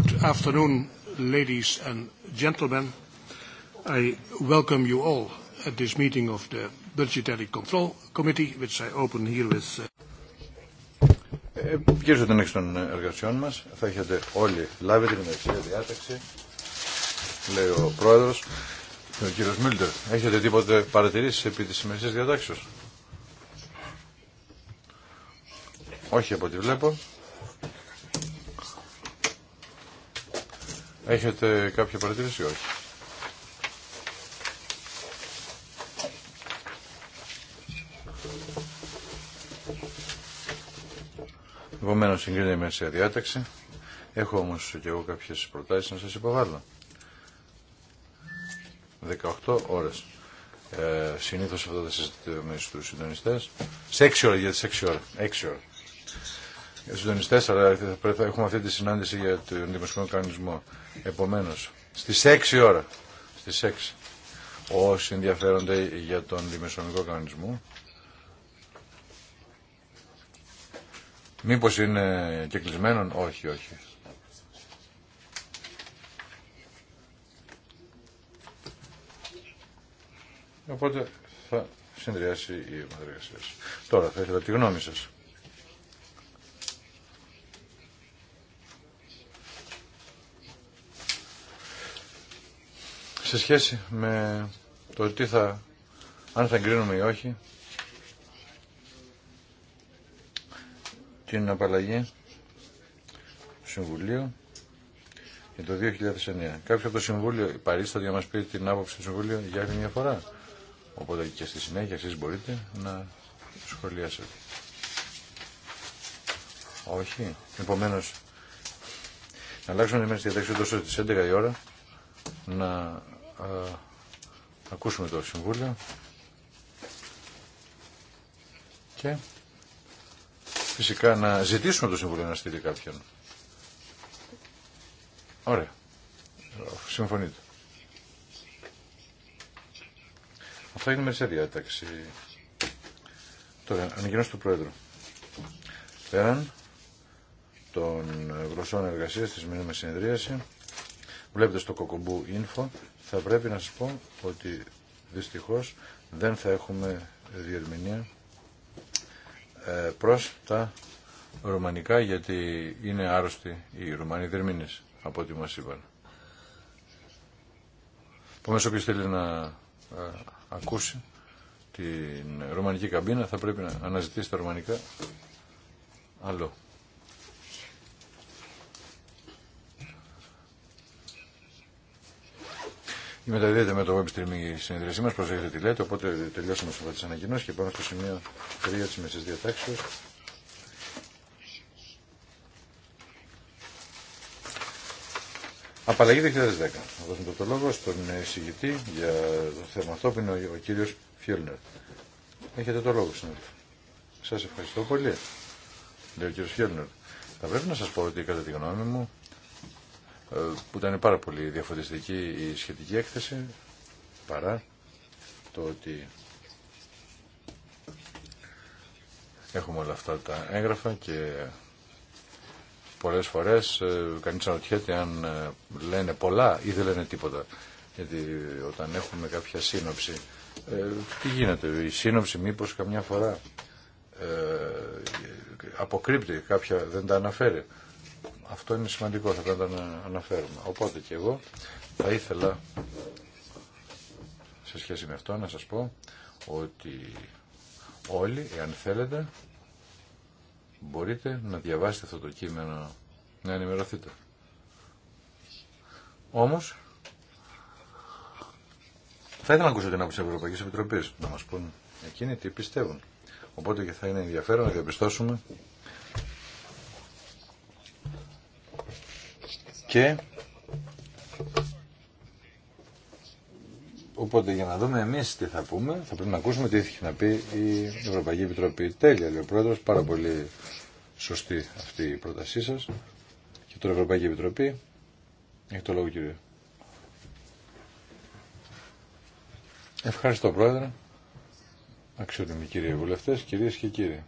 Good afternoon, ladies and gentlemen. you this of the εργασιών μας, θα έχετε όλοι λάβει την διάταξη, Λέω Πρόεδρος. Ο κύριος Μίλτερ, έχετε τίποτε παρατηρήσεις επί της Όχι από βλέπω. Έχετε κάποια παρατήρηση όχι. Επομένω συγκρίνεται η μέση διάταξη. Έχω όμω και εγώ κάποιε προτάσει να σα υποβάλω. 18 ώρε. Ε, Συνήθω αυτό συζητείται με του συντονιστέ. Σε 6 ώρε, γιατί σε 6 ώρε. 6 ώρα συντονιστές, αλλά θα έχουμε αυτή τη συνάντηση για τον δημοσιονομικό κανονισμό. επομένω. στις 6 ώρα, στις 6, όσοι ενδιαφέρονται για τον δημοσιονομικό κανονισμό, μήπως είναι κλεισμένον, όχι, όχι. Οπότε θα συνδυάσει η μαδρία σας. Τώρα θα ήθελα τη γνώμη σας. σε σχέση με το τι θα, αν θα εγκρίνουμε ή όχι, την απαλλαγή του Συμβουλίου για το 2009. Κάποιο από το Συμβούλιο παρίσταται για να μας πει την άποψη του Συμβουλίου για άλλη μια φορά. Οπότε και στη συνέχεια εσείς μπορείτε να σχολιάσετε. Όχι. Επομένως, να αλλάξουμε τη μέση διαδέξη τόσο στις 11 η ώρα να ακούσουμε το Συμβούλιο και φυσικά να ζητήσουμε το Συμβούλιο να στείλει κάποιον. Ωραία. Συμφωνείτε. Αυτό είναι σε διάταξη. Τώρα, ανακοινώσει του Πρόεδρο. Πέραν των γλωσσών εργασίας της μήνυμα συνεδρίαση, βλέπετε στο κοκομπού info θα πρέπει να σας πω ότι δυστυχώς δεν θα έχουμε διερμηνία ε, προς τα ρουμανικά γιατί είναι άρρωστοι οι ρουμανοί διερμηνείς από ό,τι μας είπαν. Επομένως όποιος θέλει να ε, ακούσει την ρουμανική καμπίνα θα πρέπει να αναζητήσει τα ρουμανικά άλλο. Μεταδίδεται με το web streaming η συνεδρίασή μα. Προσέχετε τι λέτε. Οπότε τελειώσαμε σε αυτέ τι ανακοινώσει και πάμε στο σημείο 3 τη μεσή διατάξεω. Απαλλαγή 2010. Θα δώσουμε το λόγο στον εισηγητή για το θέμα αυτό που είναι ο κύριο Φιόλνερ. Έχετε το λόγο, συνέχεια. Σα ευχαριστώ πολύ. Λέει ο κύριο Φιόλνερ. Θα πρέπει να σα πω ότι κατά τη γνώμη μου ε, που ήταν πάρα πολύ διαφωτιστική η σχετική έκθεση παρά το ότι έχουμε όλα αυτά τα έγγραφα και πολλές φορές ε, κανείς αναρωτιέται αν ε, λένε πολλά ή δεν λένε τίποτα. Γιατί όταν έχουμε κάποια σύνοψη, τι γίνεται, η σύνοψη μήπως καμιά φορά αποκρύπτει, κάποια δεν τα αναφέρει. Αυτό είναι σημαντικό, θα πρέπει να αναφέρουμε. Οπότε και εγώ θα ήθελα σε σχέση με αυτό να σας πω ότι όλοι, εάν θέλετε, μπορείτε να διαβάσετε αυτό το κείμενο, να ενημερωθείτε. Όμως, θα ήθελα να ακούσω την άποψη της Ευρωπαϊκής Επιτροπής, να μας πούν εκείνοι τι πιστεύουν. Οπότε και θα είναι ενδιαφέρον να διαπιστώσουμε Και Οπότε για να δούμε εμεί τι θα πούμε, θα πρέπει να ακούσουμε τι έχει να πει η Ευρωπαϊκή Επιτροπή. Τέλεια, λέει ο Πρόεδρο, πάρα πολύ σωστή αυτή η πρότασή σα. Και τώρα η Ευρωπαϊκή Επιτροπή. Έχει το λόγο, κύριε. Ευχαριστώ, Πρόεδρε. Αξιότιμοι κύριοι βουλευτέ, κυρίε και κύριοι.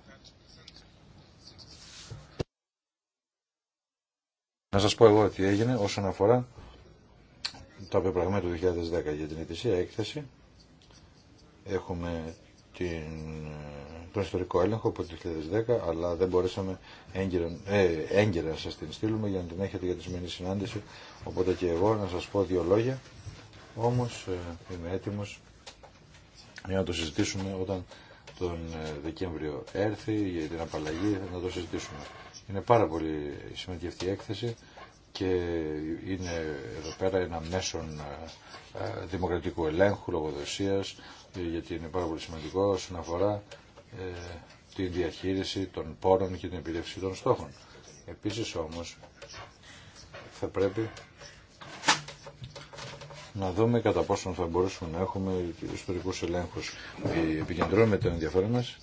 Να σας πω εγώ τι έγινε όσον αφορά το πεπραγμένα του 2010 για την ετησία έκθεση. Έχουμε την, τον ιστορικό έλεγχο από το 2010, αλλά δεν μπορέσαμε ε, έγκαιρα ε, να σας την στείλουμε για να την έχετε για τη σημερινή συνάντηση. Οπότε και εγώ να σας πω δύο λόγια. Όμως ε, είμαι έτοιμος για να το συζητήσουμε όταν τον ε, Δεκέμβριο έρθει για την απαλλαγή να το συζητήσουμε. Είναι πάρα πολύ σημαντική αυτή η έκθεση και είναι εδώ πέρα ένα μέσον ε, ε, δημοκρατικού ελέγχου, λογοδοσίας, γιατί είναι πάρα πολύ σημαντικό όσον αφορά τη διαχείριση των πόρων και την επιλέξη των στόχων. Επίσης όμως θα πρέπει να δούμε κατά πόσον θα μπορούσαμε να έχουμε ιστορικούς ελέγχους. Επικεντρώνουμε το ενδιαφέρον μας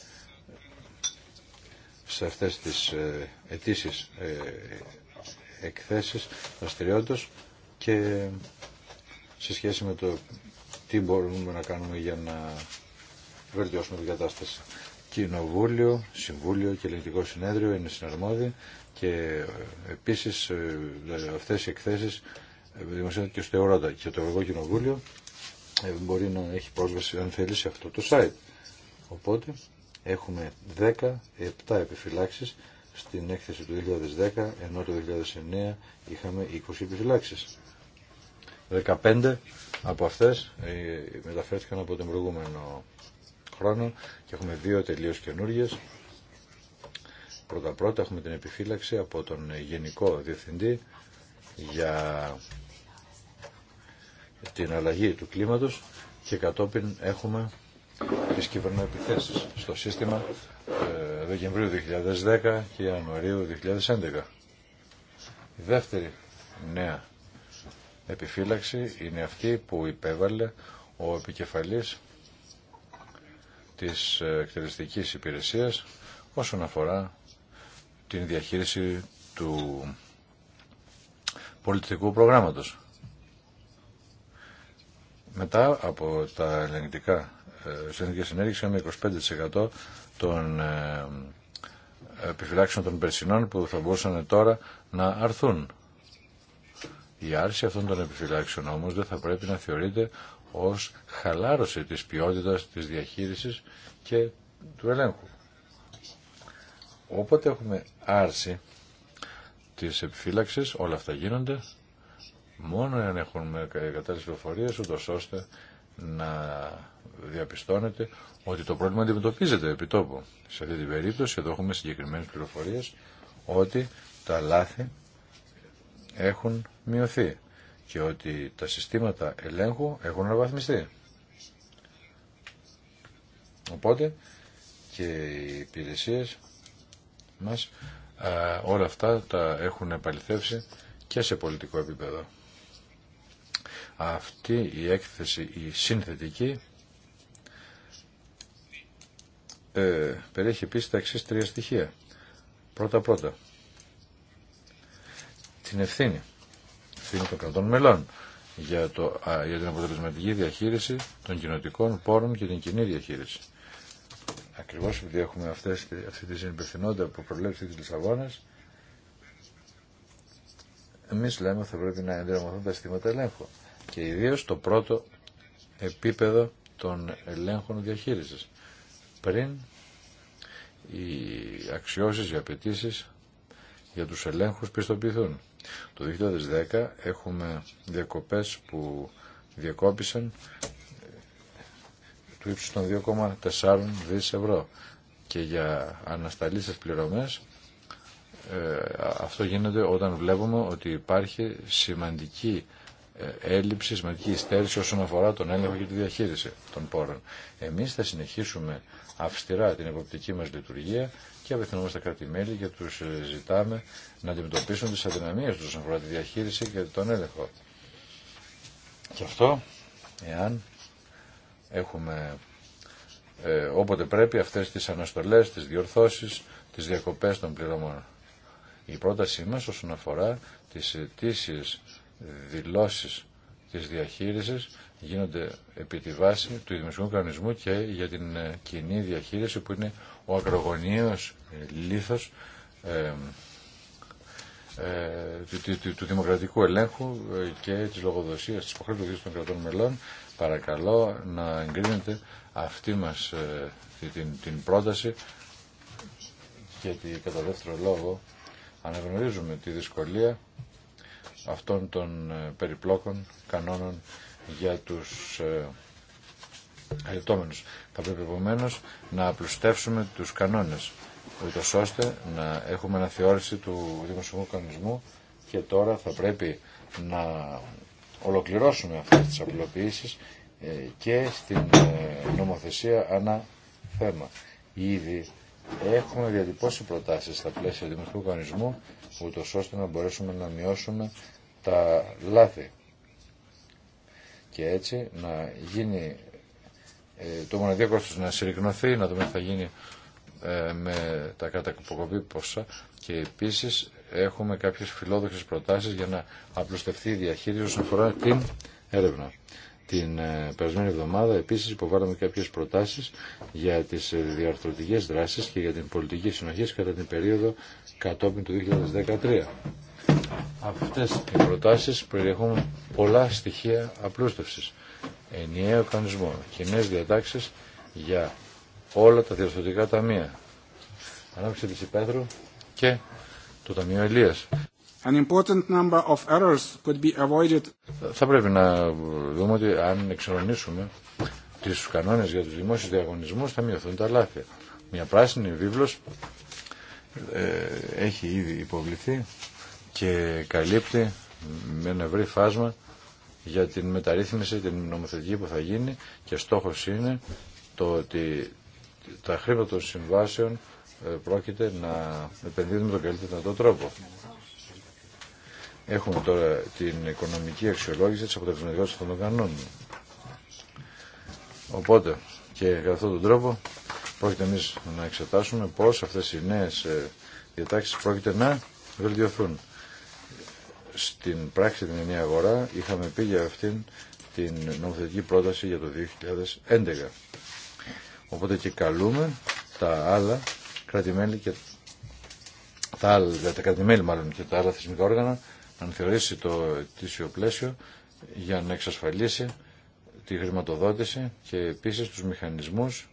σε αυτές τις ε, αιτήσει ε, εκθέσεις δραστηριότητα και σε σχέση με το τι μπορούμε να κάνουμε για να βελτιώσουμε την κατάσταση. Κοινοβούλιο, Συμβούλιο και Ελληνικό Συνέδριο είναι συναρμόδιοι και ε, επίσης αυτές οι εκθέσεις είναι και στο Ευρώτα και το Ευρωπαϊκό Κοινοβούλιο ε, μπορεί να έχει πρόσβαση αν θέλει σε αυτό το site. Οπότε έχουμε 17 επιφυλάξεις στην έκθεση του 2010 ενώ το 2009 είχαμε 20 επιφυλάξεις. 15 από αυτές ε, μεταφέρθηκαν από τον προηγούμενο χρόνο και έχουμε δύο τελείως καινούργιες. Πρώτα-πρώτα έχουμε την επιφύλαξη από τον Γενικό Διευθυντή για την αλλαγή του κλίματος και κατόπιν έχουμε τις κυβερνοεπιθέσεις στο σύστημα ε, Δεκεμβρίου 2010 και Ιανουαρίου 2011. Η δεύτερη νέα επιφύλαξη είναι αυτή που υπέβαλε ο επικεφαλής της ε, εκτελεστικής υπηρεσίας όσον αφορά την διαχείριση του πολιτικού προγράμματος. Μετά από τα ελληνικά ε, συνθήκες συνέργειες είχαμε 25% των ε, ε, επιφυλάξεων των περσινών που θα μπορούσαν τώρα να αρθούν. Η άρση αυτών των επιφυλάξεων όμως δεν θα πρέπει να θεωρείται ως χαλάρωση της ποιότητας της διαχείρισης και του ελέγχου. Όποτε έχουμε άρση της επιφύλαξης, όλα αυτά γίνονται μόνο αν έχουμε κατάλληλες πληροφορίες, ούτως ώστε να διαπιστώνεται ότι το πρόβλημα αντιμετωπίζεται επί τόπου. Σε αυτή την περίπτωση εδώ έχουμε συγκεκριμένε πληροφορίε ότι τα λάθη έχουν μειωθεί και ότι τα συστήματα ελέγχου έχουν αναβαθμιστεί. Οπότε και οι υπηρεσίε μας όλα αυτά τα έχουν επαληθεύσει και σε πολιτικό επίπεδο. Αυτή η έκθεση, η συνθετική, ε, περιέχει επίσης τα εξής τρία στοιχεία. Πρώτα-πρώτα, την ευθύνη, ευθύνη των κρατών μελών για, το, για την αποτελεσματική διαχείριση των κοινοτικών πόρων και την κοινή διαχείριση. Ακριβώς επειδή έχουμε αυτές, αυτή τη συνυπευθυνότητα που προβλέψει τις Λισαβόνες εμείς λέμε ότι θα πρέπει να ενδυναμωθούν τα αισθήματα ελέγχου και ιδίως το πρώτο επίπεδο των ελέγχων διαχείρισης. Πριν οι αξιώσεις, οι απαιτήσει για τους ελέγχους πιστοποιηθούν. Το 2010 έχουμε διακοπές που διακόπησαν του ύψους των 2,4 δις ευρώ και για ανασταλήσεις πληρωμές ε, αυτό γίνεται όταν βλέπουμε ότι υπάρχει σημαντική ε, έλλειψη, σημαντική υστέρηση όσον αφορά τον έλεγχο και τη διαχείριση των πόρων. Εμεί θα συνεχίσουμε αυστηρά την εποπτική μα λειτουργία και απευθυνόμαστε στα κράτη-μέλη και του ε, ζητάμε να αντιμετωπίσουν τι αδυναμίες του όσον αφορά τη διαχείριση και τον έλεγχο. Και αυτό, εάν έχουμε ε, όποτε πρέπει αυτές τις αναστολές, τις διορθώσεις, τις διακοπές των πληρωμών. Η πρότασή μας όσον αφορά τις αιτήσει δηλώσεις της διαχείρισης γίνονται επί τη βάση του δημιουργικού κανονισμού και για την ε, κοινή διαχείριση που είναι ο ακρογωνίος ε, λίθος ε, του, δημοκρατικού ελέγχου και της λογοδοσίας της υποχρεωτικής των κρατών μελών παρακαλώ να εγκρίνετε αυτή μας την, την πρόταση γιατί κατά δεύτερο λόγο αναγνωρίζουμε τη δυσκολία αυτών των ε, περιπλόκων κανόνων για τους ελτόμενους. Θα πρέπει επομένω να απλουστεύσουμε τους κανόνες, ούτω ώστε να έχουμε αναθεώρηση του δημοσιογού κανονισμού και τώρα θα πρέπει να ολοκληρώσουμε αυτές τις απλοποιήσεις ε, και στην ε, νομοθεσία ανά θέμα. Ήδη έχουμε διατυπώσει προτάσεις στα πλαίσια δημοσίου κανονισμού, ούτω ώστε να μπορέσουμε να μειώσουμε τα λάθη και έτσι να γίνει ε, το μοναδικό κόστος να συρρυκνωθεί, να δούμε τι θα γίνει ε, με τα κατακοποκοπή ποσά και επίσης έχουμε κάποιες φιλόδοξες προτάσεις για να απλουστευτεί η διαχείριση όσον αφορά την έρευνα. Την ε, περασμένη εβδομάδα επίσης υποβάλαμε κάποιες προτάσεις για τις διαρθρωτικές δράσεις και για την πολιτική συνοχή κατά την περίοδο κατόπιν του 2013. Αυτές οι προτάσεις περιέχουν πολλά στοιχεία απλούστευσης. Ενιαίο κανονισμό, κοινέ διατάξεις για όλα τα διορθωτικά ταμεία. Ανάπτυξη της Υπέδρου και το Ταμείο Ελίας. An important number of errors be Θα πρέπει να δούμε ότι αν εξορρονίσουμε τις κανόνες για τους δημόσιους διαγωνισμούς θα μειωθούν τα λάθη. Μια πράσινη βίβλος ε, έχει ήδη υποβληθεί και καλύπτει με ένα ευρύ φάσμα για την μεταρρύθμιση, την νομοθετική που θα γίνει και στόχος είναι το ότι τα χρήματα των συμβάσεων ε, πρόκειται να επενδύουν με τον καλύτερο δυνατό τρόπο. Έχουμε τώρα την οικονομική αξιολόγηση της αποτελεσματικότητας των κανόνων. Οπότε και για αυτόν τον τρόπο πρόκειται εμεί να εξετάσουμε πώς αυτές οι νέες ε, διατάξεις πρόκειται να βελτιωθούν στην πράξη την ενιαία αγορά είχαμε πει για αυτήν την νομοθετική πρόταση για το 2011. Οπότε και καλούμε τα άλλα κρατημέλη και τα, άλλα, δηλαδή τα κρατημέλη μάλλον και τα άλλα θεσμικά όργανα να θεωρήσει το ετήσιο πλαίσιο για να εξασφαλίσει τη χρηματοδότηση και επίσης τους μηχανισμούς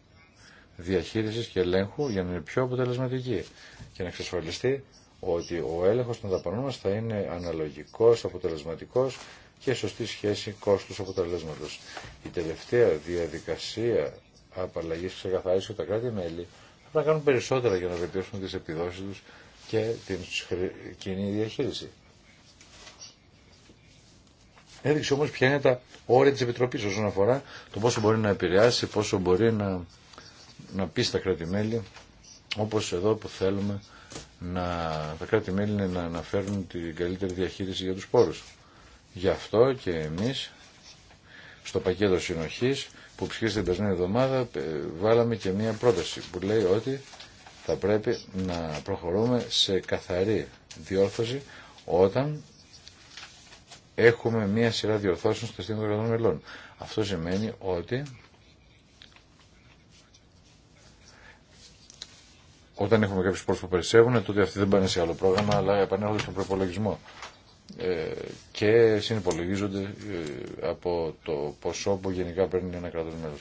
διαχείρισης και ελέγχου για να είναι πιο αποτελεσματική και να εξασφαλιστεί ότι ο έλεγχος των δαπανών μας θα είναι αναλογικός, αποτελεσματικός και σωστή σχέση κόστους αποτελέσματος. Η τελευταία διαδικασία απαλλαγής ξεκαθάρισε ότι τα κράτη-μέλη θα να κάνουν περισσότερα για να βελτιώσουν τις επιδόσεις τους και την κοινή διαχείριση. Έδειξε όμως ποια είναι τα όρια της Επιτροπής όσον αφορά το πόσο μπορεί να επηρεάσει, πόσο μπορεί να, να πει στα κράτη-μέλη όπως εδώ που θέλουμε να, τα κράτη-μέλη να αναφέρουν την καλύτερη διαχείριση για τους πόρους. Γι' αυτό και εμείς στο πακέτο συνοχής που ψήφισε την περσμένη εβδομάδα ε, βάλαμε και μία πρόταση που λέει ότι θα πρέπει να προχωρούμε σε καθαρή διόρθωση όταν έχουμε μία σειρά διορθώσεων στο σύστημα των κρατών μελών. Αυτό σημαίνει ότι όταν έχουμε κάποιου πόρου που περισσεύουν, τότε αυτοί δεν πάνε σε άλλο πρόγραμμα, αλλά επανέρχονται στον προπολογισμό ε, και συνυπολογίζονται ε, από το ποσό που γενικά παίρνει ένα κράτο μέλο.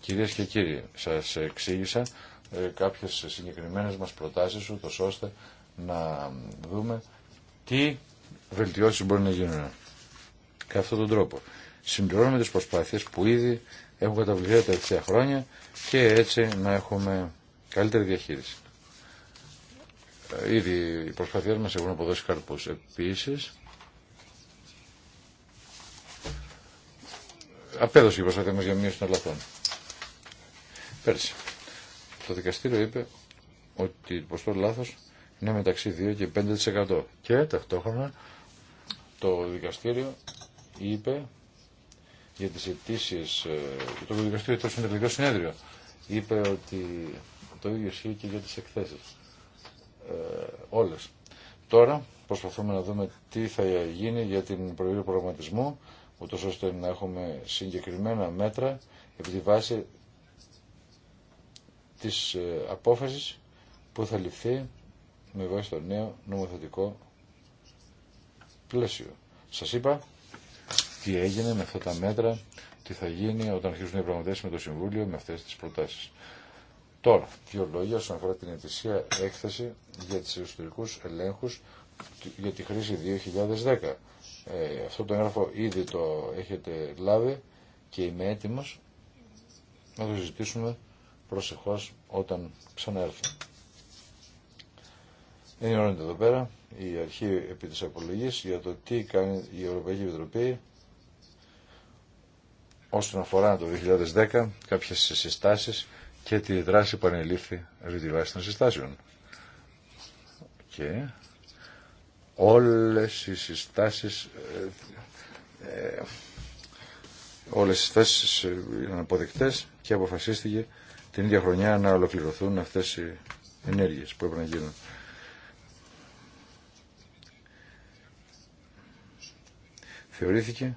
Κυρίε και κύριοι, σα εξήγησα ε, κάποιε συγκεκριμένε μα προτάσει, ούτω ώστε να δούμε τι βελτιώσει μπορεί να γίνουν. Και αυτόν τον τρόπο συμπληρώνουμε τι προσπάθειε που ήδη έχουν καταβληθεί τα τελευταία χρόνια και έτσι να έχουμε καλύτερη διαχείριση ήδη οι προσπαθειές μας έχουν αποδώσει καρπούς. Επίσης, απέδωσε η προσπάθεια μας για μείωση των λαθών. Πέρσι, το δικαστήριο είπε ότι το ποστό λάθος είναι μεταξύ 2 και 5% και ταυτόχρονα το δικαστήριο είπε για τις αιτήσει, ε, το δικαστήριο στο συνεδρικό συνέδριο είπε ότι το ίδιο ισχύει και για τις εκθέσεις. Ε, όλες. Τώρα προσπαθούμε να δούμε τι θα γίνει για την προϊόν προγραμματισμού, ούτως ώστε να έχουμε συγκεκριμένα μέτρα επί τη βάση της ε, απόφασης που θα ληφθεί με βάση το νέο νομοθετικό πλαίσιο. Σας είπα τι έγινε με αυτά τα μέτρα, τι θα γίνει όταν αρχίσουν οι πραγματεύσεις με το Συμβούλιο με αυτές τις προτάσεις. Τώρα, δύο λόγια όσον αφορά την ετησία έκθεση για τις εσωτερικούς ελέγχους για τη χρήση 2010. Ε, αυτό το έγγραφο ήδη το έχετε λάβει και είμαι έτοιμος να το συζητήσουμε προσεχώς όταν Είναι Ενημερώνεται εδώ πέρα η αρχή επί της απολογής για το τι κάνει η Ευρωπαϊκή Επιτροπή όσον αφορά το 2010, κάποιες συστάσεις και τη δράση που ανελήφθη επί τη βάση των συστάσεων. Και όλες οι συστάσεις ε, ε, ε όλες οι συστάσεις ήταν ε, αποδεκτές και αποφασίστηκε την ίδια χρονιά να ολοκληρωθούν αυτές οι ενέργειες που έπρεπε να γίνουν. Θεωρήθηκε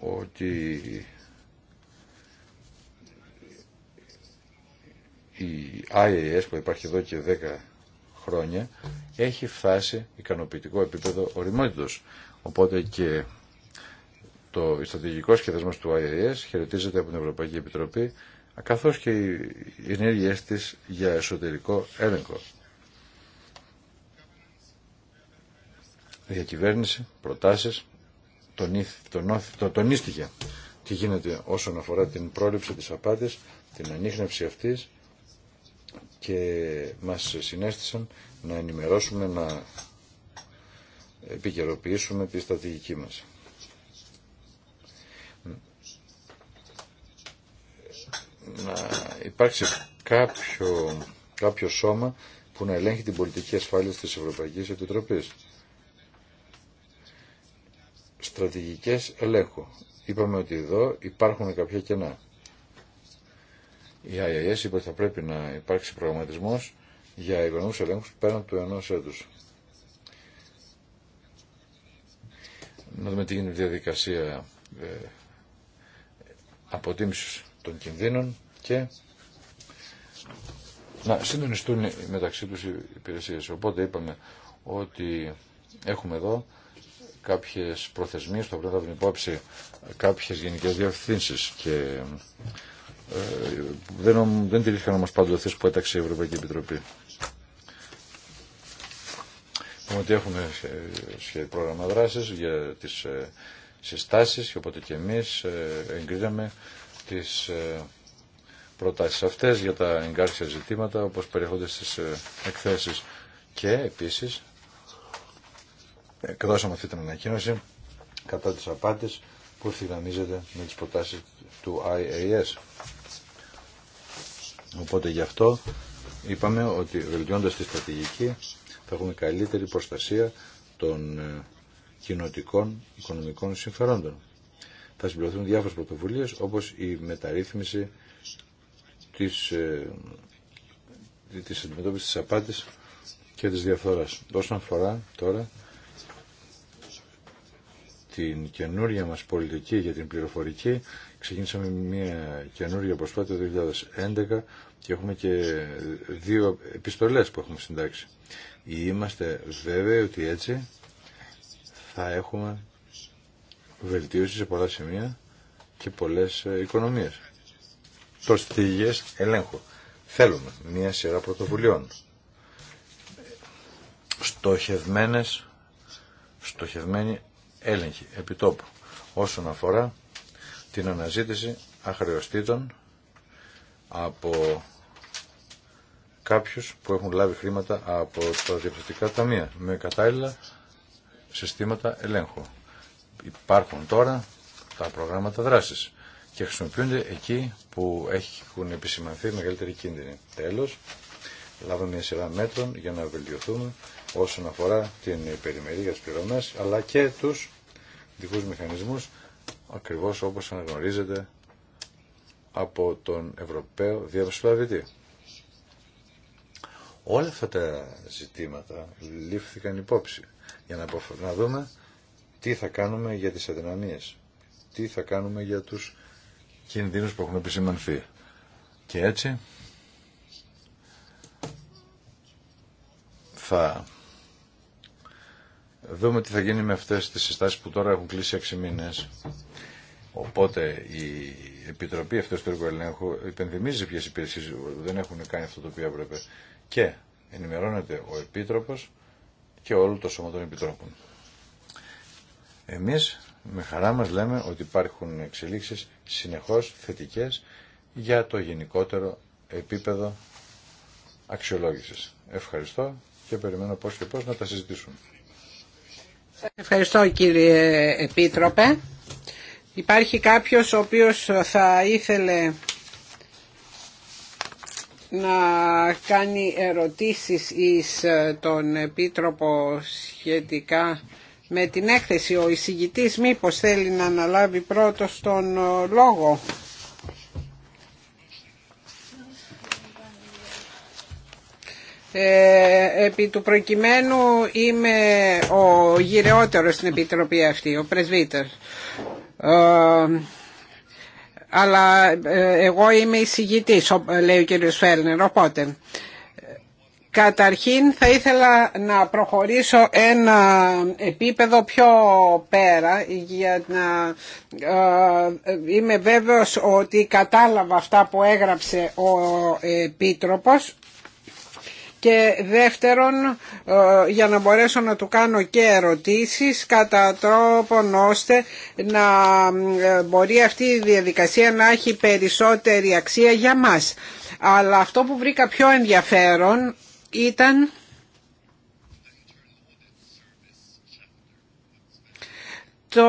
ότι η IAS που υπάρχει εδώ και 10 χρόνια έχει φτάσει ικανοποιητικό επίπεδο οριμότητος. Οπότε και το στρατηγικό σχεδιασμό του IAS χαιρετίζεται από την Ευρωπαϊκή Επιτροπή καθώς και οι ενέργειές της για εσωτερικό έλεγχο. Διακυβέρνηση, προτάσεις, τονίστηκε τι γίνεται όσον αφορά την πρόληψη της απάτης, την ανείχνευση αυτής και μας συνέστησαν να ενημερώσουμε, να επικαιροποιήσουμε τη στρατηγική μας. Να υπάρξει κάποιο, κάποιο σώμα που να ελέγχει την πολιτική ασφάλεια της Ευρωπαϊκής Επιτροπής. Στρατηγικές ελέγχου. Είπαμε ότι εδώ υπάρχουν κάποια κενά. Η IIS είπε ότι θα πρέπει να υπάρξει προγραμματισμός για οικονομικούς ελέγχους πέραν του ενός έτους. Να δούμε τι γίνεται η διαδικασία ε, αποτίμησης των κινδύνων και να συντονιστούν μεταξύ τους οι υπηρεσίες. Οπότε είπαμε ότι έχουμε εδώ κάποιες προθεσμίες, το πρέπει να υπόψη κάποιες γενικές διευθύνσεις και ε, δεν, δεν τηρήθηκαν όμως πάντοτε αυτές που έταξε η Ευρωπαϊκή Επιτροπή. Ότι έχουμε πρόγραμμα δράσης για τις ε, συστάσεις και οπότε και εμείς ε, εγκρίναμε τις προτάσεις αυτές για τα εγκάρσια ζητήματα όπως περιέχονται στις εκθέσεις και επίσης εκδώσαμε αυτή την ανακοίνωση κατά της απάτης που ευθυγραμμίζεται με τις προτάσεις του IAS. Οπότε γι' αυτό είπαμε ότι βελτιώντας τη στρατηγική θα έχουμε καλύτερη προστασία των ε, κοινοτικών οικονομικών συμφερόντων. Θα συμπληρωθούν διάφορες πρωτοβουλίες όπως η μεταρρύθμιση της, ε, της αντιμετώπισης της απάτης και της διαφθοράς. Όσον αφορά τώρα την καινούρια μας πολιτική για την πληροφορική. Ξεκίνησαμε μια καινούργια προσπάθεια το 2011 και έχουμε και δύο επιστολές που έχουμε συντάξει. Είμαστε βέβαιοι ότι έτσι θα έχουμε βελτίωση σε πολλά σημεία και πολλές οικονομίες. Προστίγες ελέγχου. Θέλουμε μια σειρά πρωτοβουλειών. Στοχευμένες, στοχευμένη Έλεγχη επιτόπου όσον αφορά την αναζήτηση αχρεωστήτων από κάποιους που έχουν λάβει χρήματα από τα διευθυντικά ταμεία με κατάλληλα συστήματα ελέγχου. Υπάρχουν τώρα τα προγράμματα δράσης και χρησιμοποιούνται εκεί που έχουν επισημανθεί μεγαλύτερη κίνδυνη. Τέλος, λάβουμε μια σειρά μέτρων για να βελτιωθούμε όσον αφορά την περιμερή για τις πληρωμές, αλλά και τους δικούς μηχανισμούς, ακριβώς όπως αναγνωρίζεται από τον Ευρωπαίο Διαδοσολαβητή. Όλα αυτά τα ζητήματα λήφθηκαν υπόψη για να, να δούμε τι θα κάνουμε για τις αδυναμίες, τι θα κάνουμε για τους κινδύνους που έχουν επισημανθεί. Και έτσι θα δούμε τι θα γίνει με αυτές τις συστάσεις που τώρα έχουν κλείσει 6 μήνες. Οπότε η Επιτροπή αυτού του ελέγχου υπενθυμίζει ποιε υπηρεσίε δεν έχουν κάνει αυτό το οποίο έπρεπε και ενημερώνεται ο Επίτροπος και όλο το Σώμα των Επιτρόπων. Εμείς με χαρά μας λέμε ότι υπάρχουν εξελίξεις συνεχώς θετικές για το γενικότερο επίπεδο αξιολόγησης. Ευχαριστώ και περιμένω πώς και πώς να τα συζητήσουμε. Ευχαριστώ κύριε Επίτροπε. Υπάρχει κάποιος ο οποίος θα ήθελε να κάνει ερωτήσεις εις ε, τον Επίτροπο σχετικά με την έκθεση. Ο εισηγητής μήπως θέλει να αναλάβει πρώτος τον ε, λόγο. Ε, επί του προκειμένου είμαι ο γυρεότερος στην Επιτροπή αυτή, ο πρεσβύτερ. Ε, αλλά ε, εγώ είμαι εισηγητής, λέει ο κ. Φέλνερ, οπότε... Καταρχήν θα ήθελα να προχωρήσω ένα επίπεδο πιο πέρα για να είμαι βέβαιος ότι κατάλαβα αυτά που έγραψε ο Επίτροπος και δεύτερον ε, για να μπορέσω να του κάνω και ερωτήσεις κατά τρόπον ώστε να ε, μπορεί αυτή η διαδικασία να έχει περισσότερη αξία για μας. Αλλά αυτό που βρήκα πιο ενδιαφέρον ήταν... το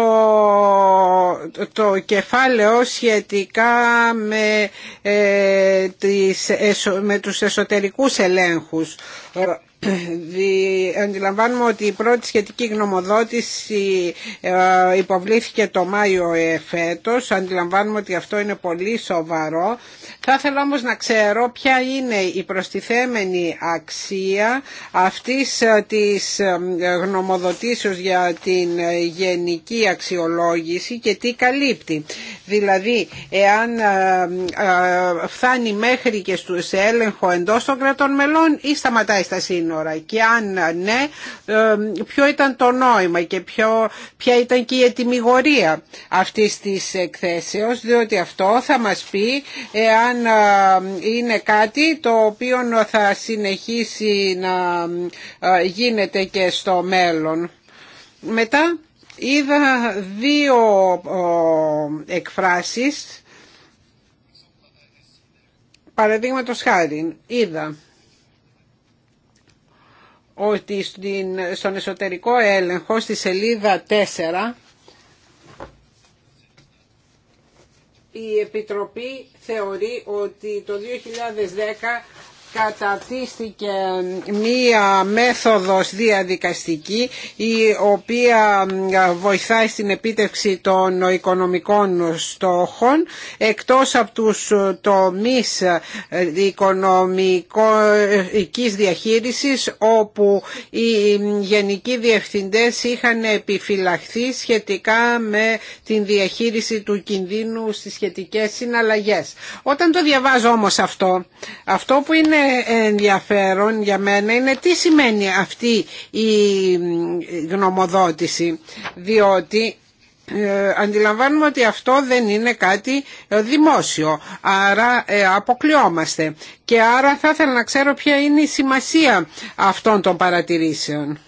το κεφάλαιο σχετικά με, ε, τις, με τους εσωτερικούς ελέγχους αντιλαμβάνουμε ότι η πρώτη σχετική γνωμοδότηση ε, υποβλήθηκε το Μάιο εφέτος. Αντιλαμβάνουμε ότι αυτό είναι πολύ σοβαρό. Θα ήθελα όμως να ξέρω ποια είναι η προστιθέμενη αξία αυτής ε, της ε, γνωμοδοτήσεως για την γενική αξιολόγηση και τι καλύπτει. Δηλαδή, εάν φτάνει μέχρι και στους έλεγχο εντός των κρατών μελών ή σταματάει στα σύνορα σύνορα και αν ναι ποιο ήταν το νόημα και ποιο, ποια ήταν και η ετοιμιγορία αυτής της εκθέσεως διότι αυτό θα μας πει εάν είναι κάτι το οποίο θα συνεχίσει να ε, γίνεται και στο μέλλον. Μετά είδα δύο εκφράσεις Παραδείγματος χάρη, είδα ότι στον εσωτερικό έλεγχο στη σελίδα 4 η Επιτροπή θεωρεί ότι το 2010 κατατίστηκε μία μέθοδος διαδικαστική η οποία βοηθάει στην επίτευξη των οικονομικών στόχων εκτός από τους τομείς οικονομικής διαχείρισης όπου οι γενικοί διευθυντές είχαν επιφυλαχθεί σχετικά με την διαχείριση του κινδύνου στις σχετικές συναλλαγές. Όταν το διαβάζω όμως αυτό, αυτό που είναι ενδιαφέρον για μένα είναι τι σημαίνει αυτή η γνωμοδότηση διότι ε, αντιλαμβάνουμε ότι αυτό δεν είναι κάτι ε, δημόσιο άρα ε, αποκλειόμαστε και άρα θα ήθελα να ξέρω ποια είναι η σημασία αυτών των παρατηρήσεων.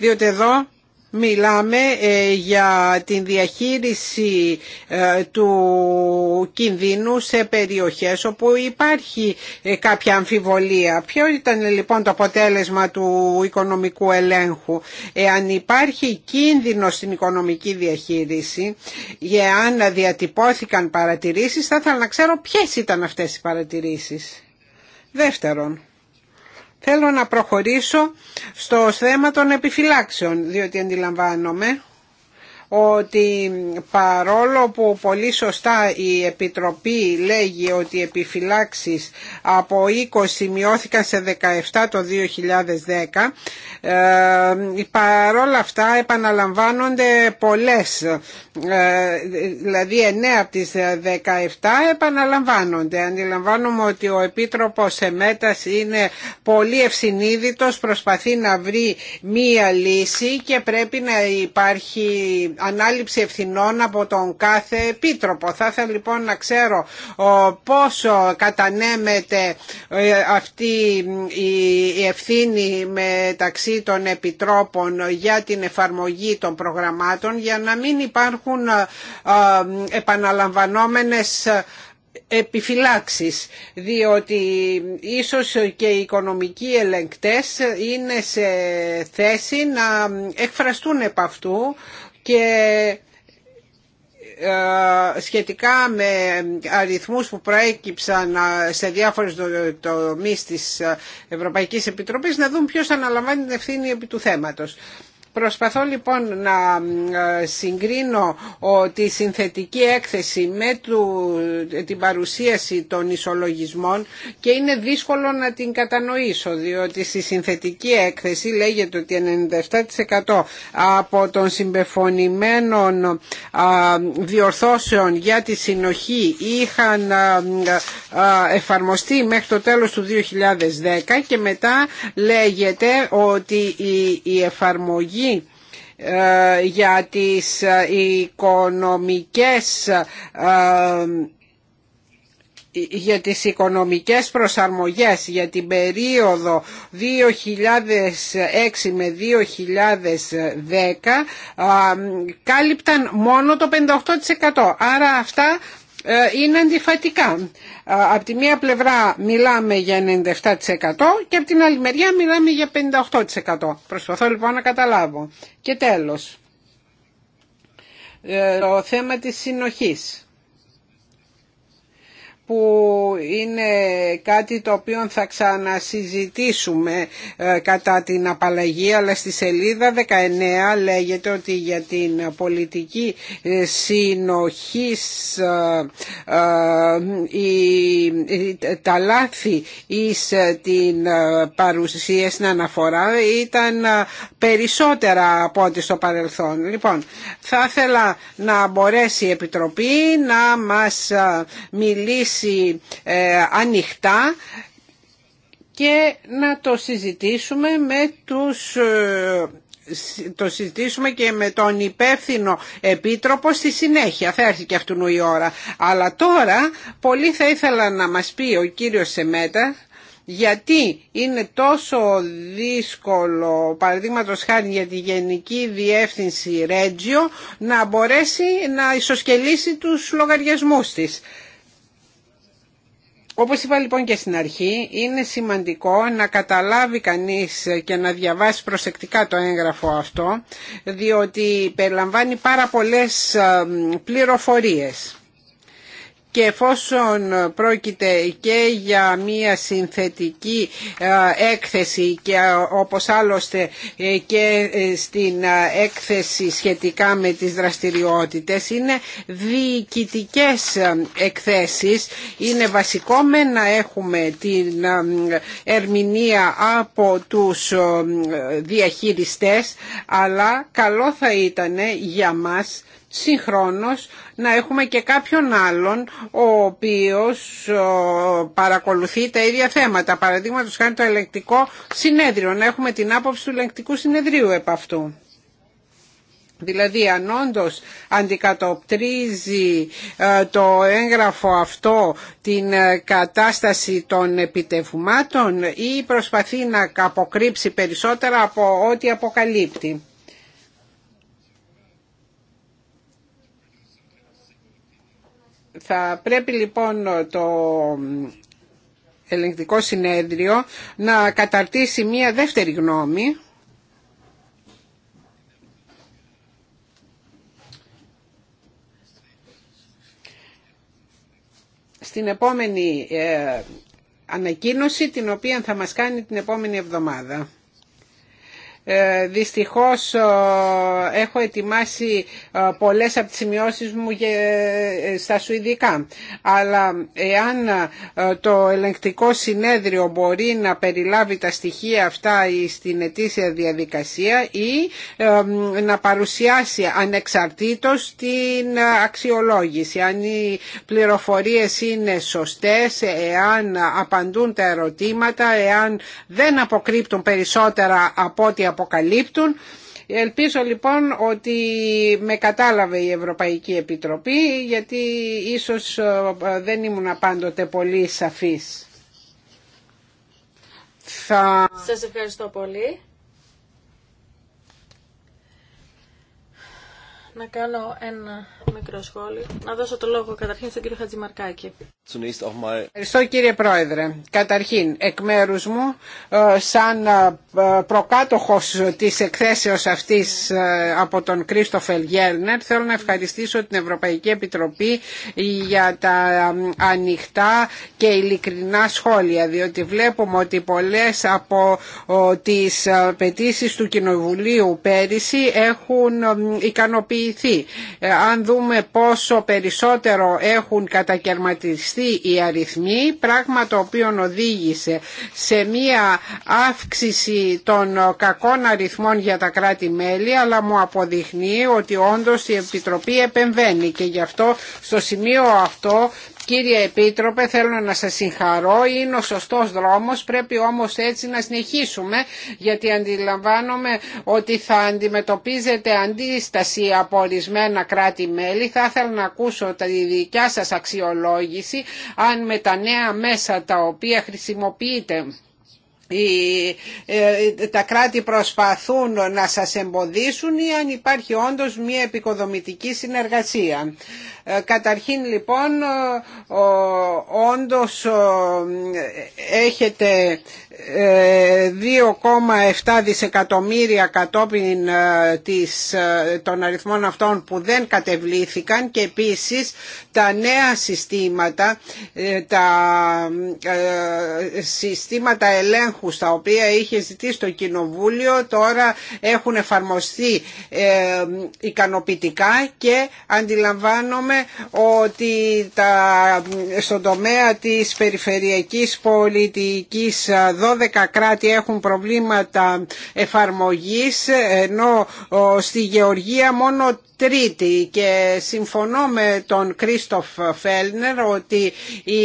διότι εδώ Μιλάμε ε, για την διαχείριση ε, του κινδύνου σε περιοχές όπου υπάρχει ε, κάποια αμφιβολία. Ποιο ήταν λοιπόν το αποτέλεσμα του οικονομικού ελέγχου. Εάν υπάρχει κίνδυνο στην οικονομική διαχείριση, εάν διατυπώθηκαν παρατηρήσεις, θα ήθελα να ξέρω ποιες ήταν αυτές οι παρατηρήσεις. Δεύτερον, Θέλω να προχωρήσω στο θέμα των επιφυλάξεων, διότι αντιλαμβάνομαι ότι παρόλο που πολύ σωστά η Επιτροπή λέγει ότι οι επιφυλάξεις από 20 μειώθηκαν σε 17 το 2010 ε, παρόλα αυτά επαναλαμβάνονται πολλές ε, δηλαδή 9 από τις 17 επαναλαμβάνονται αντιλαμβάνομαι ότι ο Επίτροπος Εμέτας είναι πολύ ευσυνείδητος προσπαθεί να βρει μία λύση και πρέπει να υπάρχει ανάληψη ευθυνών από τον κάθε επίτροπο. Θα ήθελα λοιπόν να ξέρω πόσο κατανέμεται ε, αυτή η ευθύνη μεταξύ των επιτρόπων για την εφαρμογή των προγραμμάτων για να μην υπάρχουν ε, ε, επαναλαμβανόμενες επιφυλάξεις διότι ίσως και οι οικονομικοί ελεγκτές είναι σε θέση να εκφραστούν επ' αυτού και ε, σχετικά με αριθμούς που προέκυψαν ε, σε διάφορες τομείς της ε, Ευρωπαϊκής Επιτροπής να δουν ποιος αναλαμβάνει την ευθύνη επί του θέματος. Προσπαθώ λοιπόν να ε, συγκρίνω τη συνθετική έκθεση με την παρουσίαση των ισολογισμών και είναι δύσκολο να την κατανοήσω διότι στη συνθετική έκθεση λέγεται ότι 97% από των συμπεφωνημένων διορθώσεων για τη συνοχή είχαν εφαρμοστεί μέχρι το τέλος του 2010 και μετά λέγεται ότι η εφαρμογή ε, για τις ε, οικονομικές ε, για τις οικονομικές προσαρμογές για την περίοδο 2006 με 2010 κάλυπταν μόνο το 58%. Άρα αυτά ε, είναι αντιφατικά. Από τη μία πλευρά μιλάμε για 97% και από την άλλη μεριά μιλάμε για 58%. Προσπαθώ λοιπόν να καταλάβω. Και τέλος, ε, το θέμα της συνοχής που είναι κάτι το οποίο θα ξανασυζητήσουμε ε, κατά την απαλλαγή αλλά στη σελίδα 19 λέγεται ότι για την πολιτική ε, συνοχής ε, τα λάθη εις την παρουσία στην αναφορά ήταν περισσότερα από ό,τι στο παρελθόν. Λοιπόν, θα ήθελα να μπορέσει η Επιτροπή να μας μιλήσει ε, ανοιχτά και να το συζητήσουμε με τους ε, το συζητήσουμε και με τον υπεύθυνο επίτροπο στη συνέχεια. Θα έρθει και αυτού η ώρα. Αλλά τώρα πολύ θα ήθελα να μας πει ο κύριος Σεμέτα γιατί είναι τόσο δύσκολο, παραδείγματο χάρη για τη Γενική Διεύθυνση Ρέτζιο, να μπορέσει να ισοσκελίσει τους λογαριασμούς της. Όπως είπα λοιπόν και στην αρχή, είναι σημαντικό να καταλάβει κανείς και να διαβάσει προσεκτικά το έγγραφο αυτό, διότι περιλαμβάνει πάρα πολλές ε, πληροφορίες και εφόσον πρόκειται και για μία συνθετική έκθεση και όπως άλλωστε ε, και ε, στην έκθεση σχετικά με τις δραστηριότητες είναι διοικητικές εκθέσεις είναι βασικό με να έχουμε την ερμηνεία από τους διαχειριστές αλλά καλό θα ήταν για μας συγχρόνως να έχουμε και κάποιον άλλον ο οποίος παρακολουθεί τα ίδια θέματα. Παραδείγματος χάρη το ελεκτικό συνέδριο, να έχουμε την άποψη του ελεκτικού συνεδρίου επ' αυτού. Δηλαδή αν όντως αντικατοπτρίζει ε, το έγγραφο αυτό την ε, κατάσταση των επιτευγμάτων ή προσπαθεί να αποκρύψει περισσότερα από ό,τι αποκαλύπτει. Θα πρέπει λοιπόν το ελεγκτικό συνέδριο να καταρτήσει μία δεύτερη γνώμη στην επόμενη ε, ανακοίνωση την οποία θα μας κάνει την επόμενη εβδομάδα. Ε, δυστυχώς ε, έχω ετοιμάσει ε, πολλές από τις σημειώσεις μου στα Σουηδικά. Αλλά εάν το ελεγκτικό συνέδριο μπορεί να περιλάβει τα στοιχεία αυτά στην ετήσια διαδικασία ή να παρουσιάσει ανεξαρτήτως την αξιολόγηση. Αν οι πληροφορίες είναι σωστές, εάν απαντούν τα ερωτήματα, εάν δεν αποκρύπτουν περισσότερα από ό,τι αποκαλύπτουν. Ελπίζω λοιπόν ότι με κατάλαβε η Ευρωπαϊκή Επιτροπή γιατί ίσως ε, δεν ήμουν πάντοτε πολύ σαφής. Θα... Σας ευχαριστώ πολύ. Να κάνω ένα μικρό σχόλιο. Να δώσω το λόγο καταρχήν στον κύριο Χατζημαρκάκη. Ευχαριστώ κύριε Πρόεδρε. Καταρχήν, εκ μέρου μου, ε, σαν ε, προκάτοχος της εκθέσεω αυτή ε, από τον Κρίστοφελ Γέρνερ θέλω να ευχαριστήσω την Ευρωπαϊκή Επιτροπή για τα ανοιχτά και ειλικρινά σχόλια, διότι βλέπουμε ότι πολλέ από τις απαιτήσει του Κοινοβουλίου πέρυσι έχουν ικανοποιηθεί. Αν δούμε δούμε πόσο περισσότερο έχουν κατακαιρματιστεί οι αριθμοί, πράγμα το οποίο οδήγησε σε μία αύξηση των κακών αριθμών για τα κράτη-μέλη, αλλά μου αποδειχνεί ότι όντως η Επιτροπή επεμβαίνει και γι' αυτό στο σημείο αυτό Κύριε Επίτροπε, θέλω να σας συγχαρώ, είναι ο σωστός δρόμος, πρέπει όμως έτσι να συνεχίσουμε, γιατί αντιλαμβάνομαι ότι θα αντιμετωπίζετε αντίσταση από ορισμένα κράτη-μέλη. Θα ήθελα να ακούσω τη δικιά σας αξιολόγηση, αν με τα νέα μέσα τα οποία χρησιμοποιείτε ε, τα κράτη προσπαθούν να σας εμποδίσουν ή αν υπάρχει όντως μια επικοδομητική συνεργασία. Ε, καταρχήν λοιπόν όντως έχετε 2,7 ε, δισεκατομμύρια κατόπιν των αριθμών αυτών που δεν κατεβλήθηκαν και επίσης τα νέα συστήματα, ε, τα ε, συστήματα ελέγχου στα οποία είχε ζητήσει το Κοινοβούλιο τώρα έχουν εφαρμοστεί ε, ικανοποιητικά και αντιλαμβάνομαι ότι τα, στον τομέα της περιφερειακής πολιτικής 12 κράτη έχουν προβλήματα εφαρμογής ενώ στη Γεωργία μόνο τρίτη και συμφωνώ με τον Κρίστοφ Φέλνερ ότι η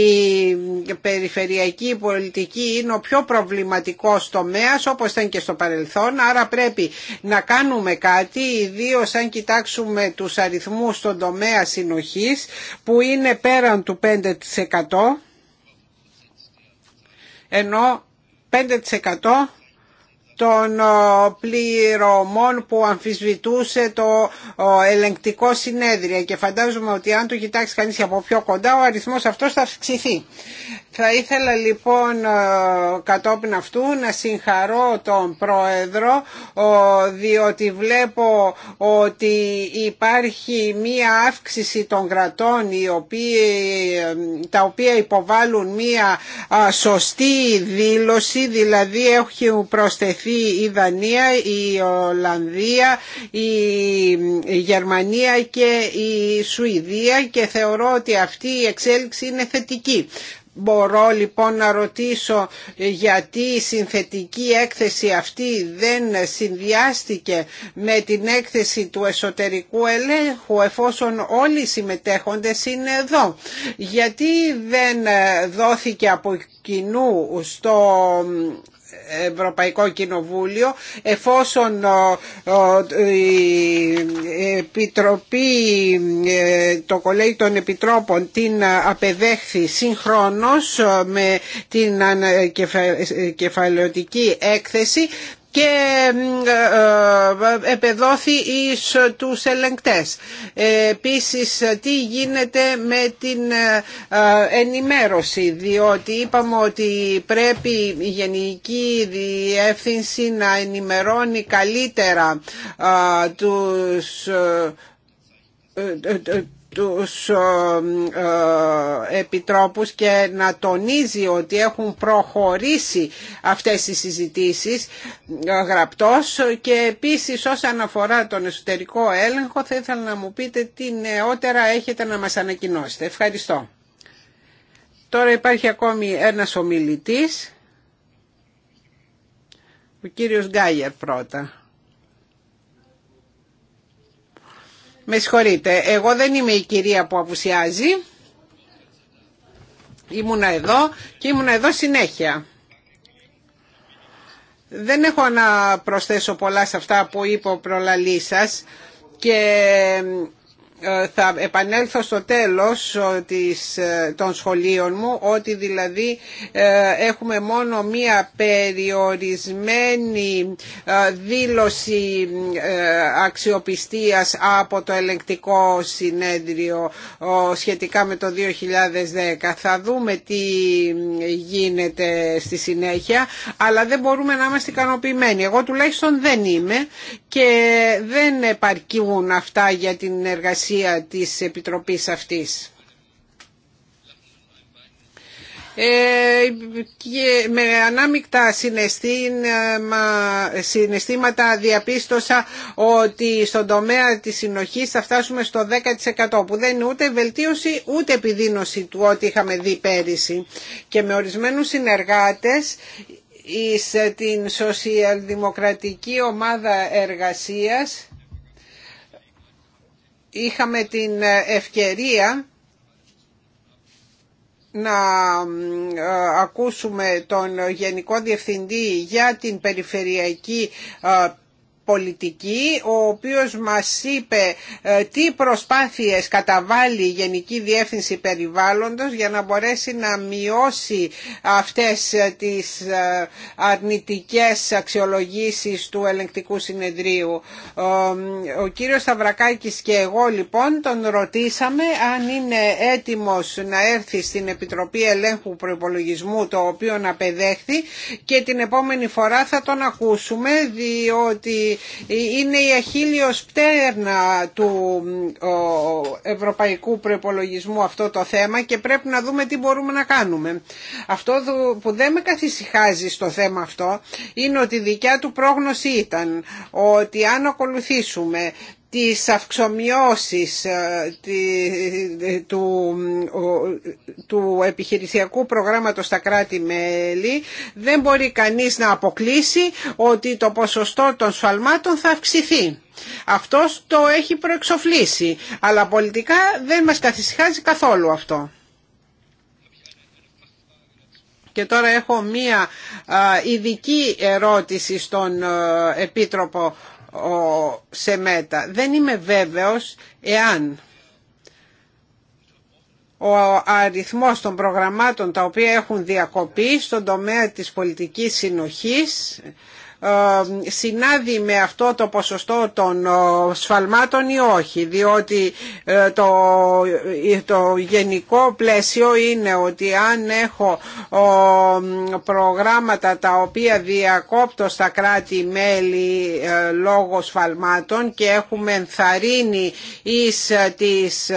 περιφερειακή πολιτική είναι ο πιο προβληματικός τομέας όπως ήταν και στο παρελθόν άρα πρέπει να κάνουμε κάτι ιδίω αν κοιτάξουμε τους αριθμούς στον τομέα συνοχής που είναι πέραν του 5% ενώ 5% των πληρωμών που αμφισβητούσε το ελεγκτικό συνέδριο και φαντάζομαι ότι αν το κοιτάξει κανείς από πιο κοντά ο αριθμός αυτός θα αυξηθεί. Θα ήθελα λοιπόν ε, κατόπιν αυτού να συγχαρώ τον Πρόεδρο διότι βλέπω ότι υπάρχει μία αύξηση των κρατών οι ε, τα οποία υποβάλλουν μία σωστή δήλωση δηλαδή έχουν προσθεθεί η Δανία, η Ολλανδία, η Γερμανία και η Σουηδία και θεωρώ ότι αυτή η εξέλιξη είναι θετική. Μπορώ λοιπόν να ρωτήσω γιατί η συνθετική έκθεση αυτή δεν συνδυάστηκε με την έκθεση του εσωτερικού ελέγχου εφόσον όλοι οι συμμετέχοντες είναι εδώ. Γιατί δεν δόθηκε από κοινού στο Ευρωπαϊκό Κοινοβούλιο εφόσον η Επιτροπή, ε, το Κολέγιο των Επιτρόπων την απεδέχθη συγχρόνως ε, με την κεφαλαιοτική έκθεση και ε, ε, επεδόθη εις ε, τους ελεγκτές. Επίσης τι γίνεται με την ενημέρωση διότι είπαμε ότι πρέπει η Γενική Διεύθυνση να ενημερώνει καλύτερα τους τους ε, ε, επιτρόπους και να τονίζει ότι έχουν προχωρήσει αυτές οι συζητήσεις ε, γραπτός και επίσης όσον αφορά τον εσωτερικό έλεγχο θα ήθελα να μου πείτε τι νεότερα έχετε να μας ανακοινώσετε. Ευχαριστώ. Τώρα υπάρχει ακόμη ένας ομιλητής, ο κύριος Γκάιερ πρώτα. Με συγχωρείτε, εγώ δεν είμαι η κυρία που απουσιάζει. Ήμουνα εδώ και ήμουνα εδώ συνέχεια. Δεν έχω να προσθέσω πολλά σε αυτά που είπε ο και θα επανέλθω στο τέλος ε, της, ε, των σχολείων μου ότι δηλαδή ε, έχουμε μόνο μία περιορισμένη δήλωση αξιοπιστίας από το ελεγκτικό συνέδριο σχετικά με το 2010. Θα δούμε τι γίνεται στη συνέχεια αλλά δεν μπορούμε να είμαστε ικανοποιημένοι. Εγώ τουλάχιστον δεν είμαι και δεν επαρκούν αυτά για την εργασία εργασία της Επιτροπής αυτής. Ε, και με ανάμεικτα συναισθήματα διαπίστωσα ότι στον τομέα της συνοχής θα φτάσουμε στο 10% που δεν είναι ούτε βελτίωση ούτε επιδείνωση του ό,τι είχαμε δει πέρυσι και με ορισμένους συνεργάτες εις την σοσιαλδημοκρατική ομάδα εργασίας είχαμε την ε, ευκαιρία να ε, ακούσουμε τον Γενικό Διευθυντή για την Περιφερειακή ε, πολιτική ο οποίος μας είπε ε, τι προσπάθειες καταβάλει η Γενική Διεύθυνση Περιβάλλοντος για να μπορέσει να μειώσει αυτές ε, τις ε, αρνητικές αξιολογήσεις του ελεγκτικού συνεδρίου. Ο κύριος Σταυρακάκης και εγώ λοιπόν τον ρωτήσαμε αν είναι έτοιμος να έρθει στην Επιτροπή Ελέγχου Προϋπολογισμού το οποίο να και την επόμενη φορά θα τον ακούσουμε διότι είναι η αχίλιος πτέρνα του ευρωπαϊκού προπολογισμού αυτό το θέμα και πρέπει να δούμε τι μπορούμε να κάνουμε. Αυτό που δεν με καθησυχάζει στο θέμα αυτό είναι ότι η δικιά του πρόγνωση ήταν ότι αν ακολουθήσουμε τις αυξομοιώσεις ε, ε, του, του επιχειρησιακού προγράμματος στα κράτη-μέλη δεν μπορεί κανείς να αποκλείσει ότι το ποσοστό των σφαλμάτων θα αυξηθεί. Αυτός το έχει προεξοφλήσει, αλλά πολιτικά δεν μας καθησυχάζει καθόλου αυτό. Και τώρα έχω μία ειδική ερώτηση στον ε, Επίτροπο σε μέτα. Δεν είμαι βέβαιος εάν ο αριθμός των προγραμμάτων τα οποία έχουν διακοπεί στον τομέα της πολιτικής συνοχής ε, συνάδει με αυτό το ποσοστό των ε, σφαλμάτων ή όχι διότι ε, το, το γενικό πλαίσιο είναι ότι αν έχω προγράμματα τα οποία διακόπτω στα κράτη-μέλη λόγω σφαλμάτων και έχουμε ενθαρρύνει εις της,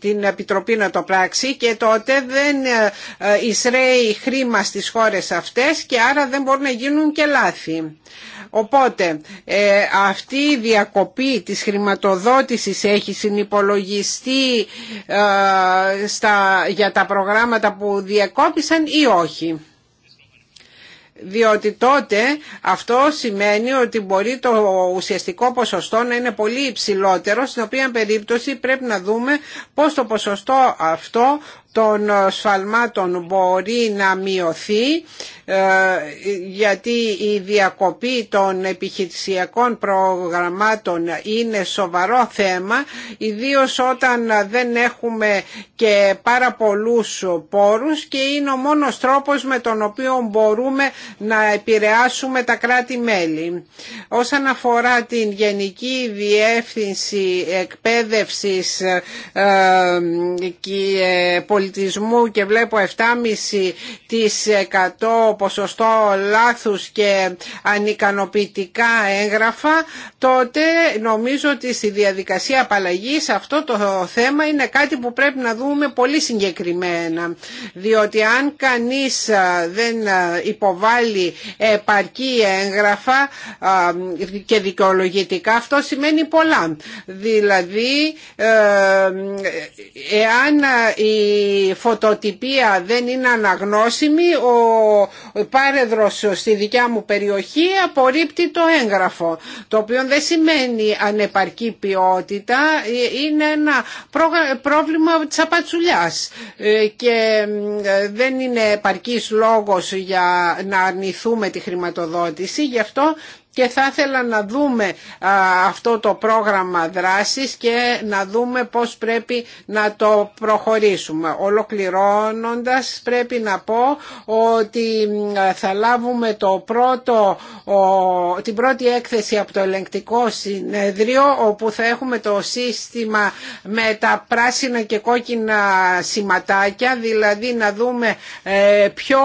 την Επιτροπή να το πράξει και τότε δεν εισραίει χρήμα στις χώρες αυτές και άρα δεν μπορούν να γίνουν και λάθη. Οπότε ε, αυτή η διακοπή της χρηματοδότησης έχει συνυπολογιστεί ε, στα, για τα προγράμματα που διακόπησαν ή όχι διότι τότε αυτό σημαίνει ότι μπορεί το ουσιαστικό ποσοστό να είναι πολύ υψηλότερο, στην οποία περίπτωση πρέπει να δούμε πώς το ποσοστό αυτό των ε, σφαλμάτων μπορεί να μειωθεί ε, γιατί η διακοπή των επιχειρησιακών προγραμμάτων είναι σοβαρό θέμα ιδίως όταν δεν έχουμε και πάρα πολλούς πόρους και είναι ο μόνος τρόπος με τον οποίο μπορούμε να επηρεάσουμε τα κράτη-μέλη. Όσον αφορά την Γενική Διεύθυνση Εκπαίδευσης ε, και Πολιτικής πολιτισμού και βλέπω 7,5% ποσοστό λάθους και ανικανοποιητικά έγγραφα, τότε νομίζω ότι στη διαδικασία απαλλαγής αυτό το θέμα είναι κάτι που πρέπει να δούμε πολύ συγκεκριμένα. Διότι αν κανείς δεν υποβάλλει επαρκή έγγραφα και δικαιολογητικά, αυτό σημαίνει πολλά. Δηλαδή, ε, εάν η η φωτοτυπία δεν είναι αναγνώσιμη, ο πάρεδρος στη δικιά μου περιοχή απορρίπτει το έγγραφο, το οποίο δεν σημαίνει ανεπαρκή ποιότητα, είναι ένα πρόβλημα τσαπατσουλιάς ε, και ε, δεν είναι επαρκής λόγος για να αρνηθούμε τη χρηματοδότηση, γι' αυτό και θα ήθελα να δούμε αυτό το πρόγραμμα δράσης και να δούμε πώς πρέπει να το προχωρήσουμε. Ολοκληρώνοντας πρέπει να πω ότι θα λάβουμε το πρώτο, την πρώτη έκθεση από το ελεγκτικό συνέδριο όπου θα έχουμε το σύστημα με τα πράσινα και κόκκινα σηματάκια δηλαδή να δούμε ε, πιο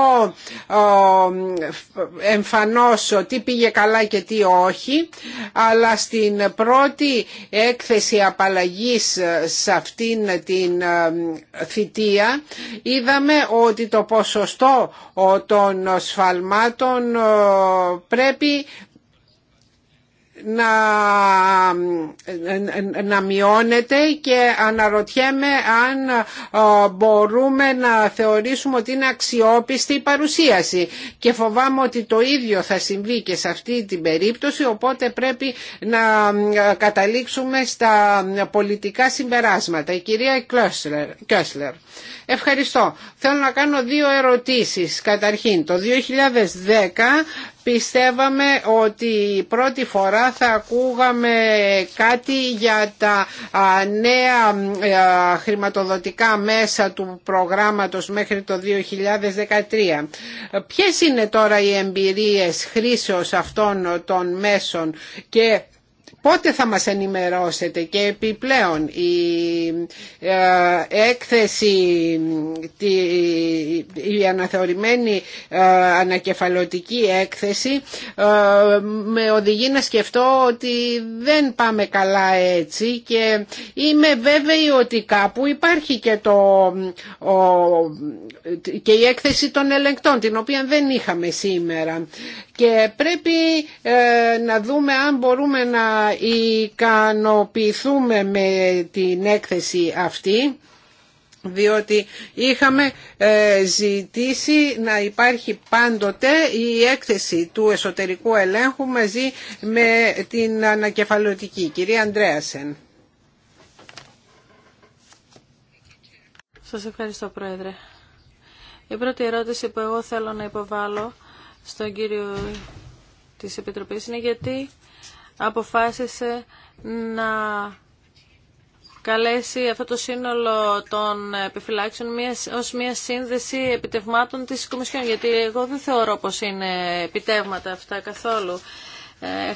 εμφανώς τι πήγε καλά και και όχι, αλλά στην πρώτη έκθεση απαλλαγής σε αυτήν την ε, θητεία είδαμε ότι το ποσοστό των σφαλμάτων ε, πρέπει να, να μειώνεται και αναρωτιέμαι αν ε, μπορούμε να θεωρήσουμε ότι είναι αξιόπιστη η παρουσίαση και φοβάμαι ότι το ίδιο θα συμβεί και σε αυτή την περίπτωση οπότε πρέπει να ε, καταλήξουμε στα πολιτικά συμπεράσματα. Η κυρία Κέσλερ Ευχαριστώ. Θέλω να κάνω δύο ερωτήσεις. Καταρχήν, το 2010 πιστεύαμε ότι πρώτη φορά θα ακούγαμε κάτι για τα νέα χρηματοδοτικά μέσα του προγράμματος μέχρι το 2013. Ποιες είναι τώρα οι εμπειρίες χρήσεως αυτών των μέσων και Πότε θα μας ενημερώσετε και επιπλέον η ε, έκθεση, η αναθεωρημένη ε, ανακεφαλωτική έκθεση ε, με οδηγεί να σκεφτώ ότι δεν πάμε καλά έτσι και είμαι βέβαιη ότι κάπου υπάρχει και, το, και η έκθεση των ελεγκτών την οποία δεν είχαμε σήμερα και πρέπει ε, να δούμε αν μπορούμε να ικανοποιηθούμε με την έκθεση αυτή διότι είχαμε ε, ζητήσει να υπάρχει πάντοτε η έκθεση του εσωτερικού ελέγχου μαζί με την ανακεφαλωτική. Κυρία Αντρέασεν. Σας ευχαριστώ Πρόεδρε. Η πρώτη ερώτηση που εγώ θέλω να υποβάλω στον κύριο της Επιτροπής είναι γιατί αποφάσισε να καλέσει αυτό το σύνολο των επιφυλάξεων μιας, ως μια σύνδεση επιτευμάτων της Κομισιόν, γιατί εγώ δεν θεωρώ πως είναι επιτεύγματα αυτά καθόλου. Ε,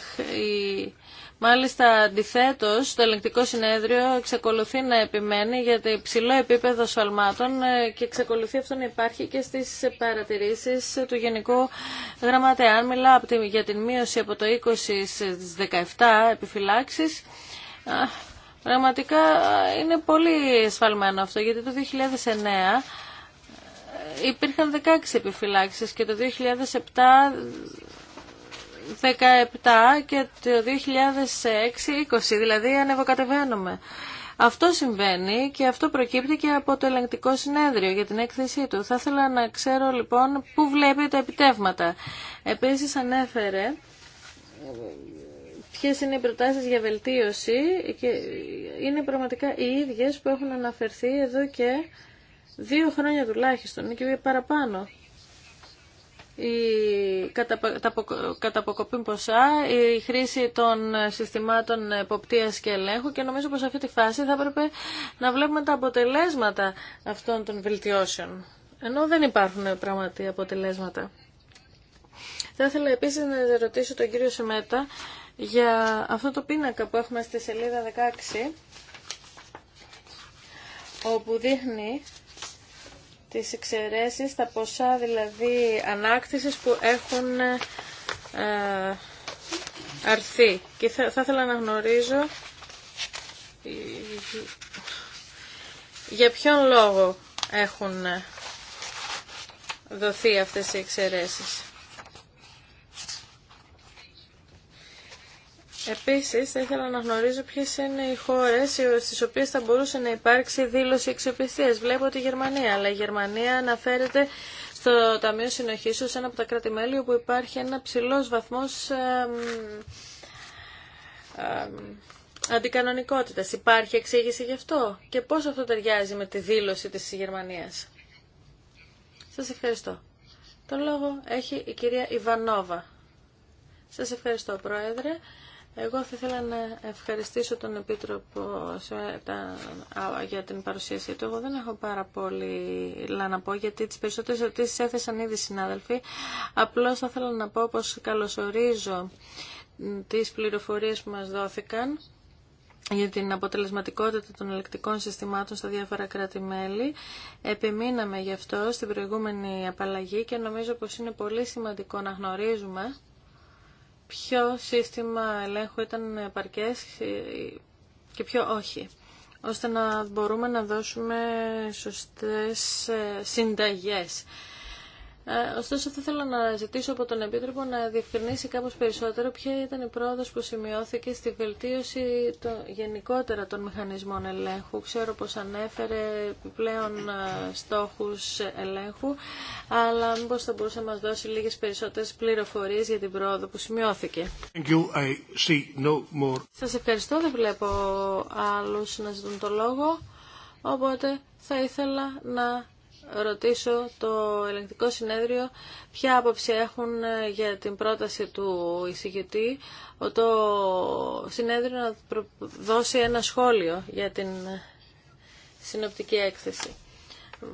Μάλιστα, αντιθέτω, το ελεγκτικό συνέδριο εξακολουθεί να επιμένει για το υψηλό επίπεδο σφαλμάτων ε, και εξακολουθεί αυτό να υπάρχει και στι παρατηρήσει του Γενικού Γραμματέα. Αν μιλά για την μείωση από το 20 στι 17 επιφυλάξει, πραγματικά είναι πολύ σφαλμένο αυτό, γιατί το 2009 ε, υπήρχαν 16 επιφυλάξεις και το 2007 17 και το 2006 20, δηλαδή ανεβοκατεβαίνουμε. Αυτό συμβαίνει και αυτό προκύπτει και από το ελεγκτικό συνέδριο για την έκθεσή του. Θα ήθελα να ξέρω λοιπόν πού βλέπει τα επιτεύγματα. Επίσης ανέφερε ε, ποιες είναι οι προτάσεις για βελτίωση και είναι πραγματικά οι ίδιες που έχουν ανεφερε ποιε ειναι οι εδώ και δύο χρόνια τουλάχιστον και παραπάνω η καταποκοπή ποσά, η χρήση των συστημάτων εποπτείας και ελέγχου και νομίζω πως σε αυτή τη φάση θα έπρεπε να βλέπουμε τα αποτελέσματα αυτών των βελτιώσεων. Ενώ δεν υπάρχουν πραγματικά αποτελέσματα. Θα ήθελα επίσης να ρωτήσω τον κύριο Σεμέτα για αυτό το πίνακα που έχουμε στη σελίδα 16 όπου δείχνει τις εξαιρέσεις, τα ποσά δηλαδή ανάκτησης που έχουν ε, αρθεί. Και θα, θα ήθελα να γνωρίζω για ποιον λόγο έχουν ε, δοθεί αυτές οι εξαιρέσεις. Επίσης, θα ήθελα να γνωρίζω ποιες είναι οι χώρες στις οποίες θα μπορούσε να υπάρξει δήλωση εξοπιστίας. Βλέπω τη Γερμανία, αλλά η Γερμανία αναφέρεται στο Ταμείο Συνοχής ως ένα από τα κρατη όπου υπάρχει ένα ψηλός βαθμός αντικανονικότητας. Υπάρχει εξήγηση γι' αυτό και πώς αυτό ταιριάζει με τη δήλωση της Γερμανίας. Σας ευχαριστώ. Τον λόγο έχει η κυρία Ιβανόβα. Σας ευχαριστώ, Πρόεδρε. Εγώ θα ήθελα να ευχαριστήσω τον Επίτροπο για την παρουσίασή του. Εγώ δεν έχω πάρα πολύ να πω γιατί τις περισσότερες ερωτήσεις έθεσαν ήδη συνάδελφοι. Απλώς θα ήθελα να πω πως καλωσορίζω τις πληροφορίες που μας δόθηκαν για την αποτελεσματικότητα των ελεκτικών συστημάτων στα διάφορα κράτη-μέλη. Επιμείναμε γι' αυτό στην προηγούμενη απαλλαγή και νομίζω πως είναι πολύ σημαντικό να γνωρίζουμε ποιο σύστημα ελέγχου ήταν επαρκές και ποιο όχι ώστε να μπορούμε να δώσουμε σωστές συνταγές. Ε, ωστόσο θα ήθελα να ζητήσω από τον Επίτροπο να διευκρινίσει κάπως περισσότερο ποια ήταν η πρόοδος που σημειώθηκε στη βελτίωση το, γενικότερα των μηχανισμών ελέγχου. Ξέρω πως ανέφερε πλέον ε, στόχους ελέγχου, αλλά μήπως θα μπορούσε να μας δώσει λίγες περισσότερες πληροφορίες για την πρόοδο που σημειώθηκε. Thank no Σας ευχαριστώ, δεν βλέπω άλλους να ζητούν το λόγο, οπότε θα ήθελα να ρωτήσω το ελεγκτικό συνέδριο ποια άποψη έχουν ε, για την πρόταση του εισηγητή το συνέδριο να δώσει ένα σχόλιο για την ε, συνοπτική έκθεση.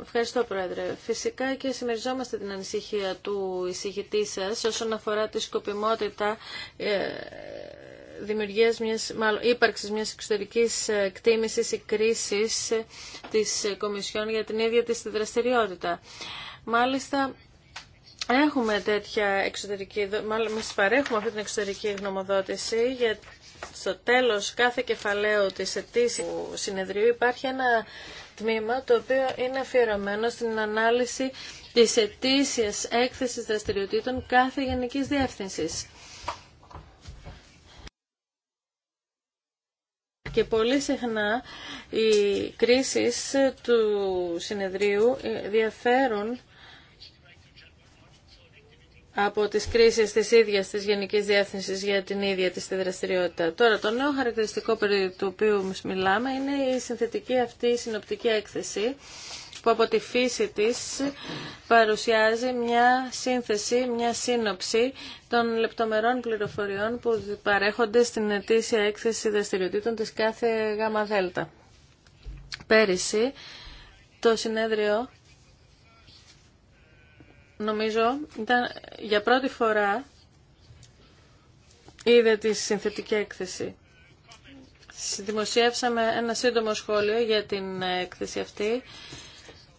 Ευχαριστώ, Πρόεδρε. Φυσικά και συμμεριζόμαστε την ανησυχία του εισηγητή σας όσον αφορά τη σκοπιμότητα ε, δημιουργίας μιας, μάλλον ύπαρξης μιας εξωτερικής ε, εκτίμησης ή κρίσης ε, της ε, Κομισιόν για την ίδια της τη δραστηριότητα. Μάλιστα, έχουμε τέτοια εξωτερική, μάλλον μας παρέχουμε αυτή την εξωτερική γνωμοδότηση για στο τέλος κάθε κεφαλαίου της ετήσιου συνεδρίου υπάρχει ένα τμήμα το οποίο είναι αφιερωμένο στην ανάλυση της ετήσιας έκθεσης δραστηριοτήτων κάθε γενικής διεύθυνσης. και πολύ συχνά οι κρίσεις του συνεδρίου ε, διαφέρουν από τις κρίσεις της ίδιας της Γενικής Διεύθυνσης για την ίδια της τη δραστηριότητα. Τώρα, το νέο χαρακτηριστικό περί του οποίου μιλάμε είναι η συνθετική αυτή συνοπτική έκθεση που από τη φύση της παρουσιάζει μια σύνθεση, μια σύνοψη των λεπτομερών πληροφοριών που παρέχονται στην ετήσια έκθεση δραστηριοτήτων της κάθε γάμα δέλτα. Πέρυσι το συνέδριο νομίζω ήταν για πρώτη φορά είδε τη συνθετική έκθεση. Δημοσιεύσαμε ένα σύντομο σχόλιο για την έκθεση αυτή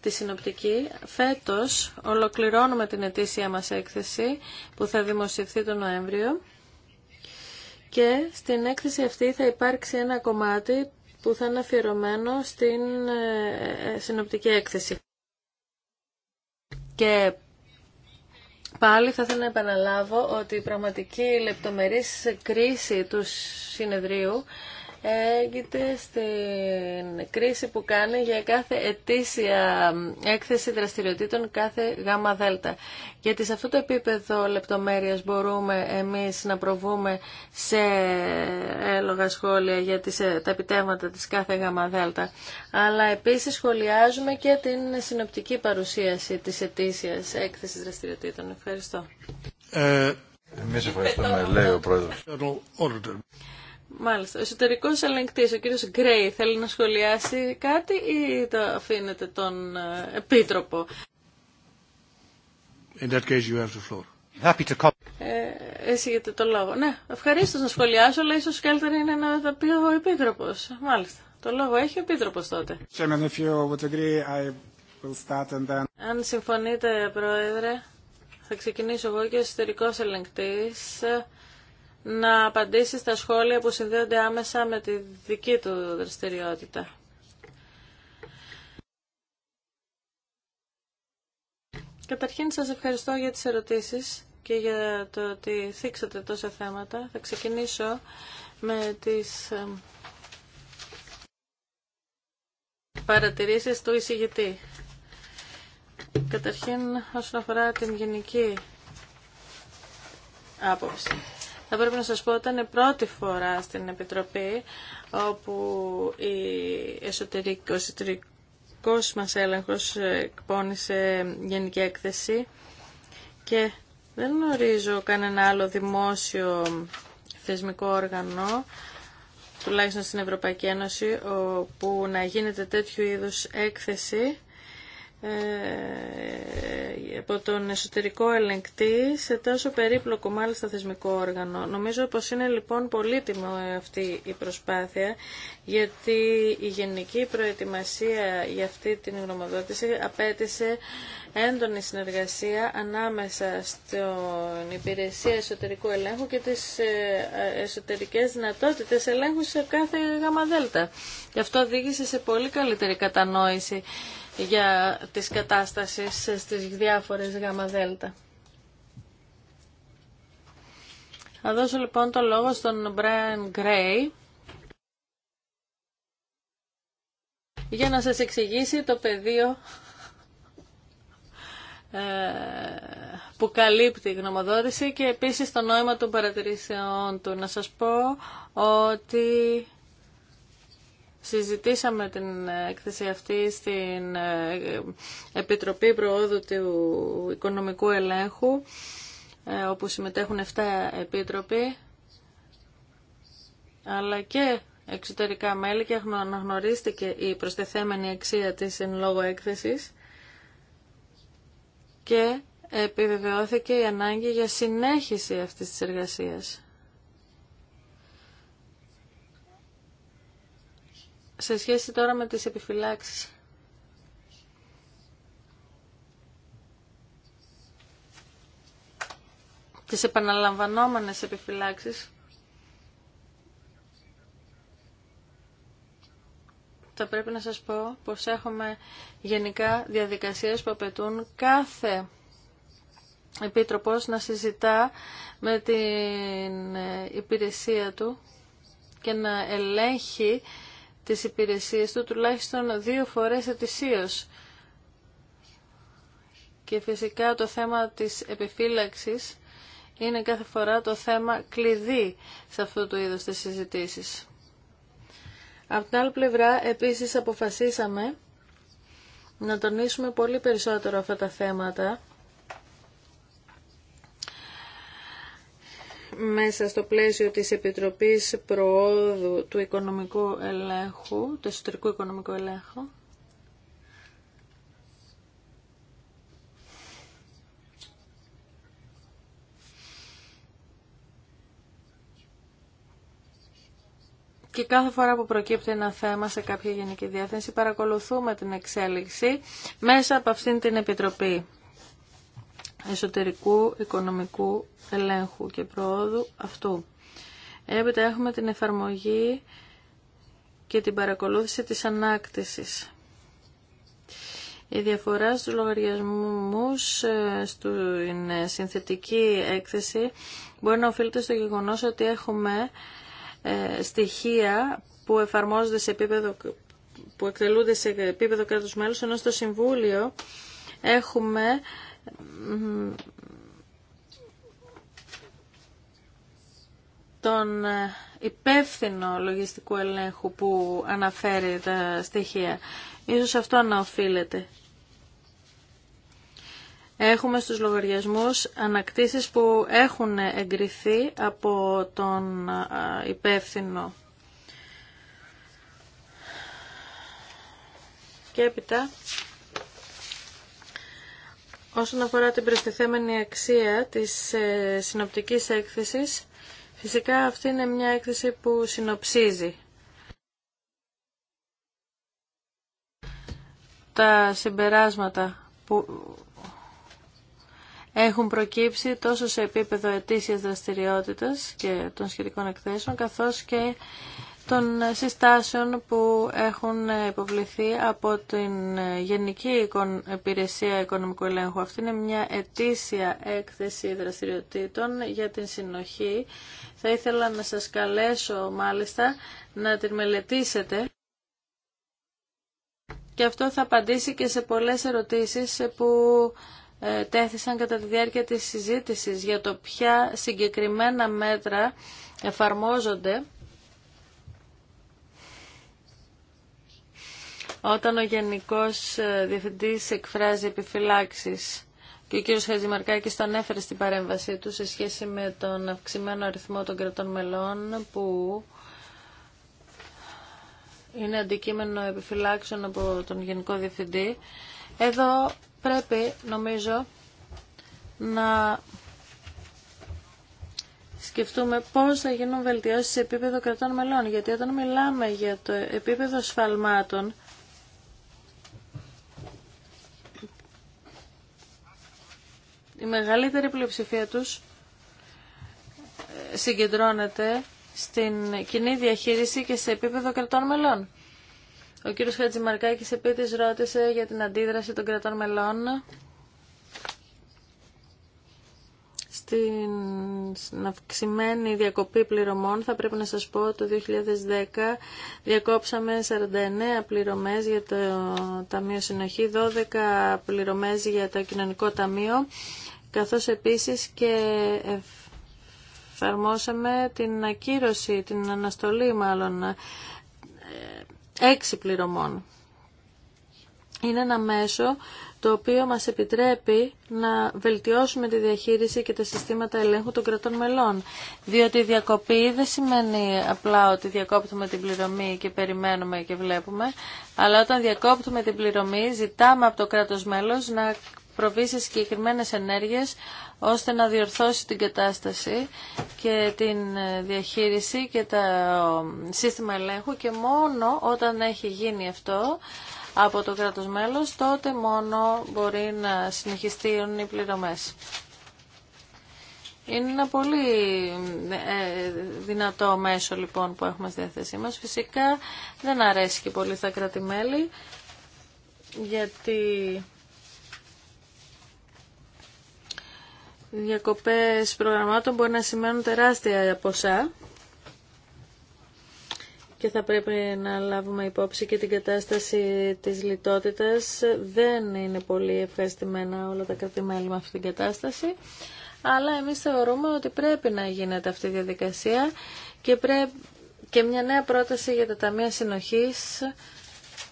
τη συνοπτική. Φέτος ολοκληρώνουμε την ετήσια μας έκθεση που θα δημοσιευθεί τον Νοέμβριο και στην έκθεση αυτή θα υπάρξει ένα κομμάτι που θα είναι αφιερωμένο στην ε, ε, συνοπτική έκθεση. Και Πάλι θα ήθελα να επαναλάβω ότι η πραγματική λεπτομερής κρίση του συνεδρίου Έγινε στην κρίση που κάνει για κάθε ετήσια έκθεση δραστηριοτήτων κάθε γάμα δέλτα. Γιατί σε αυτό το επίπεδο λεπτομέρειας μπορούμε εμείς να προβούμε σε έλογα σχόλια για τις, ε, τα επιτέματα της κάθε γάμα δέλτα. Αλλά επίσης σχολιάζουμε και την συνοπτική παρουσίαση της ετήσιας έκθεσης δραστηριοτήτων. Ευχαριστώ. Ε, εμείς ευχαριστούμε, λέει ο Πρόεδρος. Μάλιστα. Ο εσωτερικό ελεγκτή, ο κύριο Γκρέι, θέλει να σχολιάσει κάτι ή το αφήνετε τον ε, επίτροπο. In that case you have the floor. Happy to come. Ε, εσύ γιατί το λόγο. Ναι, ευχαρίστω να σχολιάσω, αλλά ίσω καλύτερα είναι να τα πει ο επίτροπο. Μάλιστα. Το λόγο έχει ο επίτροπο τότε. Chairman, if you would agree, I will start and then... Αν συμφωνείτε, Πρόεδρε, θα ξεκινήσω εγώ και ο εσωτερικό ελεγκτή να απαντήσει στα σχόλια που συνδέονται άμεσα με τη δική του δραστηριότητα. Καταρχήν σας ευχαριστώ για τις ερωτήσεις και για το ότι θίξατε τόσα θέματα. Θα ξεκινήσω με τις παρατηρήσεις του εισηγητή. Καταρχήν όσον αφορά την γενική άποψη. Θα πρέπει να σας πω, ήταν πρώτη φορά στην Επιτροπή όπου η εσωτερική, ο εσωτερικός μας έλεγχος εκπώνησε γενική έκθεση και δεν γνωρίζω κανένα άλλο δημόσιο θεσμικό όργανο τουλάχιστον στην Ευρωπαϊκή Ένωση, όπου να γίνεται τέτοιου είδους έκθεση ε, από τον εσωτερικό ελεγκτή σε τόσο περίπλοκο μάλιστα θεσμικό όργανο. Νομίζω πως είναι λοιπόν πολύτιμο αυτή η προσπάθεια γιατί η γενική προετοιμασία για αυτή την γνωμοδότηση απέτησε έντονη συνεργασία ανάμεσα στην υπηρεσία εσωτερικού ελέγχου και τις ε, εσωτερικές δυνατότητες ελέγχου σε κάθε γαμαδέλτα. Γι' αυτό οδήγησε σε πολύ καλύτερη κατανόηση για τις κατάστασεις στις διάφορες γάμα δέλτα. Θα δώσω λοιπόν το λόγο στον Brian Gray για να σας εξηγήσει το πεδίο ε, που καλύπτει η γνωμοδότηση και επίσης το νόημα των παρατηρήσεών του. Να σας πω ότι Συζητήσαμε την έκθεση αυτή στην ε, Επιτροπή Προόδου του Οικονομικού Ελέγχου, ε, όπου συμμετέχουν 7 επίτροποι, αλλά και εξωτερικά μέλη και αναγνωρίστηκε η προστεθέμενη αξία της εν λόγω έκθεσης και επιβεβαιώθηκε η ανάγκη για συνέχιση αυτής της εργασίας. Σε σχέση τώρα με τις επιφυλάξεις. Τις επαναλαμβανόμενες επιφυλάξεις. θα πρέπει να σας πω πως έχουμε γενικά διαδικασίες που απαιτούν κάθε επίτροπος να συζητά με την ε, υπηρεσία του και να ελέγχει τις υπηρεσίες του τουλάχιστον δύο φορές ετησίως. Και φυσικά το θέμα της επιφύλαξης είναι κάθε φορά το θέμα κλειδί σε αυτού του είδος της συζητήσεις. Από την άλλη πλευρά, επίσης αποφασίσαμε να τονίσουμε πολύ περισσότερο αυτά τα θέματα μέσα στο πλαίσιο της Επιτροπής Προόδου του Οικονομικού Ελέγχου, του Εσωτερικού Οικονομικού Ελέγχου. Και κάθε φορά που προκύπτει ένα θέμα σε κάποια γενική διάθεση, παρακολουθούμε την εξέλιξη μέσα από αυτήν την Επιτροπή εσωτερικού οικονομικού ελέγχου και προόδου αυτού. Έπειτα έχουμε την εφαρμογή και την παρακολούθηση της ανάκτησης. Η διαφορά στους λογαριασμούς ε, στην ε, συνθετική έκθεση μπορεί να οφείλεται στο γεγονός ότι έχουμε ε, στοιχεία που εφαρμόζονται σε επίπεδο που εκτελούνται σε επίπεδο κράτους μέλους, ενώ στο Συμβούλιο έχουμε τον ε, υπεύθυνο λογιστικού ελέγχου που αναφέρει τα στοιχεία. Ίσως αυτό να οφείλεται. Έχουμε στους λογαριασμούς ανακτήσεις που έχουν εγκριθεί από τον ε, υπεύθυνο. Και έπειτα Όσον αφορά την προστιθέμενη αξία της ε, συνοπτικής έκθεσης, φυσικά αυτή είναι μια έκθεση που συνοψίζει τα συμπεράσματα που έχουν προκύψει τόσο σε επίπεδο ετήσιας δραστηριότητας και των σχετικών εκθέσεων, καθώς και των συστάσεων που έχουν υποβληθεί από την Γενική Υπηρεσία Οικονομικού Ελέγχου. Αυτή είναι μια ετήσια έκθεση δραστηριοτήτων για την συνοχή. Θα ήθελα να σας καλέσω μάλιστα να την μελετήσετε. Και αυτό θα απαντήσει και σε πολλές ερωτήσεις που ε, τέθησαν κατά τη διάρκεια της συζήτησης για το ποια συγκεκριμένα μέτρα εφαρμόζονται όταν ο Γενικός ε, Διευθυντής εκφράζει επιφυλάξεις και ο κύριος Χαζημαρκάκης τον έφερε στην παρέμβασή του σε σχέση με τον αυξημένο αριθμό των κρατών μελών που είναι αντικείμενο επιφυλάξεων από τον Γενικό Διευθυντή. Εδώ πρέπει νομίζω να σκεφτούμε πώς θα γίνουν βελτιώσεις σε επίπεδο κρατών μελών. Γιατί όταν μιλάμε για το επίπεδο σφαλμάτων, η μεγαλύτερη πλειοψηφία τους ε, συγκεντρώνεται στην κοινή διαχείριση και σε επίπεδο κρατών μελών. Ο κύριος Χατζημαρκάκης επίτης ρώτησε για την αντίδραση των κρατών μελών στην αυξημένη διακοπή πληρωμών. Θα πρέπει να σας πω το 2010 διακόψαμε 49 πληρωμές για το Ταμείο Συνοχή, 12 πληρωμές για το Κοινωνικό Ταμείο καθώς επίσης και εφαρμόσαμε την ακύρωση, την αναστολή μάλλον, ε, έξι πληρωμών. Είναι ένα μέσο το οποίο μας επιτρέπει να βελτιώσουμε τη διαχείριση και τα συστήματα ελέγχου των κρατών μελών. Διότι η διακοπή δεν σημαίνει απλά ότι διακόπτουμε την πληρωμή και περιμένουμε και βλέπουμε, αλλά όταν διακόπτουμε την πληρωμή ζητάμε από το κράτος μέλος να προβεί σε συγκεκριμένε ενέργειες ώστε να διορθώσει την κατάσταση και την ε, διαχείριση και το σύστημα ελέγχου και μόνο όταν έχει γίνει αυτό από το κράτος μέλος, τότε μόνο μπορεί να συνεχιστεί οι πληρωμές. Είναι ένα πολύ ε, δυνατό μέσο λοιπόν που έχουμε στη διάθεσή μας. Φυσικά δεν αρέσει και πολύ στα κράτη-μέλη γιατί διακοπές προγραμμάτων μπορεί να σημαίνουν τεράστια ποσά και θα πρέπει να λάβουμε υπόψη και την κατάσταση της λιτότητας. Δεν είναι πολύ ευχαριστημένα όλα τα κρατημέλη με αυτή την κατάσταση, αλλά εμείς θεωρούμε ότι πρέπει να γίνεται αυτή η διαδικασία και, και μια νέα πρόταση για τα Ταμεία Συνοχής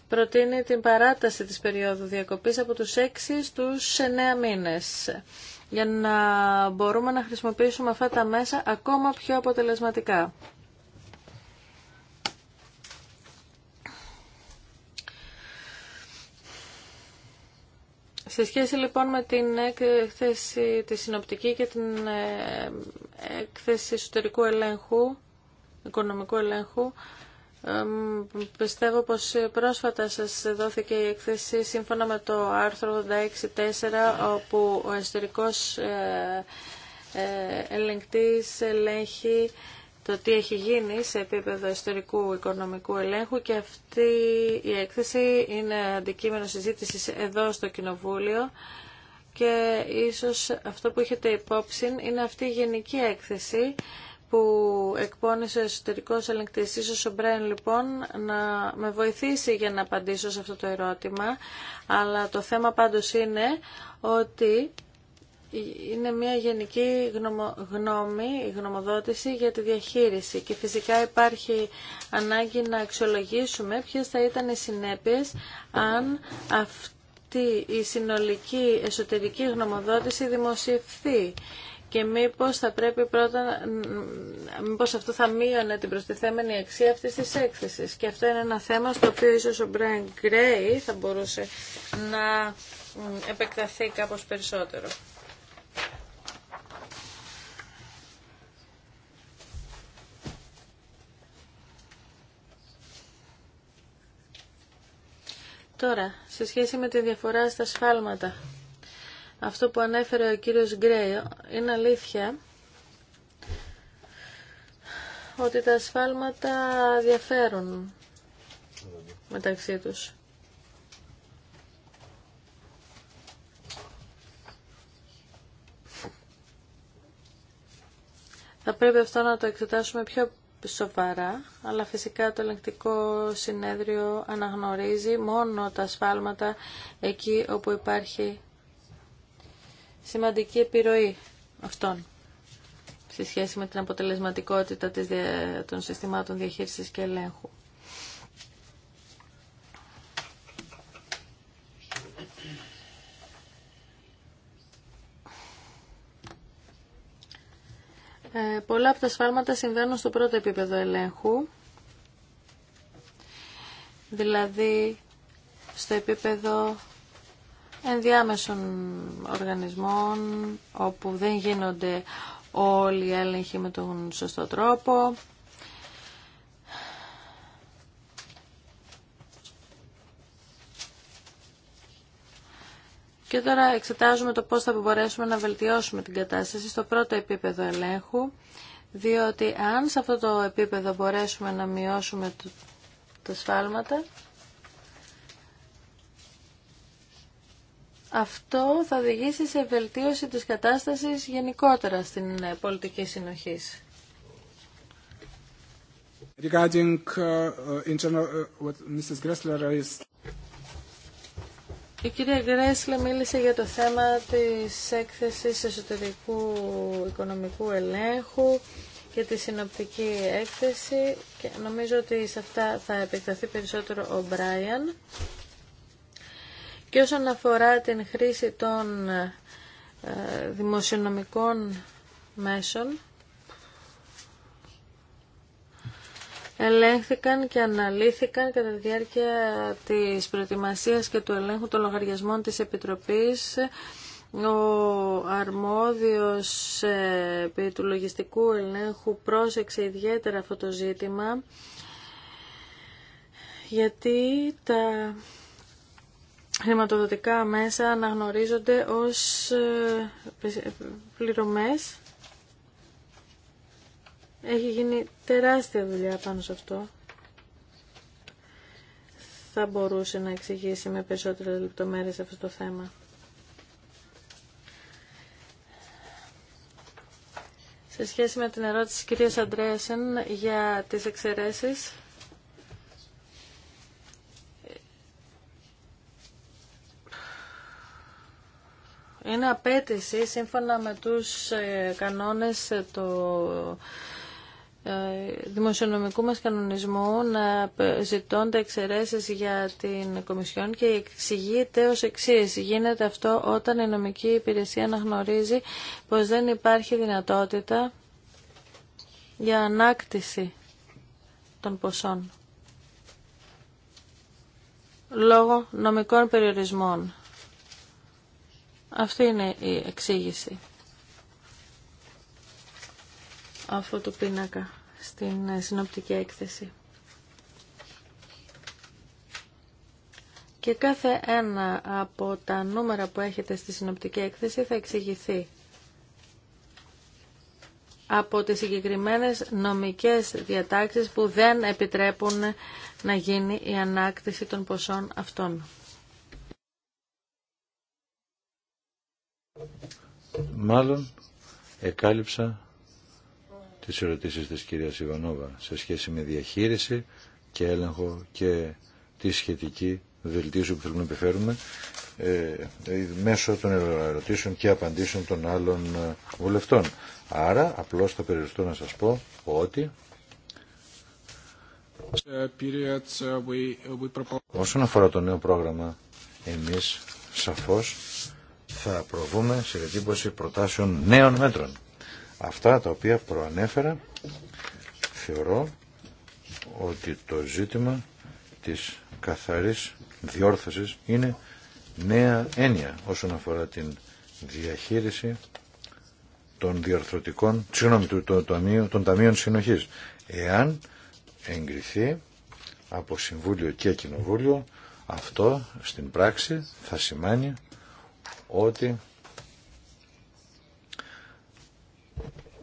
προτείνει την παράταση της περίοδου διακοπής από τους 6 στους 9 μήνες για να μπορούμε να χρησιμοποιήσουμε αυτά τα μέσα ακόμα πιο αποτελεσματικά. Σε σχέση λοιπόν με την έκθεση τη συνοπτική και την ε, έκθεση εσωτερικού ελέγχου, οικονομικού ελέγχου, Πιστεύω πως πρόσφατα σας δόθηκε η εκθέση σύμφωνα με το άρθρο 86.4 όπου ο ιστορικός ε, ε, ελεγκτής ελέγχει το τι έχει γίνει σε επίπεδο ιστορικού οικονομικού ελέγχου και αυτή η έκθεση είναι αντικείμενο συζήτησης εδώ στο Κοινοβούλιο και ίσως αυτό που έχετε υπόψη είναι αυτή η γενική έκθεση που εκπώνησε ο εσωτερικό ελεγκτή, ο Μπρέν λοιπόν να με βοηθήσει για να απαντήσω σε αυτό το ερώτημα. Αλλά το θέμα πάντω είναι ότι είναι μια γενική γνώμη, η γνωμοδότηση για τη διαχείριση και φυσικά υπάρχει ανάγκη να αξιολογήσουμε ποιες θα ήταν οι συνέπειες αν αυτή η συνολική εσωτερική γνωμοδότηση δημοσιευθεί και μήπως θα πρέπει πρώτα, μήπως αυτό θα μείωνε την προστιθέμενη αξία αυτής της έκθεσης. Και αυτό είναι ένα θέμα στο οποίο ίσως ο Brian Gray θα μπορούσε να επεκταθεί κάπως περισσότερο. Τώρα, σε σχέση με τη διαφορά στα σφάλματα αυτό που ανέφερε ο κύριος Γκρέι, είναι αλήθεια ότι τα ασφάλματα διαφέρουν μεταξύ τους. Θα πρέπει αυτό να το εξετάσουμε πιο σοβαρά, αλλά φυσικά το ελεγκτικό συνέδριο αναγνωρίζει μόνο τα ασφάλματα εκεί όπου υπάρχει σημαντική επιρροή αυτών σε σχέση με την αποτελεσματικότητα των συστημάτων διαχείρισης και ελέγχου. Ε, πολλά από τα σφάλματα συμβαίνουν στο πρώτο επίπεδο ελέγχου, δηλαδή στο επίπεδο ενδιάμεσων οργανισμών όπου δεν γίνονται όλοι οι έλεγχοι με τον σωστό τρόπο. Και τώρα εξετάζουμε το πώς θα μπορέσουμε να βελτιώσουμε την κατάσταση στο πρώτο επίπεδο ελέγχου, διότι αν σε αυτό το επίπεδο μπορέσουμε να μειώσουμε τα σφάλματα, Αυτό θα οδηγήσει σε βελτίωση της κατάστασης γενικότερα στην ε, πολιτική συνοχής. Uh, uh, Η κυρία Γκρέσλε μίλησε για το θέμα της έκθεσης εσωτερικού οικονομικού ελέγχου και τη συνοπτική έκθεση και νομίζω ότι σε αυτά θα επεκταθεί περισσότερο ο Μπράιαν. Και όσον αφορά την χρήση των ε, δημοσιονομικών μέσων, ελέγχθηκαν και αναλύθηκαν κατά τη διάρκεια της προετοιμασίας και του ελέγχου των λογαριασμών της Επιτροπής ο αρμόδιος ε, του λογιστικού ελέγχου πρόσεξε ιδιαίτερα αυτό το ζήτημα γιατί τα χρηματοδοτικά μέσα αναγνωρίζονται ως ε, πληρωμές. Έχει γίνει τεράστια δουλειά πάνω σε αυτό. Θα μπορούσε να εξηγήσει με περισσότερες λεπτομέρειες αυτό το θέμα. Σε σχέση με την ερώτηση της κυρίας Αντρέασεν για τις εξαιρέσεις, Είναι απέτηση σύμφωνα με τους ε, κανόνες ε, του ε, δημοσιονομικού μας κανονισμού να ζητώνται εξαιρέσεις για την Κομισιόν και εξηγείται ως εξής. Γίνεται αυτό όταν η νομική υπηρεσία αναγνωρίζει πως δεν υπάρχει δυνατότητα για ανάκτηση των ποσών λόγω νομικών περιορισμών. Αυτή είναι η εξήγηση αυτού του πίνακα στην ε, συνοπτική έκθεση. Και κάθε ένα από τα νούμερα που έχετε στη συνοπτική έκθεση θα εξηγηθεί από τις συγκεκριμένες νομικές διατάξεις που δεν επιτρέπουν να γίνει η ανάκτηση των ποσών αυτών. Μάλλον εκάλυψα τις ερωτήσεις της κυρίας Ιβανόβα σε σχέση με διαχείριση και έλεγχο και τη σχετική δελτίωση που θέλουμε να επιφέρουμε ε, ε, μέσω των ερωτήσεων και απαντήσεων των άλλων ε, βουλευτών. Άρα, απλώς θα περιοριστώ να σας πω ότι... Όσον αφορά το νέο πρόγραμμα, εμείς σαφώς θα προβούμε σε διατύπωση προτάσεων νέων μέτρων. Αυτά τα οποία προανέφερα θεωρώ ότι το ζήτημα της καθαρής διόρθωσης είναι νέα έννοια όσον αφορά την διαχείριση των διορθωτικών, συγγνώμη, του, το, των ταμείων συνοχής. Εάν εγκριθεί από Συμβούλιο και Κοινοβούλιο, αυτό στην πράξη θα σημαίνει ότι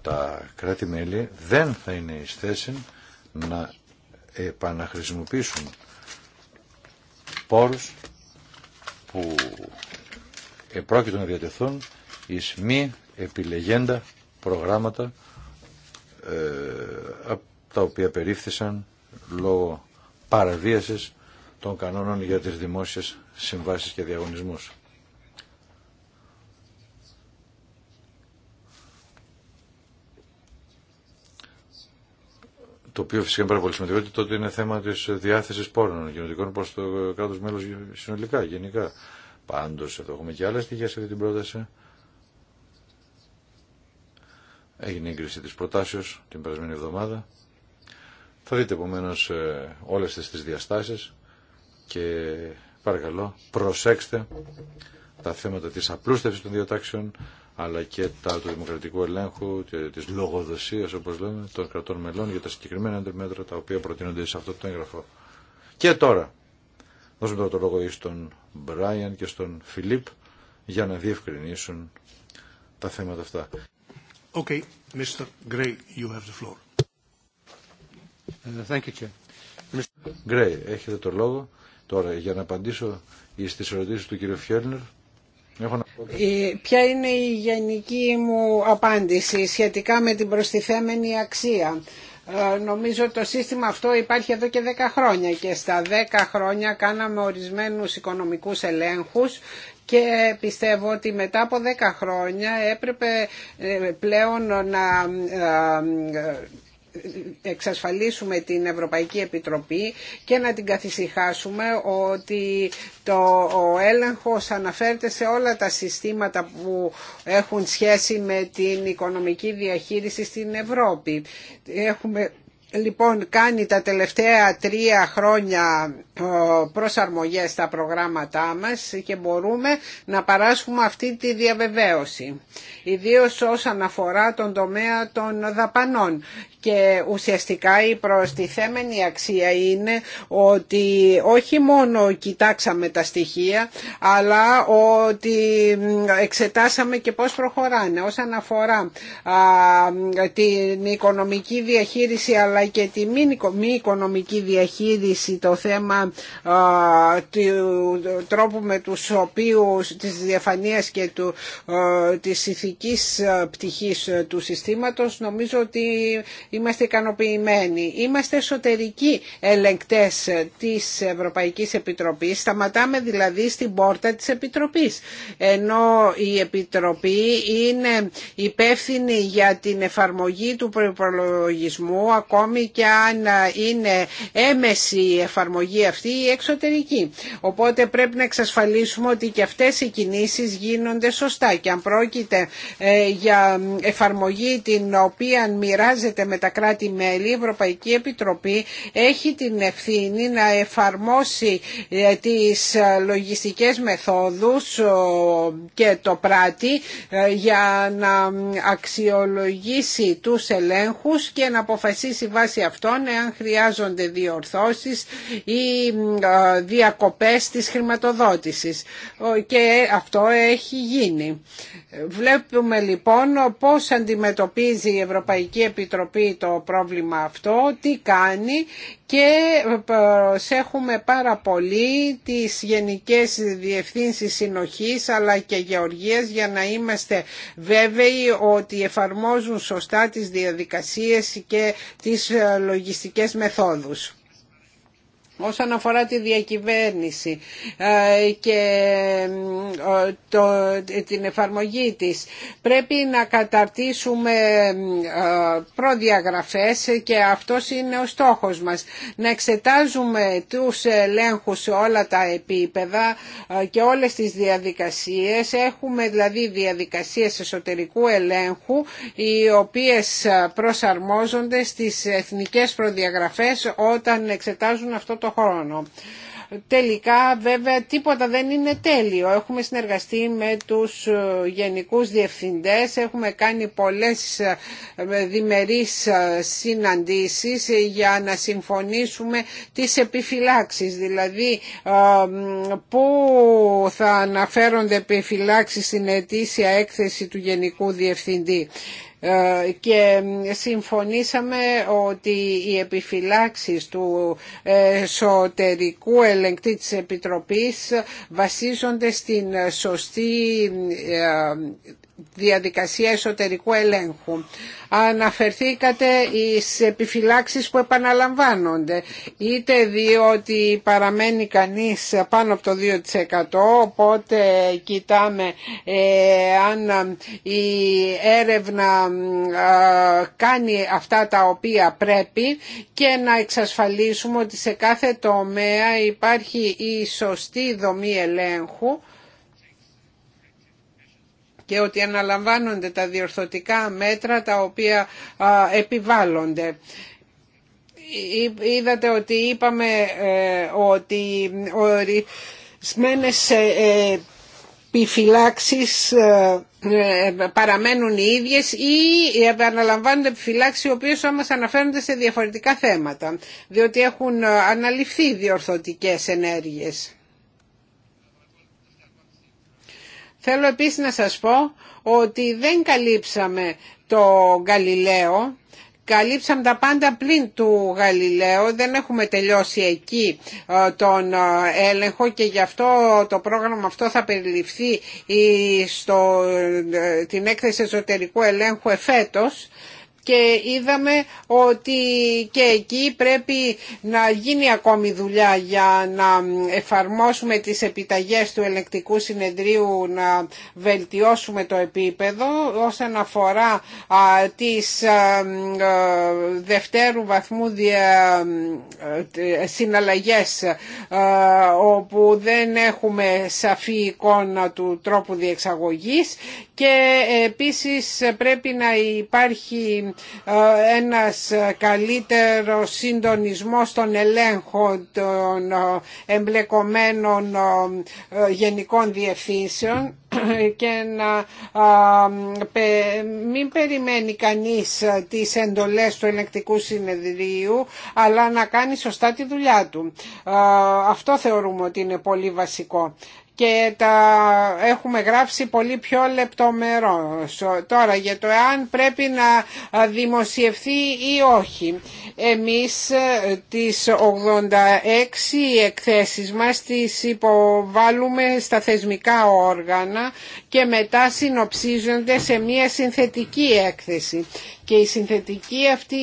τα κράτη-μέλη δεν θα είναι εις θέση να επαναχρησιμοποιήσουν πόρους που επρόκειτο να διατεθούν εις μη επιλεγέντα προγράμματα ε, τα οποία περίφθησαν λόγω παραβίασης των κανόνων για τις δημόσιες συμβάσεις και διαγωνισμούς. το οποίο φυσικά είναι πάρα πολύ σημαντικό, ότι τότε είναι θέμα της διάθεση πόρων γενετικών προς το κράτο μέλο συνολικά, γενικά. Πάντως, εδώ έχουμε και άλλα στοιχεία σε αυτή την πρόταση. Έγινε έγκριση της προτάσεω την περασμένη εβδομάδα. Θα δείτε επομένω ε, όλες τις διαστάσεις και παρακαλώ προσέξτε τα θέματα της απλούστευσης των διατάξεων αλλά και τα του δημοκρατικού ελέγχου, της λογοδοσίας όπως λέμε, των κρατών μελών για τα συγκεκριμένα μέτρα τα οποία προτείνονται σε αυτό το έγγραφο. Και τώρα, δώσουμε τώρα το λόγο τον Μπράιαν και στον Φιλίπ για να διευκρινίσουν τα θέματα αυτά. Okay, Mr. Gray, you have the floor. Uh, thank you, Mr. Gray, έχετε το λόγο τώρα για να απαντήσω στις ερωτήσεις του κ. Φιέρνερ ε, ποια είναι η γενική μου απάντηση σχετικά με την προστιθέμενη αξία. Ε, νομίζω το σύστημα αυτό υπάρχει εδώ και 10 χρόνια και στα 10 χρόνια κάναμε ορισμένους οικονομικούς ελέγχους και πιστεύω ότι μετά από 10 χρόνια έπρεπε ε, πλέον να εξασφαλίσουμε την Ευρωπαϊκή Επιτροπή και να την καθησυχάσουμε ότι το, ο έλεγχος αναφέρεται σε όλα τα συστήματα που έχουν σχέση με την οικονομική διαχείριση στην Ευρώπη. Έχουμε λοιπόν κάνει τα τελευταία τρία χρόνια προσαρμογές στα προγράμματά μας και μπορούμε να παράσχουμε αυτή τη διαβεβαίωση. Ιδίως όσον αφορά τον τομέα των δαπανών και ουσιαστικά η προστιθέμενη αξία είναι ότι όχι μόνο κοιτάξαμε τα στοιχεία αλλά ότι εξετάσαμε και πώς προχωράνε όσον αφορά την οικονομική διαχείριση αλλά και τη μη οικονομική διαχείριση το θέμα του τρόπου με τους οποίους της διαφανείας και του, της ηθικής πτυχής του συστήματος νομίζω ότι είμαστε ικανοποιημένοι. Είμαστε εσωτερικοί ελεγκτές της Ευρωπαϊκής Επιτροπής. Σταματάμε δηλαδή στην πόρτα της Επιτροπής. Ενώ η Επιτροπή είναι υπεύθυνη για την εφαρμογή του προϋπολογισμού ακόμη και αν είναι έμεση η εφαρμογή αυτή ή εξωτερική. Οπότε πρέπει να εξασφαλίσουμε ότι και αυτές οι κινήσεις γίνονται σωστά και αν πρόκειται ε, για εφαρμογή την οποία μοιράζεται με τα κράτη-μέλη, η Ευρωπαϊκή Επιτροπή έχει την ευθύνη να εφαρμόσει ε, τις ε, λογιστικές μεθόδους και το πράτη για να αξιολογήσει τους ελέγχους και να αποφασίσει βάση αυτών εάν χρειάζονται διορθώσεις ή διακοπές της χρηματοδότησης και αυτό έχει γίνει. Βλέπουμε λοιπόν πώς αντιμετωπίζει η Ευρωπαϊκή Επιτροπή το πρόβλημα αυτό, τι κάνει και προσέχουμε πάρα πολύ τις γενικές διευθύνσεις συνοχής αλλά και γεωργίας για να είμαστε βέβαιοι ότι εφαρμόζουν σωστά τις διαδικασίες και τις ε, λογιστικές μεθόδους όσον αφορά τη διακυβέρνηση ε, και την εφαρμογή της. Πρέπει να καταρτήσουμε ε, προδιαγραφές και αυτός είναι ο στόχος μας. Να εξετάζουμε τους ελέγχους σε όλα τα επίπεδα ε, και όλες τις διαδικασίες. Έχουμε δηλαδή διαδικασίες εσωτερικού ελέγχου οι οποίες προσαρμόζονται στις εθνικές προδιαγραφές όταν εξετάζουν αυτό το χρόνο. Τελικά βέβαια τίποτα δεν είναι τέλειο. Έχουμε συνεργαστεί με τους ε, γενικούς διευθυντές, έχουμε κάνει πολλές ε, διμερείς ε, συναντήσεις για να συμφωνήσουμε τις επιφυλάξεις. Δηλαδή πού θα αναφέρονται επιφυλάξεις στην ετήσια έκθεση του Γενικού Διευθυντή. Ε, και συμφωνήσαμε ότι οι επιφυλάξεις του εσωτερικού ελεγκτή της Επιτροπής βασίζονται στην σωστή ε, διαδικασία εσωτερικού ελέγχου. Αναφερθήκατε στις επιφυλάξεις που επαναλαμβάνονται, είτε διότι παραμένει κανείς πάνω από το 2%, οπότε κοιτάμε ε, αν η έρευνα κάνει αυτά τα οποία πρέπει και να εξασφαλίσουμε ότι σε κάθε τομέα υπάρχει η σωστή δομή ελέγχου και ότι αναλαμβάνονται τα διορθωτικά μέτρα τα οποία επιβάλλονται. Είδατε ότι είπαμε ε, ότι ορισμένες ε, ε, επιφυλάξεις παραμένουν οι ίδιες ή επαναλαμβάνονται επιφυλάξεις οι οποίες όμως αναφέρονται σε διαφορετικά θέματα διότι έχουν αναλυφθεί διορθωτικές ενέργειες. Θέλω επίσης να σας πω ότι δεν καλύψαμε το Γαλιλαίο, καλύψαμε τα πάντα πλην του Γαλιλαίου, δεν έχουμε τελειώσει εκεί ε, τον ε, έλεγχο και γι' αυτό το πρόγραμμα αυτό θα περιληφθεί ε, στο, την έκθεση εσωτερικού ελέγχου εφέτος και είδαμε ότι και εκεί πρέπει να γίνει ακόμη δουλειά για να εφαρμόσουμε τις επιταγές του ελεκτικού συνεδρίου να βελτιώσουμε το επίπεδο όσον αφορά τις δευτέρου βαθμού ε, συναλλαγές όπου δεν έχουμε σαφή εικόνα του τρόπου διεξαγωγής και επίσης πρέπει να υπάρχει ε, ένας ε, καλύτερος συντονισμός των ελέγχων των εμπλεκομένων ε, γενικών διευθύνσεων και να μην περιμένει κανείς τις εντολές του ελεκτικού συνεδρίου αλλά να κάνει σωστά τη δουλειά του. Αυτό θεωρούμε ότι είναι πολύ βασικό και τα έχουμε γράψει πολύ πιο λεπτομερό. Τώρα για το εάν πρέπει να δημοσιευθεί ή όχι. Εμείς ε, τις 86 εκθέσεις μας τις υποβάλλουμε στα θεσμικά όργανα και μετά συνοψίζονται σε μια συνθετική έκθεση. Και η συνθετική αυτή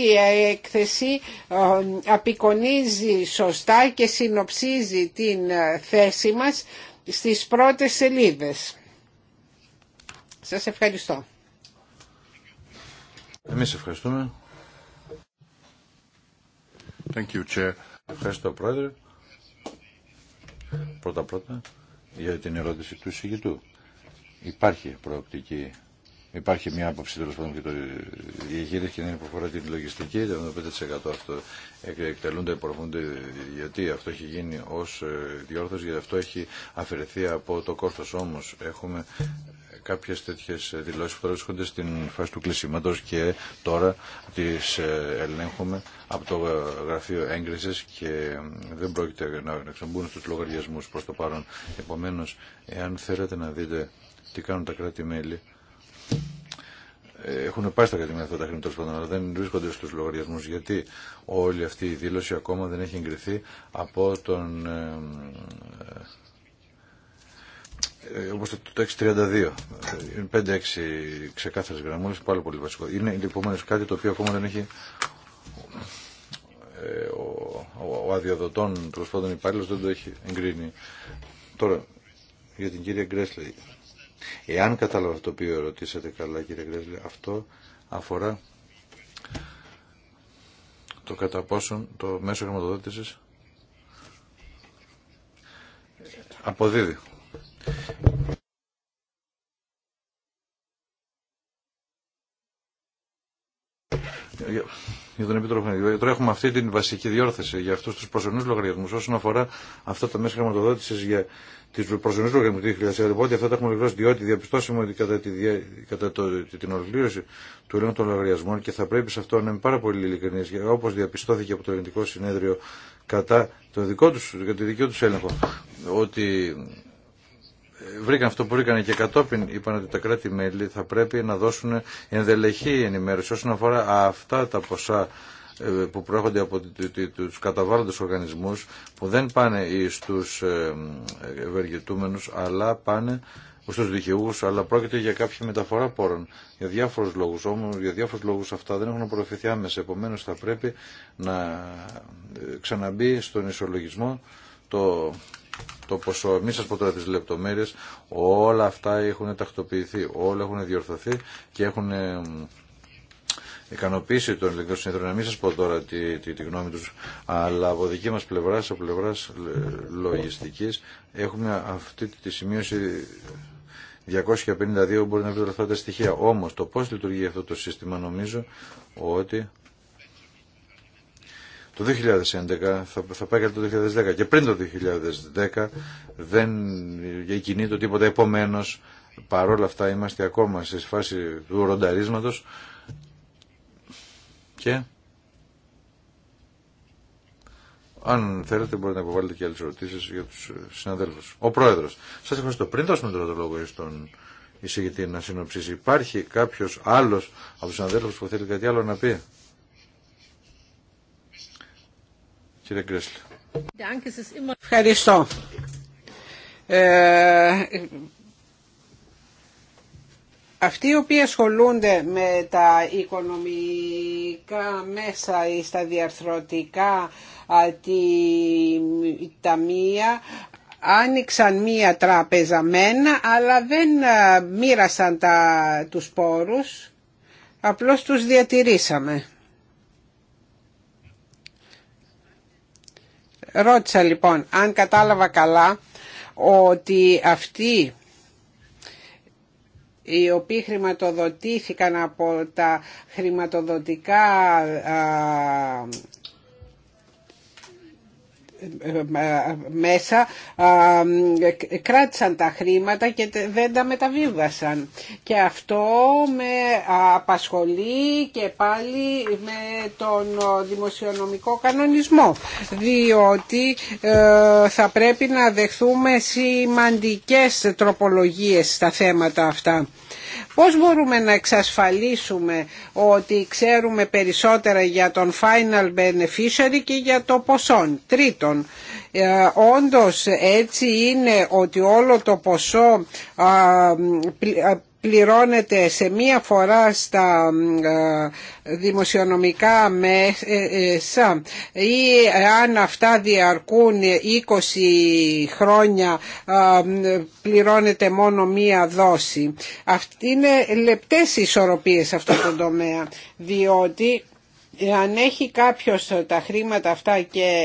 έκθεση ε, απεικονίζει σωστά και συνοψίζει την θέση μας στις πρώτες σελίδες. Σας ευχαριστώ. Εμείς ευχαριστούμε. Thank you, Chair. Ευχαριστώ, Πρόεδρε. Πρώτα-πρώτα για την ερώτηση του εισηγητού. Υπάρχει προοπτική Υπάρχει μια άποψη τέλο πάντων και το διαχείριση και δεν υποφορά την λογιστική, το 75% αυτό εκτελούνται, υπορροφούνται γιατί αυτό έχει γίνει ω ε, διόρθωση, γιατί αυτό έχει αφαιρεθεί από το κόστο. Όμω έχουμε κάποιε τέτοιε δηλώσει που βρίσκονται στην φάση του κλεισίματο και τώρα τι ε, ελέγχουμε από το ε, γραφείο έγκριση και δεν πρόκειται να εξομπούν στου λογαριασμού προ το παρόν. Επομένω, εάν θέλετε να δείτε τι κάνουν τα κράτη-μέλη, ε, έχουν πάει στα κατημέρια αυτά τα χρήματα αλλά δεν βρίσκονται στους λογαριασμούς γιατί όλη αυτή η δήλωση ακόμα δεν έχει εγκριθεί από τον ε, ε, ε το 632 5-6 ξεκάθαρες γραμμούλες πάλι πολύ βασικό είναι λοιπόν κάτι το οποίο ακόμα δεν έχει ε, ο, ο, ο αδειοδοτών τέλο δεν το έχει εγκρίνει τώρα για την κυρία Γκρέσλη Εάν κατάλαβα το οποίο ρωτήσατε καλά κύριε Γκρέσλε, αυτό αφορά το κατά πόσον το μέσο χρηματοδότησης αποδίδει για τον Επίτροπο Τώρα έχουμε αυτή την βασική διόρθωση για αυτού του προσωρινού λογαριασμού όσον αφορά αυτά τα μέσα χρηματοδότηση για του προσωρινού λογαριασμού του 2000. Οπότε αυτά τα έχουμε ολοκληρώσει διότι διαπιστώσαμε ότι κατά, τη, κατά το, την ολοκλήρωση του ελέγχου των λογαριασμών και θα πρέπει σε αυτό να είμαι πάρα πολύ ειλικρινή, όπω διαπιστώθηκε από το Ελληνικό Συνέδριο κατά το δικό του το έλεγχο ότι βρήκαν αυτό που βρήκαν και κατόπιν είπαν ότι τα κράτη-μέλη θα πρέπει να δώσουν ενδελεχή ενημέρωση όσον αφορά αυτά τα ποσά ε, που προέρχονται από τους καταβάλλοντες οργανισμούς που δεν πάνε στους ε, ευεργετούμενους αλλά πάνε στους δικαιούς αλλά πρόκειται για κάποια μεταφορά πόρων για διάφορους λόγους όμως για διάφορους λόγους αυτά δεν έχουν προωθηθεί άμεσα επομένως θα πρέπει να ε, ξαναμπεί στον ισολογισμό το το ποσό. Μην σας πω τώρα τις λεπτομέρειες. Όλα αυτά έχουν τακτοποιηθεί, όλα έχουν διορθωθεί και έχουν ε, ικανοποίησει τον ελληνικών συνέδρων. Να μην σας πω τώρα τη, γνώμη τους, αλλά από δική μας πλευρά, από πλευράς ε, λογιστικής, έχουμε αυτή τη σημείωση 252 μπορεί να βρείτε αυτά τα στοιχεία. Όμως το πώς λειτουργεί αυτό το σύστημα νομίζω ότι το 2011, θα, θα πάει και το 2010 και πριν το 2010 δεν το τίποτα. Επομένω, παρόλα αυτά είμαστε ακόμα σε φάση του ρονταρίσματος και αν θέλετε μπορείτε να υποβάλλετε και άλλες ερωτήσεις για τους ε, συναδέλφους. Ο Πρόεδρος, σας ευχαριστώ. Πριν δώσουμε τώρα το λόγο στον εισηγητή να συνοψίσει, υπάρχει κάποιος άλλος από τους συναδέλφους που θέλει κάτι άλλο να πει. Κύριε Γκρέσλε. Ευχαριστώ. Ε, αυτοί οι οποίοι ασχολούνται με τα οικονομικά μέσα ή στα διαρθρωτικά τη, ταμεία άνοιξαν μία τράπεζα μένα αλλά δεν μοίρασαν τα, τους πόρους απλώς τους διατηρήσαμε. Ρώτησα λοιπόν αν κατάλαβα καλά ότι αυτοί οι οποίοι χρηματοδοτήθηκαν από τα χρηματοδοτικά μέσα κράτησαν τα χρήματα και δεν τα μεταβίβασαν. Και αυτό με απασχολεί και πάλι με τον δημοσιονομικό κανονισμό διότι ε, θα πρέπει να δεχθούμε σημαντικές τροπολογίες στα θέματα αυτά. Πώς μπορούμε να εξασφαλίσουμε ότι ξέρουμε περισσότερα για τον final beneficiary και για το ποσό. Τρίτον, ε, όντως έτσι είναι ότι όλο το ποσό πληρώνεται σε μία φορά στα δημοσιονομικά μέσα ε, ε, ή αν αυτά διαρκούν 20 χρόνια πληρώνεται μόνο μία δόση. Αυτή είναι λεπτές ισορροπίες σε αυτό το τομέα διότι αν έχει κάποιος τα χρήματα αυτά και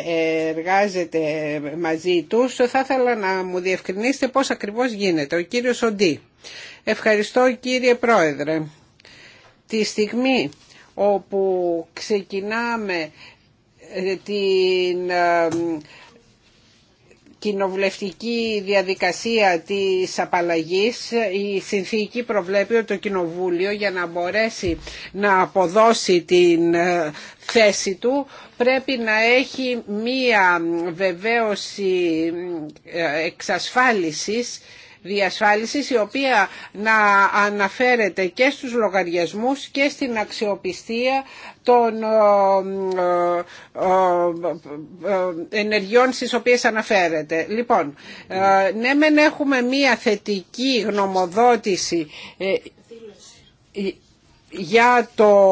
εργάζεται μαζί τους θα ήθελα να μου διευκρινίσετε πώς ακριβώς γίνεται. Ο κύριος Οντί. Ευχαριστώ κύριε Πρόεδρε. Τη στιγμή όπου ξεκινάμε ε, την ε, κοινοβουλευτική διαδικασία της απαλλαγής η συνθήκη προβλέπει ότι το Κοινοβούλιο για να μπορέσει να αποδώσει την ε, θέση του πρέπει να έχει μία βεβαίωση εξασφάλισης διασφάλισης η οποία να αναφέρεται και στους λογαριασμούς και στην αξιοπιστία των ε, ε, ε, ενεργειών στις οποίες αναφέρεται. Λοιπόν, ναι μεν έχουμε μία θετική γνωμοδότηση για, το,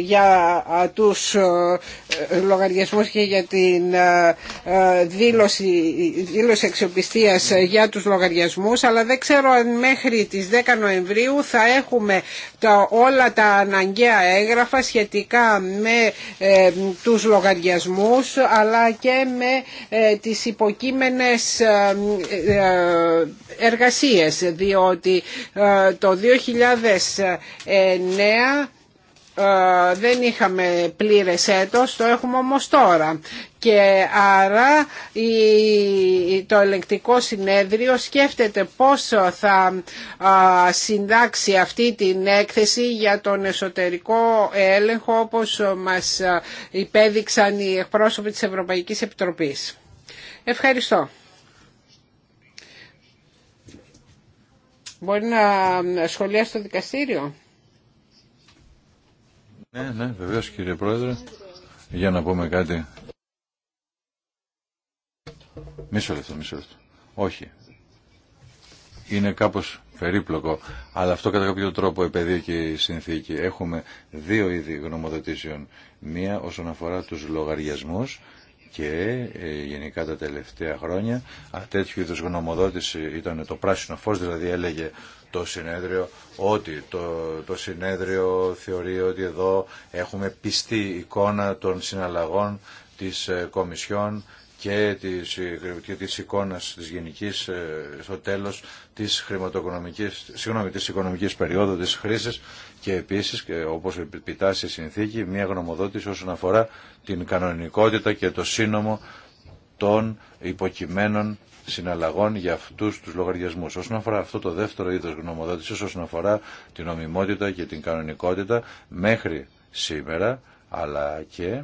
για τους ε, λογαριασμούς και για την ε, ε, δήλωση, δήλωση για τους λογαριασμούς αλλά δεν ξέρω αν μέχρι τις 10 Νοεμβρίου θα έχουμε όλα τα αναγκαία έγγραφα σχετικά με τους λογαριασμούς αλλά και με τις υποκείμενες εργασίες διότι το 2000 2009 ε, ε, δεν είχαμε πλήρες έτος, το έχουμε όμως τώρα. Και άρα το ελεγκτικό συνέδριο σκέφτεται πόσο θα συντάξει αυτή την έκθεση για τον εσωτερικό έλεγχο όπως μας ε, υπέδειξαν οι εκπρόσωποι της Ευρωπαϊκής Επιτροπής. Ευχαριστώ. Μπορεί να σχολιάσει το δικαστήριο. Ναι, ναι, βεβαίως κύριε Πρόεδρε. Για να πούμε κάτι. Μισό λεπτό, μισό λεπτό. Όχι. Είναι κάπως περίπλοκο, αλλά αυτό κατά κάποιο τρόπο επαιδεί και η συνθήκη. Έχουμε δύο είδη γνωμοδοτήσεων. Μία όσον αφορά τους λογαριασμούς και ε, γενικά τα τελευταία χρόνια τέτοιου είδους γνωμοδότηση ήταν το πράσινο φως, δηλαδή έλεγε το συνέδριο ότι το, το συνέδριο θεωρεί ότι εδώ έχουμε πιστή εικόνα των συναλλαγών της ε, Κομισιόν και της, ε, και της εικόνας της γενικής στο τέλος της χρηματοοικονομικής, συγγνώμη, της οικονομικής περίοδου της χρήσης και επίσης, και όπως επιτάσσει η συνθήκη, μια γνωμοδότηση όσον αφορά την κανονικότητα και το σύνομο των υποκειμένων συναλλαγών για αυτού του λογαριασμού. Όσον αφορά αυτό το δεύτερο είδο γνωμοδότηση, όσον αφορά την ομιμότητα και την κανονικότητα μέχρι σήμερα, αλλά και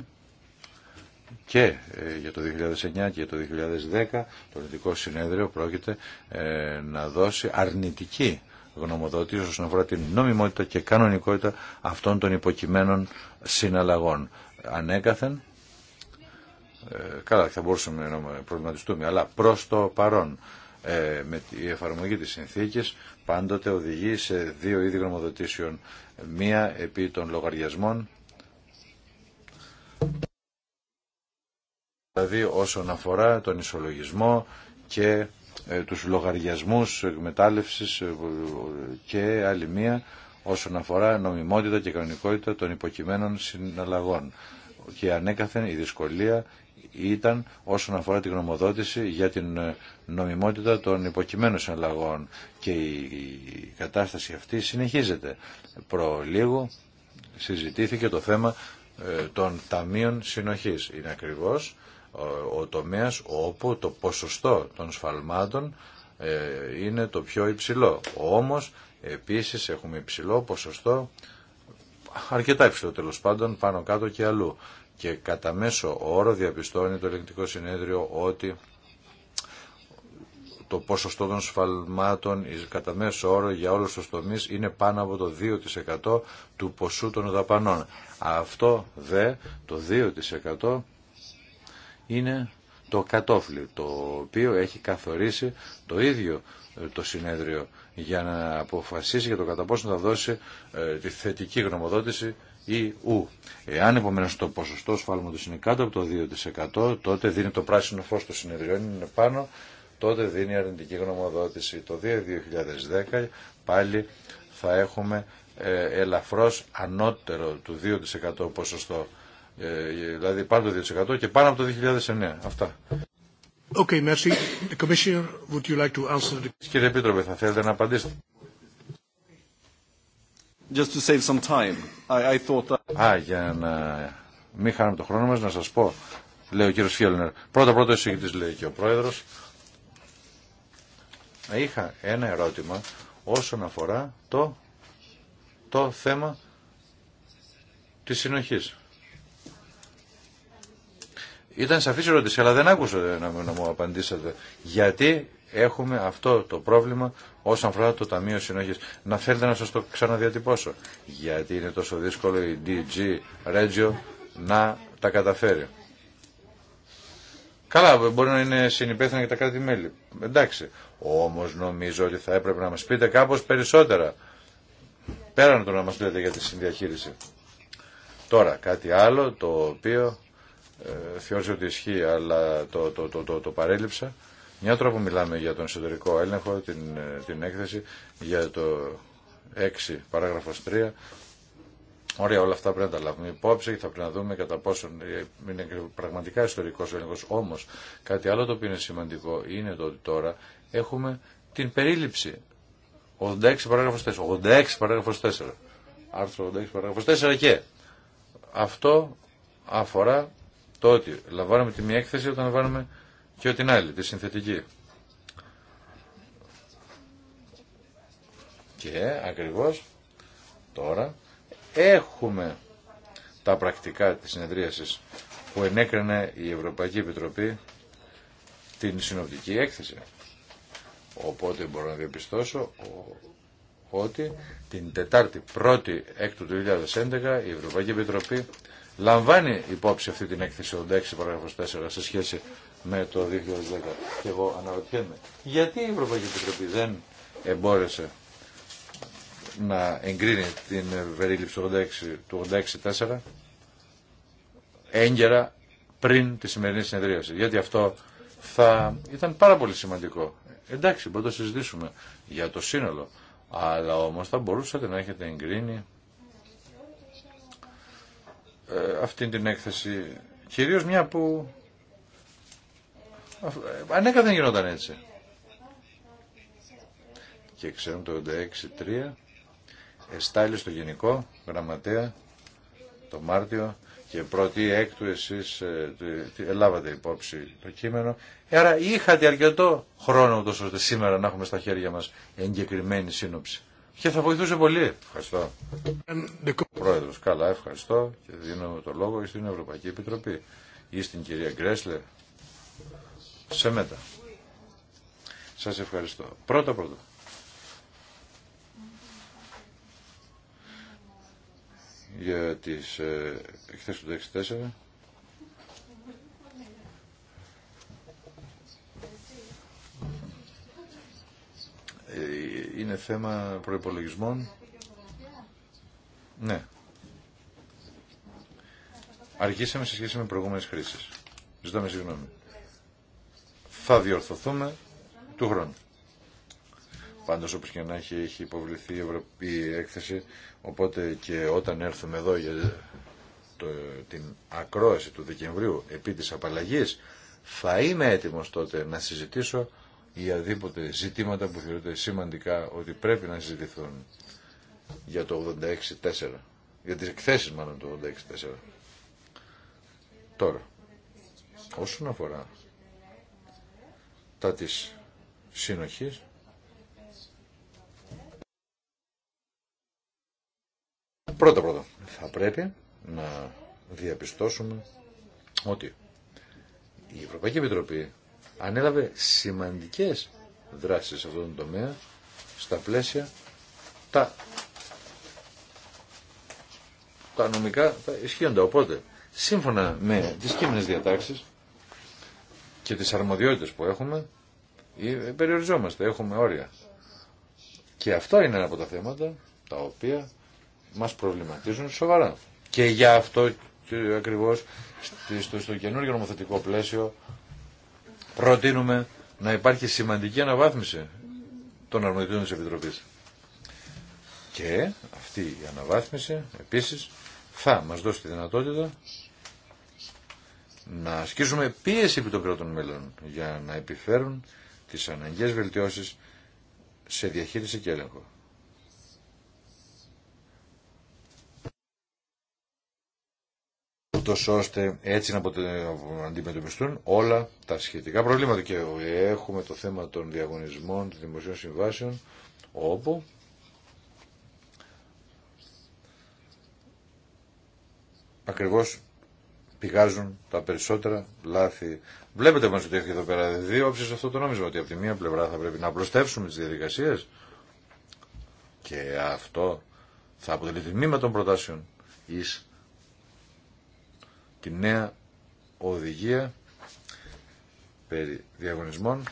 και ε, για το 2009 και για το 2010 το Ελληνικό Συνέδριο πρόκειται ε, να δώσει αρνητική γνωμοδότηση όσον αφορά την νομιμότητα και κανονικότητα αυτών των υποκειμένων συναλλαγών ανέκαθεν. Ε, καλά θα μπορούσαμε να προβληματιστούμε, αλλά προς το παρόν ε, με η εφαρμογή της συνθήκης πάντοτε οδηγεί σε δύο είδη γνωμοδοτήσεων. Μία επί των λογαριασμών, δηλαδή όσον αφορά τον ισολογισμό και ε, τους λογαριασμούς εκμετάλλευσης ε, και άλλη μία όσον αφορά νομιμότητα και κανονικότητα των υποκειμένων συναλλαγών. Και ανέκαθεν η δυσκολία ήταν όσον αφορά την γνωμοδότηση για την ε, νομιμότητα των υποκειμένων συναλλαγών και η κατάσταση αυτή συνεχίζεται. Προ λίγο συζητήθηκε το θέμα ε, των ταμείων συνοχής. Είναι ακριβώς ο τομέας όπου το ποσοστό των σφαλμάτων ε, είναι το πιο υψηλό. Όμως Επίσης έχουμε υψηλό ποσοστό, αρκετά υψηλό τέλο πάντων, πάνω κάτω και αλλού. Και κατά μέσο όρο διαπιστώνει το ελεγκτικό συνέδριο ότι το ποσοστό των σφαλμάτων κατά μέσο όρο για όλους τους τομείς είναι πάνω από το 2% του ποσού των δαπανών. Αυτό δε το 2% είναι το κατόφλι, το οποίο έχει καθορίσει το ίδιο ε, το συνέδριο για να αποφασίσει για το κατά πόσο θα δώσει ε, τη θετική γνωμοδότηση ή ου. Εάν επομένω το ποσοστό σφάλματο είναι κάτω από το 2%, τότε δίνει το πράσινο φω στο συνεδριό. Αν είναι πάνω, τότε δίνει αρνητική γνωμοδότηση. Το 2010 πάλι θα έχουμε ε, ελαφρώς ανώτερο του 2% ποσοστό ε, δηλαδή πάνω από το 2% και πάνω από το 2009. Αυτά. Okay, merci. The Commissioner, would you like to answer the... Κύριε Επίτροπε, θα θέλετε να απαντήσετε. Just to save some time. I, thought Α, για να μην χάνουμε το χρόνο μας, να σας πω, λέει ο κύριος Φιέλνερ. Πρώτα-πρώτα εισηγητής λέει και ο Πρόεδρος. Είχα ένα ερώτημα όσον αφορά το, το θέμα της συνοχής. Ήταν σαφής ερώτηση, αλλά δεν άκουσα να, μου απαντήσατε. Γιατί έχουμε αυτό το πρόβλημα όσον αφορά το Ταμείο συνοχή Να θέλετε να σας το ξαναδιατυπώσω. Γιατί είναι τόσο δύσκολο η DG Regio να τα καταφέρει. Καλά, μπορεί να είναι συνυπεύθυνα και τα κράτη-μέλη. Εντάξει. Όμως νομίζω ότι θα έπρεπε να μας πείτε κάπως περισσότερα. Πέραν το να μας λέτε για τη συνδιαχείριση. Τώρα, κάτι άλλο το οποίο ε, θεώρησε ότι ισχύει, αλλά το, το, το, το, το παρέλειψα. Μια τρόπο μιλάμε για τον εσωτερικό έλεγχο, την, ε, την έκθεση, για το 6 παράγραφος 3. Ωραία, όλα αυτά πρέπει να τα λάβουμε υπόψη και θα πρέπει να δούμε κατά πόσον είναι πραγματικά ιστορικό έλεγχο. Όμω, κάτι άλλο το οποίο είναι σημαντικό είναι το ότι τώρα έχουμε την περίληψη. 86 παράγραφος 4. 86 παράγραφος 4. Άρθρο 86 παράγραφος 4 και αυτό αφορά το ότι λαμβάνουμε τη μία έκθεση όταν λαμβάνουμε και την άλλη, τη συνθετική. Και ακριβώς τώρα έχουμε τα πρακτικά της συνεδρίασης που ενέκρινε η Ευρωπαϊκή Επιτροπή την συνοπτική έκθεση. Οπότε μπορώ να διαπιστώσω ότι την Τετάρτη 1η 6 του 2011 η Ευρωπαϊκή Επιτροπή λαμβάνει υπόψη αυτή την έκθεση 86 παράγραφος 4 σε σχέση με το 2010. Και εγώ αναρωτιέμαι γιατί η Ευρωπαϊκή Επιτροπή δεν εμπόρεσε να εγκρίνει την περίληψη του 86-4 έγκαιρα πριν τη σημερινή συνεδρίαση. Γιατί αυτό θα ήταν πάρα πολύ σημαντικό. Εντάξει, μπορούμε να συζητήσουμε για το σύνολο. Αλλά όμως θα μπορούσατε να έχετε εγκρίνει ε, αυτή την έκθεση. Κυρίως μια που ε, ανέκαθεν γινόταν έτσι. Και ξέρουμε το 86-3 εστάλει στο γενικό γραμματέα το Μάρτιο και πρώτη έκτου εσείς ε, ελάβατε υπόψη το κείμενο. Άρα είχατε αρκετό χρόνο ούτως ώστε σήμερα να έχουμε στα χέρια μας εγκεκριμένη σύνοψη και θα βοηθούσε πολύ. Ευχαριστώ. καλά, ευχαριστώ και δίνω το λόγο στην Ευρωπαϊκή Επιτροπή ή στην κυρία Γκρέσλε. Σε μέτα. Σας ευχαριστώ. Πρώτα πρώτα. Για τις ε, του 64 είναι θέμα προϋπολογισμών. Ναι. Αργήσαμε σε σχέση με προηγούμενες χρήσεις. Ζητάμε συγγνώμη. Θα διορθωθούμε του χρόνου. Πάντως όπως και να έχει, έχει υποβληθεί η Ευρωπαϊκή έκθεση, οπότε και όταν έρθουμε εδώ για το, την ακρόαση του Δεκεμβρίου επί της απαλλαγής, θα είμαι έτοιμος τότε να συζητήσω ή αδίποτε ζητήματα που θεωρείται σημαντικά ότι πρέπει να συζητηθούν για το 86-4, για τις εκθέσεις μάλλον το 86-4. Τώρα, όσον αφορά τα της συνοχής, πρώτα πρώτα θα πρέπει να διαπιστώσουμε ότι η Ευρωπαϊκή Επιτροπή ανέλαβε σημαντικές δράσεις σε αυτόν τον τομέα στα πλαίσια τα, τα νομικά τα ισχύοντα. Οπότε, σύμφωνα με τις κείμενες διατάξεις και τις αρμοδιότητες που έχουμε, ε, περιοριζόμαστε, έχουμε όρια. Και αυτό είναι ένα από τα θέματα τα οποία μας προβληματίζουν σοβαρά. Και για αυτό ακριβώς στο, στο καινούργιο νομοθετικό πλαίσιο προτείνουμε να υπάρχει σημαντική αναβάθμιση των αρμοδιτών της Επιτροπής. Και αυτή η αναβάθμιση επίσης θα μας δώσει τη δυνατότητα να ασκήσουμε πίεση επί των πρώτων μέλων για να επιφέρουν τις αναγκαίες βελτιώσεις σε διαχείριση και έλεγχο. ώστε έτσι να αντιμετωπιστούν όλα τα σχετικά προβλήματα. Και έχουμε το θέμα των διαγωνισμών, των δημοσίων συμβάσεων, όπου ακριβώς πηγάζουν τα περισσότερα λάθη. Βλέπετε μας ότι έχει εδώ πέρα δύο όψεις αυτό το νόμισμα, ότι από τη μία πλευρά θα πρέπει να απλωστεύσουμε τις διαδικασίες και αυτό θα αποτελεί τμήμα των προτάσεων εις τη νέα οδηγία περί διαγωνισμών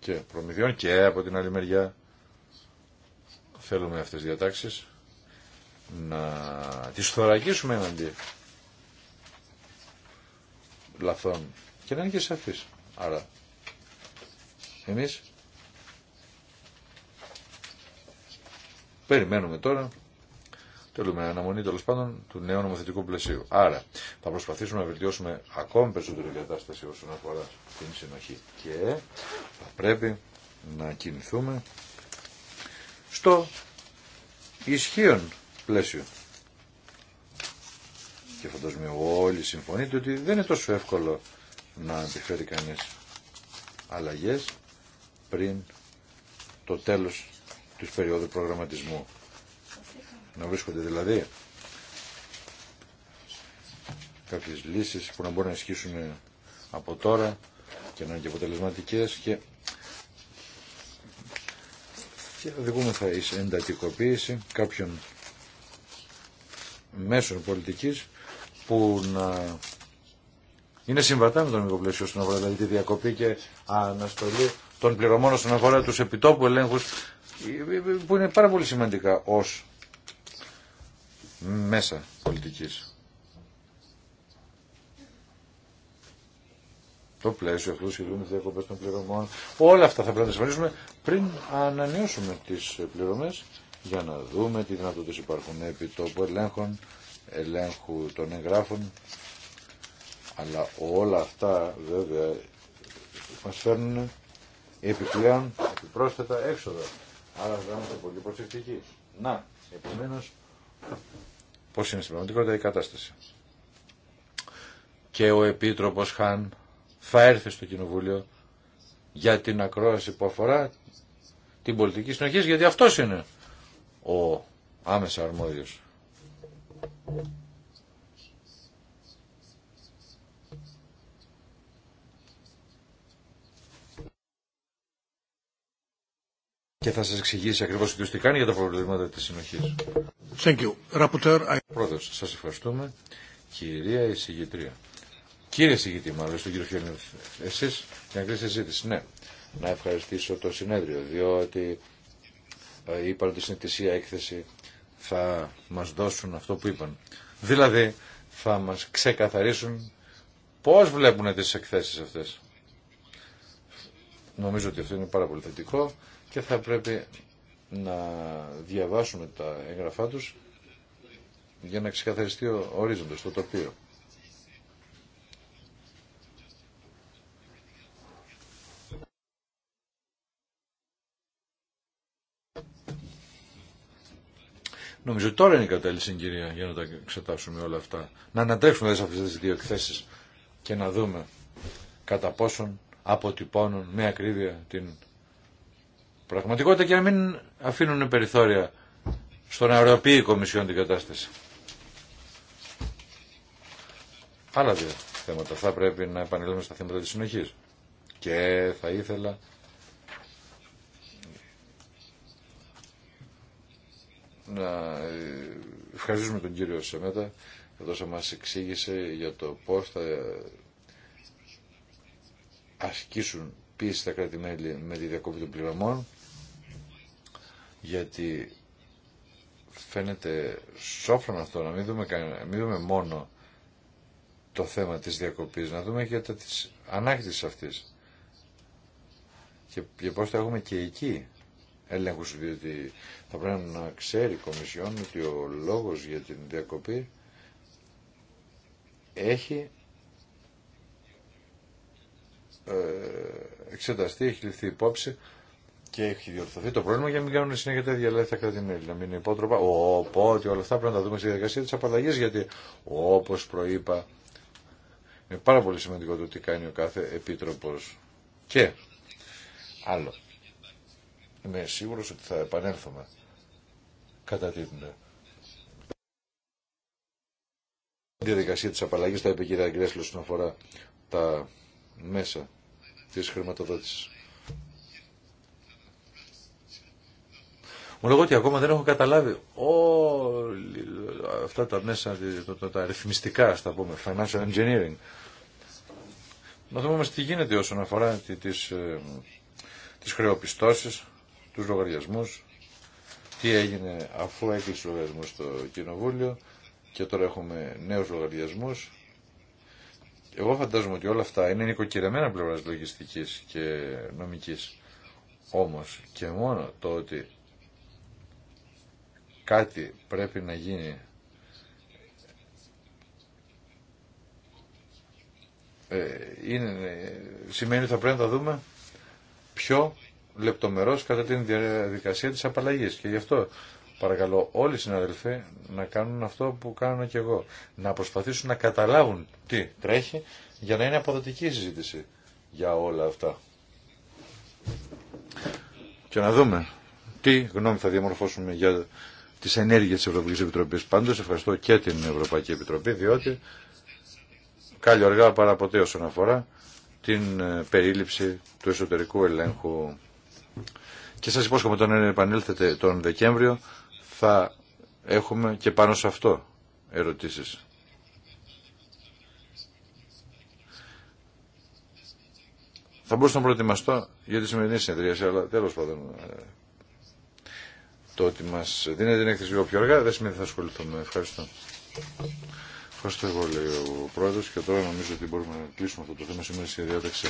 και προμηθειών και από την άλλη μεριά θέλουμε αυτές τις διατάξεις να τις θωρακίσουμε εναντί λαθών και να είναι και σαφής. Άρα εμείς περιμένουμε τώρα Θέλουμε αναμονή τέλο πάντων του νέου νομοθετικού πλαισίου. Άρα θα προσπαθήσουμε να βελτιώσουμε ακόμη περισσότερο την κατάσταση όσον αφορά την συνοχή. Και θα πρέπει να κινηθούμε στο ισχύον πλαίσιο. Και φαντάζομαι όλοι συμφωνείτε ότι δεν είναι τόσο εύκολο να επιφέρει κανείς αλλαγές πριν το τέλος της περίοδου προγραμματισμού να βρίσκονται δηλαδή κάποιες λύσεις που να μπορούν να ισχύσουν από τώρα και να είναι και αποτελεσματικές και, και οδηγούμεθα εις εντατικοποίηση κάποιων μέσων πολιτικής που να είναι συμβατά με τον νομικό πλαίσιο στον δηλαδή τη διακοπή και αναστολή των πληρωμών στον αγορά τους επιτόπου ελέγχους που είναι πάρα πολύ σημαντικά ως μέσα πολιτικής. Το πλαίσιο αυτό σχεδόν διακοπές των πληρωμών. Όλα αυτά θα πρέπει να συμφωνήσουμε πριν ανανεώσουμε τις πληρωμές για να δούμε τι δυνατότητες υπάρχουν επί τόπου ελέγχων, ελέγχου των εγγράφων. Αλλά όλα αυτά βέβαια μας φέρνουν επιπλέον, επιπρόσθετα έξοδα. Άρα θα είμαστε πολύ προσεκτικοί. Να, επομένω πώς είναι στην πραγματικότητα η κατάσταση. Και ο Επίτροπος Χαν θα έρθει στο Κοινοβούλιο για την ακρόαση που αφορά την πολιτική συνοχή, γιατί αυτός είναι ο άμεσα αρμόδιος. Και θα σα εξηγήσει ακριβώς τι κάνει για τα προβλήματα τη συνοχή. Thank you. σας ευχαριστούμε. Κυρία εισηγητρία. Κύριε εισηγητή, μάλλον στον κύριο Φιόνιο, Εσεί για να κλείσετε συζήτηση. Ναι, να ευχαριστήσω το συνέδριο, διότι ε, είπαν ότι στην ετησία έκθεση θα μα δώσουν αυτό που είπαν. Δηλαδή, θα μα ξεκαθαρίσουν πώ βλέπουν τι εκθέσει αυτέ. Νομίζω ότι αυτό είναι πάρα πολύ θετικό και θα πρέπει να διαβάσουμε τα έγγραφά τους για να ξεκαθαριστεί ο ορίζοντας, το τοπίο. Νομίζω τώρα είναι η κατάλληλη συγκυρία για να τα εξετάσουμε όλα αυτά. Να ανατρέψουμε σε αυτές τις δύο εκθέσεις και να δούμε κατά πόσον αποτυπώνουν με ακρίβεια την πραγματικότητα και να μην αφήνουν περιθώρια στο να αεροποιεί η Κομισιόν την κατάσταση. Άλλα δύο θέματα. Θα πρέπει να επανελθούμε στα θέματα της συνοχής. Και θα ήθελα να ε, ευχαριστούμε τον κύριο Σεμέτα για σε μας εξήγησε για το πώς θα ασκήσουν πίεση τα κρατη με τη διακόπη των πληρωμών γιατί φαίνεται σόφρον αυτό να μην δούμε, μόνο το θέμα της διακοπής, να δούμε και τα της ανάκτησης αυτής και, και πώς θα έχουμε και εκεί έλεγχους, διότι θα πρέπει να ξέρει η Κομισιόν ότι ο λόγος για την διακοπή έχει ε, εξεταστεί, έχει ληφθεί υπόψη και έχει διορθωθεί το πρόβλημα για να μην κάνουν συνέχεια τα την την να μην είναι υπότροπα. Οπότε όλα αυτά πρέπει να τα δούμε στη διαδικασία τη απαλλαγή, γιατί όπω προείπα, είναι πάρα πολύ σημαντικό το τι κάνει ο κάθε επίτροπο. Και άλλο. Είμαι σίγουρο ότι θα επανέλθουμε κατά την διαδικασία τη απαλλαγή τα είπε η κυρία Γκρέσλο, όσον αφορά τα μέσα τη χρηματοδότηση. λέγω ότι ακόμα δεν έχω καταλάβει όλα αυτά τα μέσα, τα αριθμιστικά, τα πούμε, financial engineering. Να δούμε όμως τι γίνεται όσον αφορά τις, ε, τις χρεοπιστώσεις, τους λογαριασμούς, τι έγινε αφού έκλεισε λογαριασμό στο Κοινοβούλιο και τώρα έχουμε νέους λογαριασμούς. Εγώ φαντάζομαι ότι όλα αυτά είναι νοικοκυρεμένα πλευρά λογιστικής και νομικής. Όμως και μόνο το ότι κάτι πρέπει να γίνει ε, είναι, σημαίνει ότι θα πρέπει να δούμε πιο λεπτομερώς κατά την διαδικασία της απαλλαγής και γι' αυτό παρακαλώ όλοι οι συναδελφοί να κάνουν αυτό που κάνω και εγώ να προσπαθήσουν να καταλάβουν τι τρέχει για να είναι αποδοτική η συζήτηση για όλα αυτά και να δούμε τι γνώμη θα διαμορφώσουμε για Τη ενέργεια τη Ευρωπαϊκή Επιτροπής. Πάντως ευχαριστώ και την Ευρωπαϊκή Επιτροπή διότι κάλλιο αργά παρά ποτέ όσον αφορά την ε, περίληψη του εσωτερικού ελέγχου. Και σας υπόσχομαι όταν επανέλθετε τον Δεκέμβριο θα έχουμε και πάνω σε αυτό ερωτήσεις. Θα μπορούσα να προετοιμαστώ για τη σημερινή συνεδρίαση, αλλά τέλος πάντων ε, το ότι μας δίνεται την έκθεση λίγο πιο αργά δεν σημαίνει ότι θα ασχοληθούμε. Ευχαριστώ. Ευχαριστώ εγώ, λέει ο πρόεδρο, και τώρα νομίζω ότι μπορούμε να κλείσουμε αυτό το θέμα σήμερα στη διάταξη.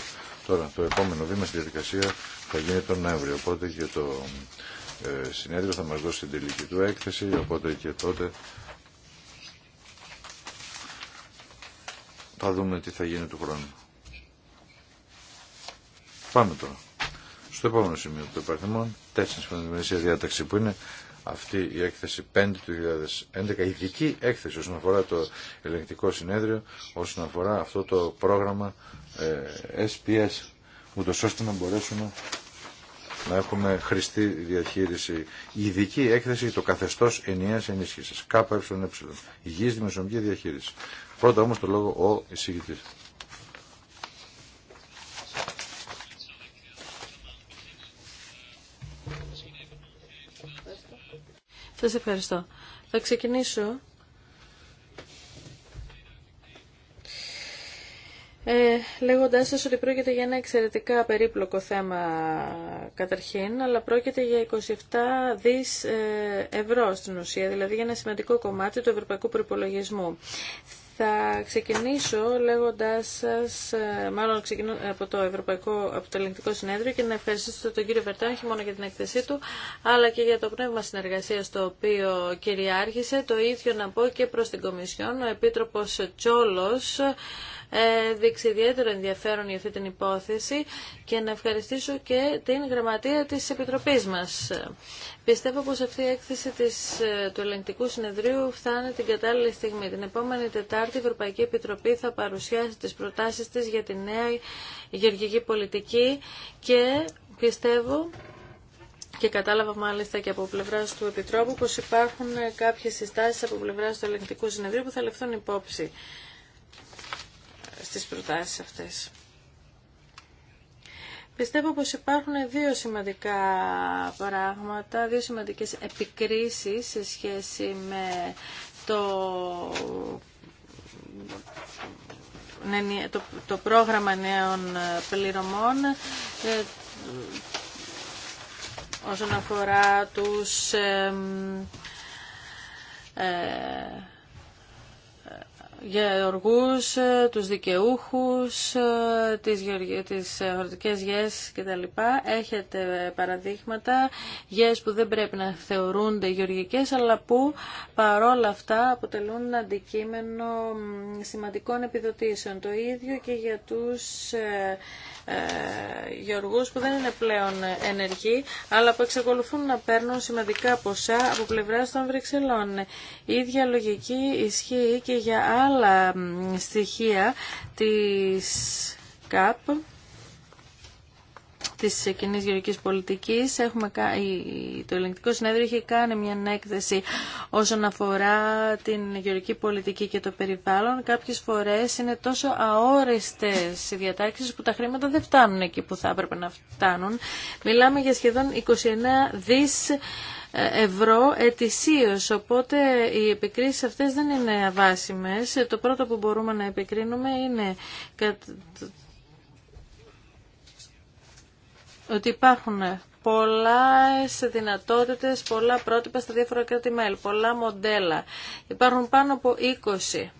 Τώρα, το επόμενο βήμα στη διαδικασία θα γίνει τον Νοέμβριο. Οπότε και το ε, συνέδριο θα μα δώσει την τελική του έκθεση. Οπότε και τότε θα δούμε τι θα γίνει του χρόνου. Πάμε τώρα. Στο επόμενο σημείο του υπαριθμών τέτοια συμφωνημερινή διάταξη που είναι αυτή η έκθεση 5 του 2011, ειδική έκθεση όσον αφορά το ελεγκτικό συνέδριο, όσον αφορά αυτό το πρόγραμμα ε, SPS, ούτω ώστε να μπορέσουμε να έχουμε χρηστή διαχείριση. Η ειδική έκθεση το καθεστώ ενιαία ενίσχυση. ΚΕΕ. Υγιή δημοσιονομική διαχείριση. Πρώτα όμω το λόγο ο εισηγητή. Σα ευχαριστώ. Θα ξεκινήσω Ε, λέγοντάς σας ότι πρόκειται για ένα εξαιρετικά περίπλοκο θέμα καταρχήν, αλλά πρόκειται για 27 δις ε, ευρώ στην ουσία, δηλαδή για ένα σημαντικό κομμάτι του ευρωπαϊκού προπολογισμού. Θα ξεκινήσω λέγοντας σας, ε, μάλλον ξεκινώ από το Ευρωπαϊκό, από το Ελληνικό Συνέδριο και να ευχαριστήσω τον κύριο Βερτάχη μόνο για την εκθεσή του, αλλά και για το πνεύμα συνεργασίας το οποίο κυριάρχησε. Το ίδιο να πω και προς την Κομισιόν, ο Επίτροπος Τσόλος, ε, δείξει ιδιαίτερο ενδιαφέρον για αυτή την υπόθεση και να ευχαριστήσω και την γραμματεία της Επιτροπής μας. Πιστεύω πως αυτή η έκθεση της, ε, του ελεγκτικού συνεδρίου φτάνει την κατάλληλη στιγμή. Την επόμενη Τετάρτη η Ευρωπαϊκή Επιτροπή θα παρουσιάσει τις προτάσεις της για τη νέα γεωργική πολιτική και πιστεύω και κατάλαβα μάλιστα και από πλευρά του Επιτρόπου πως υπάρχουν κάποιες συστάσεις από πλευρά του ελεγκτικού συνεδρίου που θα λεφθούν υπόψη στις προτάσεις αυτές. Πιστεύω πως υπάρχουν δύο σημαντικά πράγματα, δύο σημαντικές επικρίσεις σε σχέση με το ναι, ναι, το, πρόγραμμα νέων πληρωμών ε, όσον αφορά τους ε, γεωργούς, ε, τους δικαιούχους, ε, τις, τι τις αγροτικές τα κτλ. Έχετε παραδείγματα γιές που δεν πρέπει να θεωρούνται γεωργικές αλλά που παρόλα αυτά αποτελούν αντικείμενο σημαντικών επιδοτήσεων. Το ίδιο και για τους ε, γεωργούς που δεν είναι πλέον ενεργοί αλλά που εξακολουθούν να παίρνουν σημαντικά ποσά από πλευράς των Βρυξελών. ίδια λογική ισχύει και για άλλα στοιχεία της ΚΑΠ τη κοινή πολιτικής πολιτική. Το ελεγκτικό συνέδριο είχε κάνει μια έκθεση όσον αφορά την γεωρική πολιτική και το περιβάλλον. Κάποιες φορές είναι τόσο αόριστες οι διατάξεις που τα χρήματα δεν φτάνουν εκεί που θα έπρεπε να φτάνουν. Μιλάμε για σχεδόν 29 δις ευρώ ετησίω. οπότε οι επικρίσεις αυτές δεν είναι αβάσιμες. Το πρώτο που μπορούμε να επικρίνουμε είναι ότι υπάρχουν πολλά δυνατότητες, πολλά πρότυπα στα διάφορα κράτη-μέλη, πολλά μοντέλα. Υπάρχουν πάνω από 20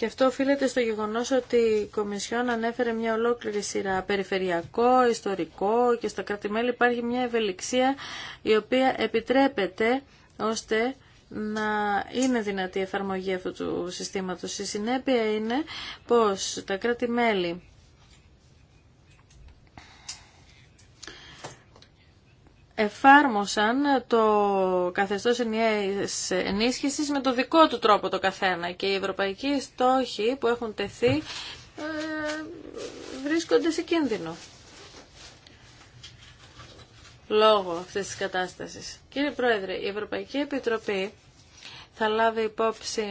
και αυτό οφείλεται στο γεγονός ότι η Κομισιόν ανέφερε μια ολόκληρη σειρά περιφερειακό, ιστορικό και στα κρατημέλη υπάρχει μια ευελιξία η οποία επιτρέπεται ώστε να είναι δυνατή η εφαρμογή αυτού του συστήματος. Η συνέπεια είναι πως τα κράτη-μέλη εφάρμοσαν το καθεστώς ενιαίας ενίσχυσης με το δικό του τρόπο το καθένα και οι ευρωπαϊκοί στόχοι που έχουν τεθεί ε, βρίσκονται σε κίνδυνο λόγω αυτής της κατάστασης. Κύριε Πρόεδρε, η Ευρωπαϊκή Επιτροπή θα λάβει υπόψη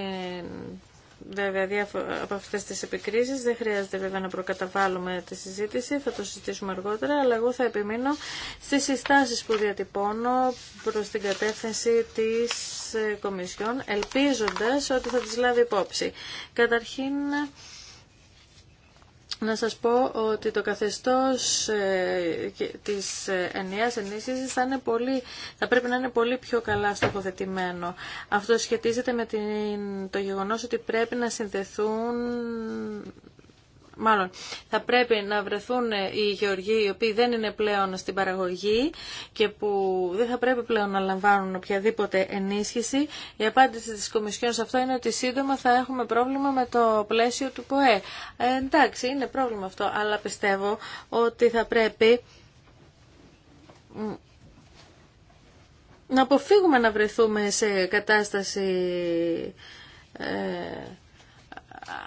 βέβαια από αυτές τι επικρίσεις. Δεν χρειάζεται βέβαια να προκαταβάλουμε τη συζήτηση, θα το συζητήσουμε αργότερα, αλλά εγώ θα επιμείνω στις συστάσεις που διατυπώνω προς την κατεύθυνση της ε, Κομισιόν, ελπίζοντας ότι θα τις λάβει υπόψη. Καταρχήν, να σας πω ότι το καθεστώς ε, της ε, ενιαίας ενίσχυσης θα, είναι πολύ, θα πρέπει να είναι πολύ πιο καλά στοχοθετημένο. Αυτό σχετίζεται με την, το γεγονός ότι πρέπει να συνδεθούν μάλλον θα πρέπει να βρεθούν οι γεωργοί οι οποίοι δεν είναι πλέον στην παραγωγή και που δεν θα πρέπει πλέον να λαμβάνουν οποιαδήποτε ενίσχυση. Η απάντηση της Κομισιόν σε αυτό είναι ότι σύντομα θα έχουμε πρόβλημα με το πλαίσιο του ΠΟΕ. Ε, εντάξει, είναι πρόβλημα αυτό, αλλά πιστεύω ότι θα πρέπει να αποφύγουμε να βρεθούμε σε κατάσταση... Ε,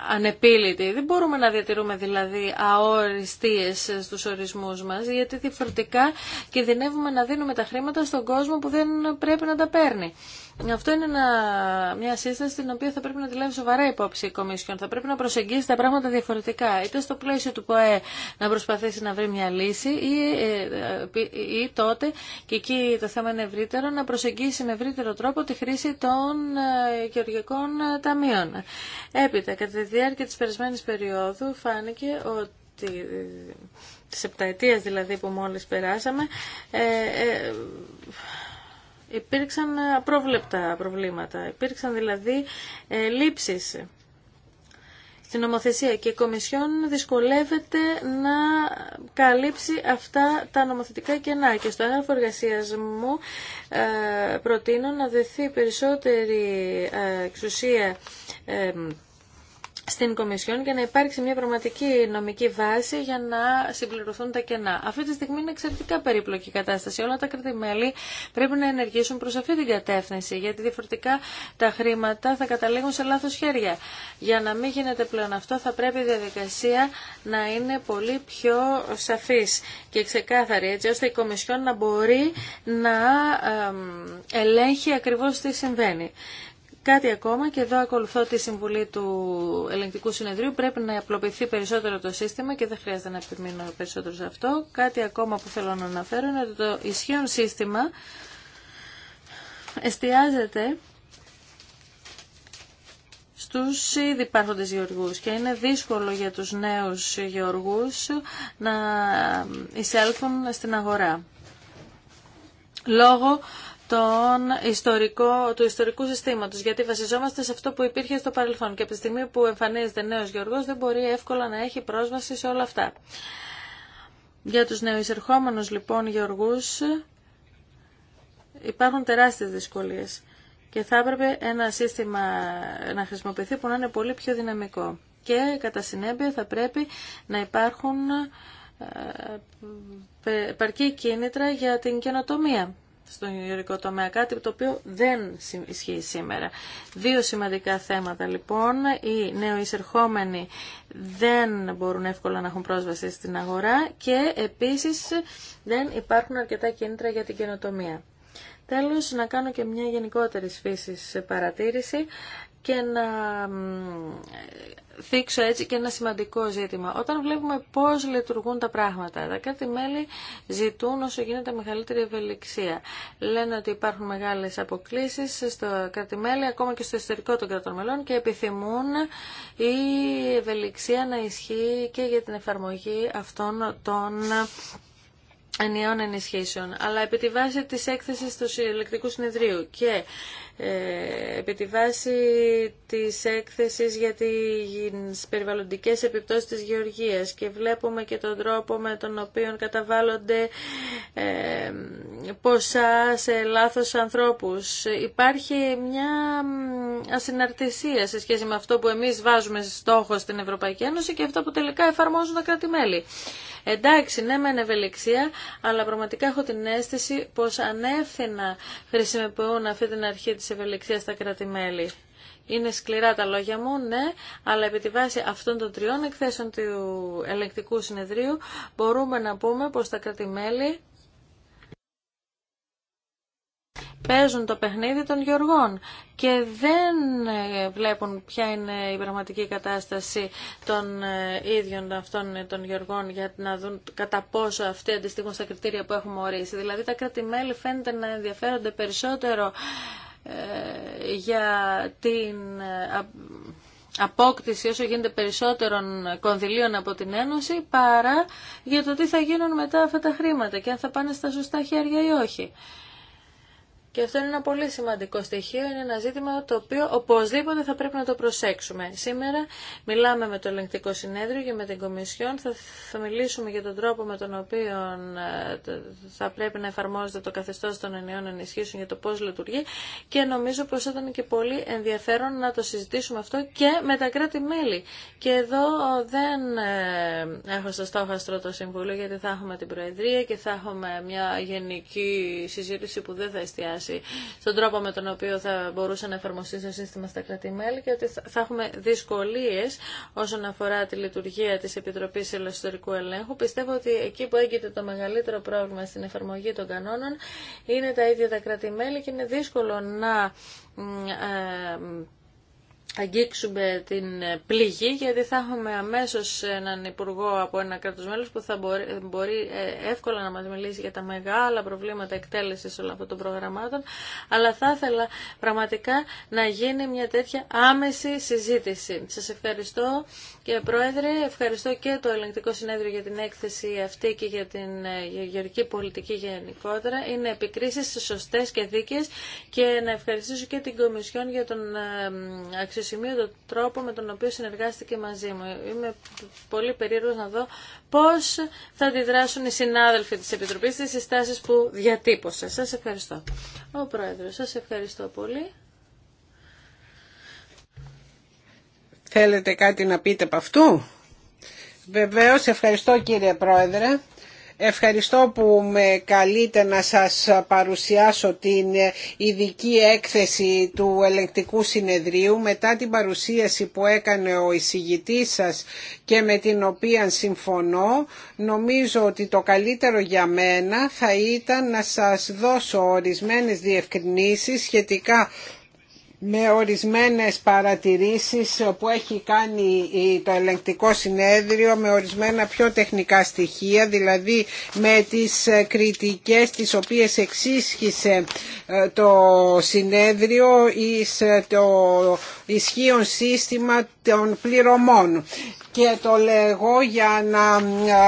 ανεπίλητη. Δεν μπορούμε να διατηρούμε δηλαδή αοριστίες στους ορισμούς μας, γιατί διαφορετικά κινδυνεύουμε να δίνουμε τα χρήματα στον κόσμο που δεν πρέπει να τα παίρνει. Αυτό είναι ένα, μια σύσταση την οποία θα πρέπει να τη λάβει σοβαρά υπόψη η Κομίσιον. Θα πρέπει να προσεγγίσει τα πράγματα διαφορετικά. Είτε στο πλαίσιο του ΠΟΕ να προσπαθήσει να βρει μια λύση ή, ε, ε, ή τότε, και εκεί το θέμα είναι ευρύτερο, να προσεγγίσει με ευρύτερο τρόπο τη χρήση των ε, γεωργικών ταμείων. Έπειτα, κατά τη διάρκεια τη περασμένη περίοδου φάνηκε ότι της επταετίας δηλαδή που μόλις περάσαμε, ε, ε, Υπήρξαν απρόβλεπτα προβλήματα. Υπήρξαν δηλαδή ε, λήψεις στην νομοθεσία και η Κομισιόν δυσκολεύεται να καλύψει αυτά τα νομοθετικά κενά. Και στο έγγραφο εργασία μου ε, προτείνω να δεθεί περισσότερη ε, εξουσία ε, στην Κομισιόν για να υπάρξει μια πραγματική νομική βάση για να συμπληρωθούν τα κενά. Αυτή τη στιγμή είναι εξαιρετικά περίπλοκη η κατάσταση. Όλα τα κρατημέλη πρέπει να ενεργήσουν προς αυτή την κατεύθυνση, γιατί διαφορετικά τα χρήματα θα καταλήγουν σε λάθος χέρια. Για να μην γίνεται πλέον αυτό, θα πρέπει η διαδικασία να είναι πολύ πιο σαφή και ξεκάθαρη, έτσι ώστε η Κομισιόν να μπορεί να ελέγχει ακριβώ τι συμβαίνει. Κάτι ακόμα και εδώ ακολουθώ τη συμβουλή του ελεγκτικού συνεδρίου. Πρέπει να απλοποιηθεί περισσότερο το σύστημα και δεν χρειάζεται να επιμείνω περισσότερο σε αυτό. Κάτι ακόμα που θέλω να αναφέρω είναι ότι το ισχύον σύστημα εστιάζεται στους ήδη υπάρχοντες γεωργούς και είναι δύσκολο για τους νέους γεωργούς να εισέλθουν στην αγορά λόγω τον ιστορικό, του ιστορικού συστήματος, γιατί βασιζόμαστε σε αυτό που υπήρχε στο παρελθόν και από τη στιγμή που εμφανίζεται νέος Γεωργός δεν μπορεί εύκολα να έχει πρόσβαση σε όλα αυτά. Για τους νεοεισερχόμενους λοιπόν Γεωργούς υπάρχουν τεράστιες δυσκολίες και θα έπρεπε ένα σύστημα να χρησιμοποιηθεί που να είναι πολύ πιο δυναμικό και κατά συνέπεια θα πρέπει να υπάρχουν ε, επαρκή κίνητρα για την καινοτομία στον ιερικό τομέα, κάτι το οποίο δεν ισχύει σήμερα. Δύο σημαντικά θέματα λοιπόν. Οι νεοεισερχόμενοι δεν μπορούν εύκολα να έχουν πρόσβαση στην αγορά και επίσης δεν υπάρχουν αρκετά κίνητρα για την καινοτομία. Τέλος, να κάνω και μια γενικότερη φύσης παρατήρηση και να θίξω έτσι και ένα σημαντικό ζήτημα. Όταν βλέπουμε πώς λειτουργούν τα πράγματα, τα κάτι μέλη ζητούν όσο γίνεται μεγαλύτερη ευελιξία. Λένε ότι υπάρχουν μεγάλες αποκλήσεις στο κάτι μέλη, ακόμα και στο εσωτερικό των κρατών μελών και επιθυμούν η ευελιξία να ισχύει και για την εφαρμογή αυτών των ενιαίων ενισχύσεων, αλλά επί τη βάση της έκθεσης του συλλεκτικού συνεδρίου και ε, επί τη βάση της έκθεσης για τις περιβαλλοντικές επιπτώσεις της γεωργίας και βλέπουμε και τον τρόπο με τον οποίο καταβάλλονται ε, ποσά σε λάθος ανθρώπους. Υπάρχει μια ασυναρτησία σε σχέση με αυτό που εμείς βάζουμε στόχο στην Ευρωπαϊκή Ένωση και αυτό που τελικά εφαρμόζουν τα κράτη-μέλη. Εντάξει, ναι, μεν ευελιξία, αλλά πραγματικά έχω την αίσθηση πως ανεύθυνα χρησιμοποιούν αυτή την αρχή τη ευελιξίας στα κρατη Είναι σκληρά τα λόγια μου, ναι, αλλά επί τη βάση αυτών των τριών εκθέσεων του ελεκτικού συνεδρίου μπορούμε να πούμε πως τα κρατη παίζουν το παιχνίδι των Γιώργων και δεν ε, βλέπουν ποια είναι η πραγματική κατάσταση των ε, ίδιων αυτών ε, των Γιώργων για να δουν κατά πόσο αυτοί αντιστοιχούν στα κριτήρια που έχουμε ορίσει. Δηλαδή τα κράτη-μέλη φαίνεται να ενδιαφέρονται περισσότερο για την απόκτηση όσο γίνεται περισσότερων κονδυλίων από την Ένωση παρά για το τι θα γίνουν μετά αυτά τα χρήματα και αν θα πάνε στα σωστά χέρια ή όχι. Και αυτό είναι ένα πολύ σημαντικό στοιχείο, είναι ένα ζήτημα το οποίο οπωσδήποτε θα πρέπει να το προσέξουμε. Σήμερα μιλάμε με το ελεγκτικό συνέδριο και με την Κομισιόν, θα, θα μιλήσουμε για τον τρόπο με τον οποίο ε, θα πρέπει να εφαρμόζεται το καθεστώς των ενιών ενισχύσεων για το πώς λειτουργεί και νομίζω πως ήταν και πολύ ενδιαφέρον να το συζητήσουμε αυτό και με τα κράτη-μέλη. Και εδώ δεν ε, έχω στο στόχαστρο το Συμβούλιο γιατί θα έχουμε την Προεδρία και θα έχουμε μια γενική συζήτηση που δεν θα εστιάσει στον τρόπο με τον οποίο θα μπορούσε να εφαρμοστεί το σύστημα στα κρατημέλη και ότι θα έχουμε δυσκολίες όσον αφορά τη λειτουργία της Επιτροπής Ελευθερικού Ελέγχου. Πιστεύω ότι εκεί που έγκυται το μεγαλύτερο πρόβλημα στην εφαρμογή των κανόνων είναι τα ίδια τα κρατημέλη και είναι δύσκολο να ε, αγγίξουμε την ε, πληγή γιατί θα έχουμε αμέσως έναν υπουργό από ένα κράτος μέλος που θα μπορεί, ε, εύκολα να μας μιλήσει για τα μεγάλα προβλήματα εκτέλεσης όλων αυτών των προγραμμάτων αλλά θα ήθελα πραγματικά να γίνει μια τέτοια άμεση συζήτηση. Σας ευχαριστώ και Πρόεδρε, ευχαριστώ και το Ελεγκτικό Συνέδριο για την έκθεση αυτή και για την ε, γεωργική πολιτική γενικότερα. Είναι επικρίσεις σωστές και δίκαιες και να ευχαριστήσω και την Κομισιόν για τον αξιοσύνη σημείο, Το τρόπο με τον οποίο συνεργάστηκε μαζί μου. Είμαι πολύ περίεργος να δω πώς θα αντιδράσουν οι συνάδελφοι της Επιτροπής στις συστάσεις που διατύπωσα. Σας ευχαριστώ. Ο Πρόεδρος, σας ευχαριστώ πολύ. Θέλετε κάτι να πείτε από αυτού. Βεβαίως, ευχαριστώ κύριε Πρόεδρε. Ευχαριστώ που με καλείτε να σας παρουσιάσω την ειδική έκθεση του ελεκτικού συνεδρίου μετά την παρουσίαση που έκανε ο εισηγητής σας και με την οποία συμφωνώ νομίζω ότι το καλύτερο για μένα θα ήταν να σας δώσω ορισμένες διευκρινήσεις σχετικά με ορισμένες παρατηρήσεις που έχει κάνει το ελεγκτικό συνέδριο με ορισμένα πιο τεχνικά στοιχεία δηλαδή με τις κριτικές τις οποίες εξίσχυσε ε, το συνέδριο εις ε, το ισχύον σύστημα των πληρωμών και το λέγω για να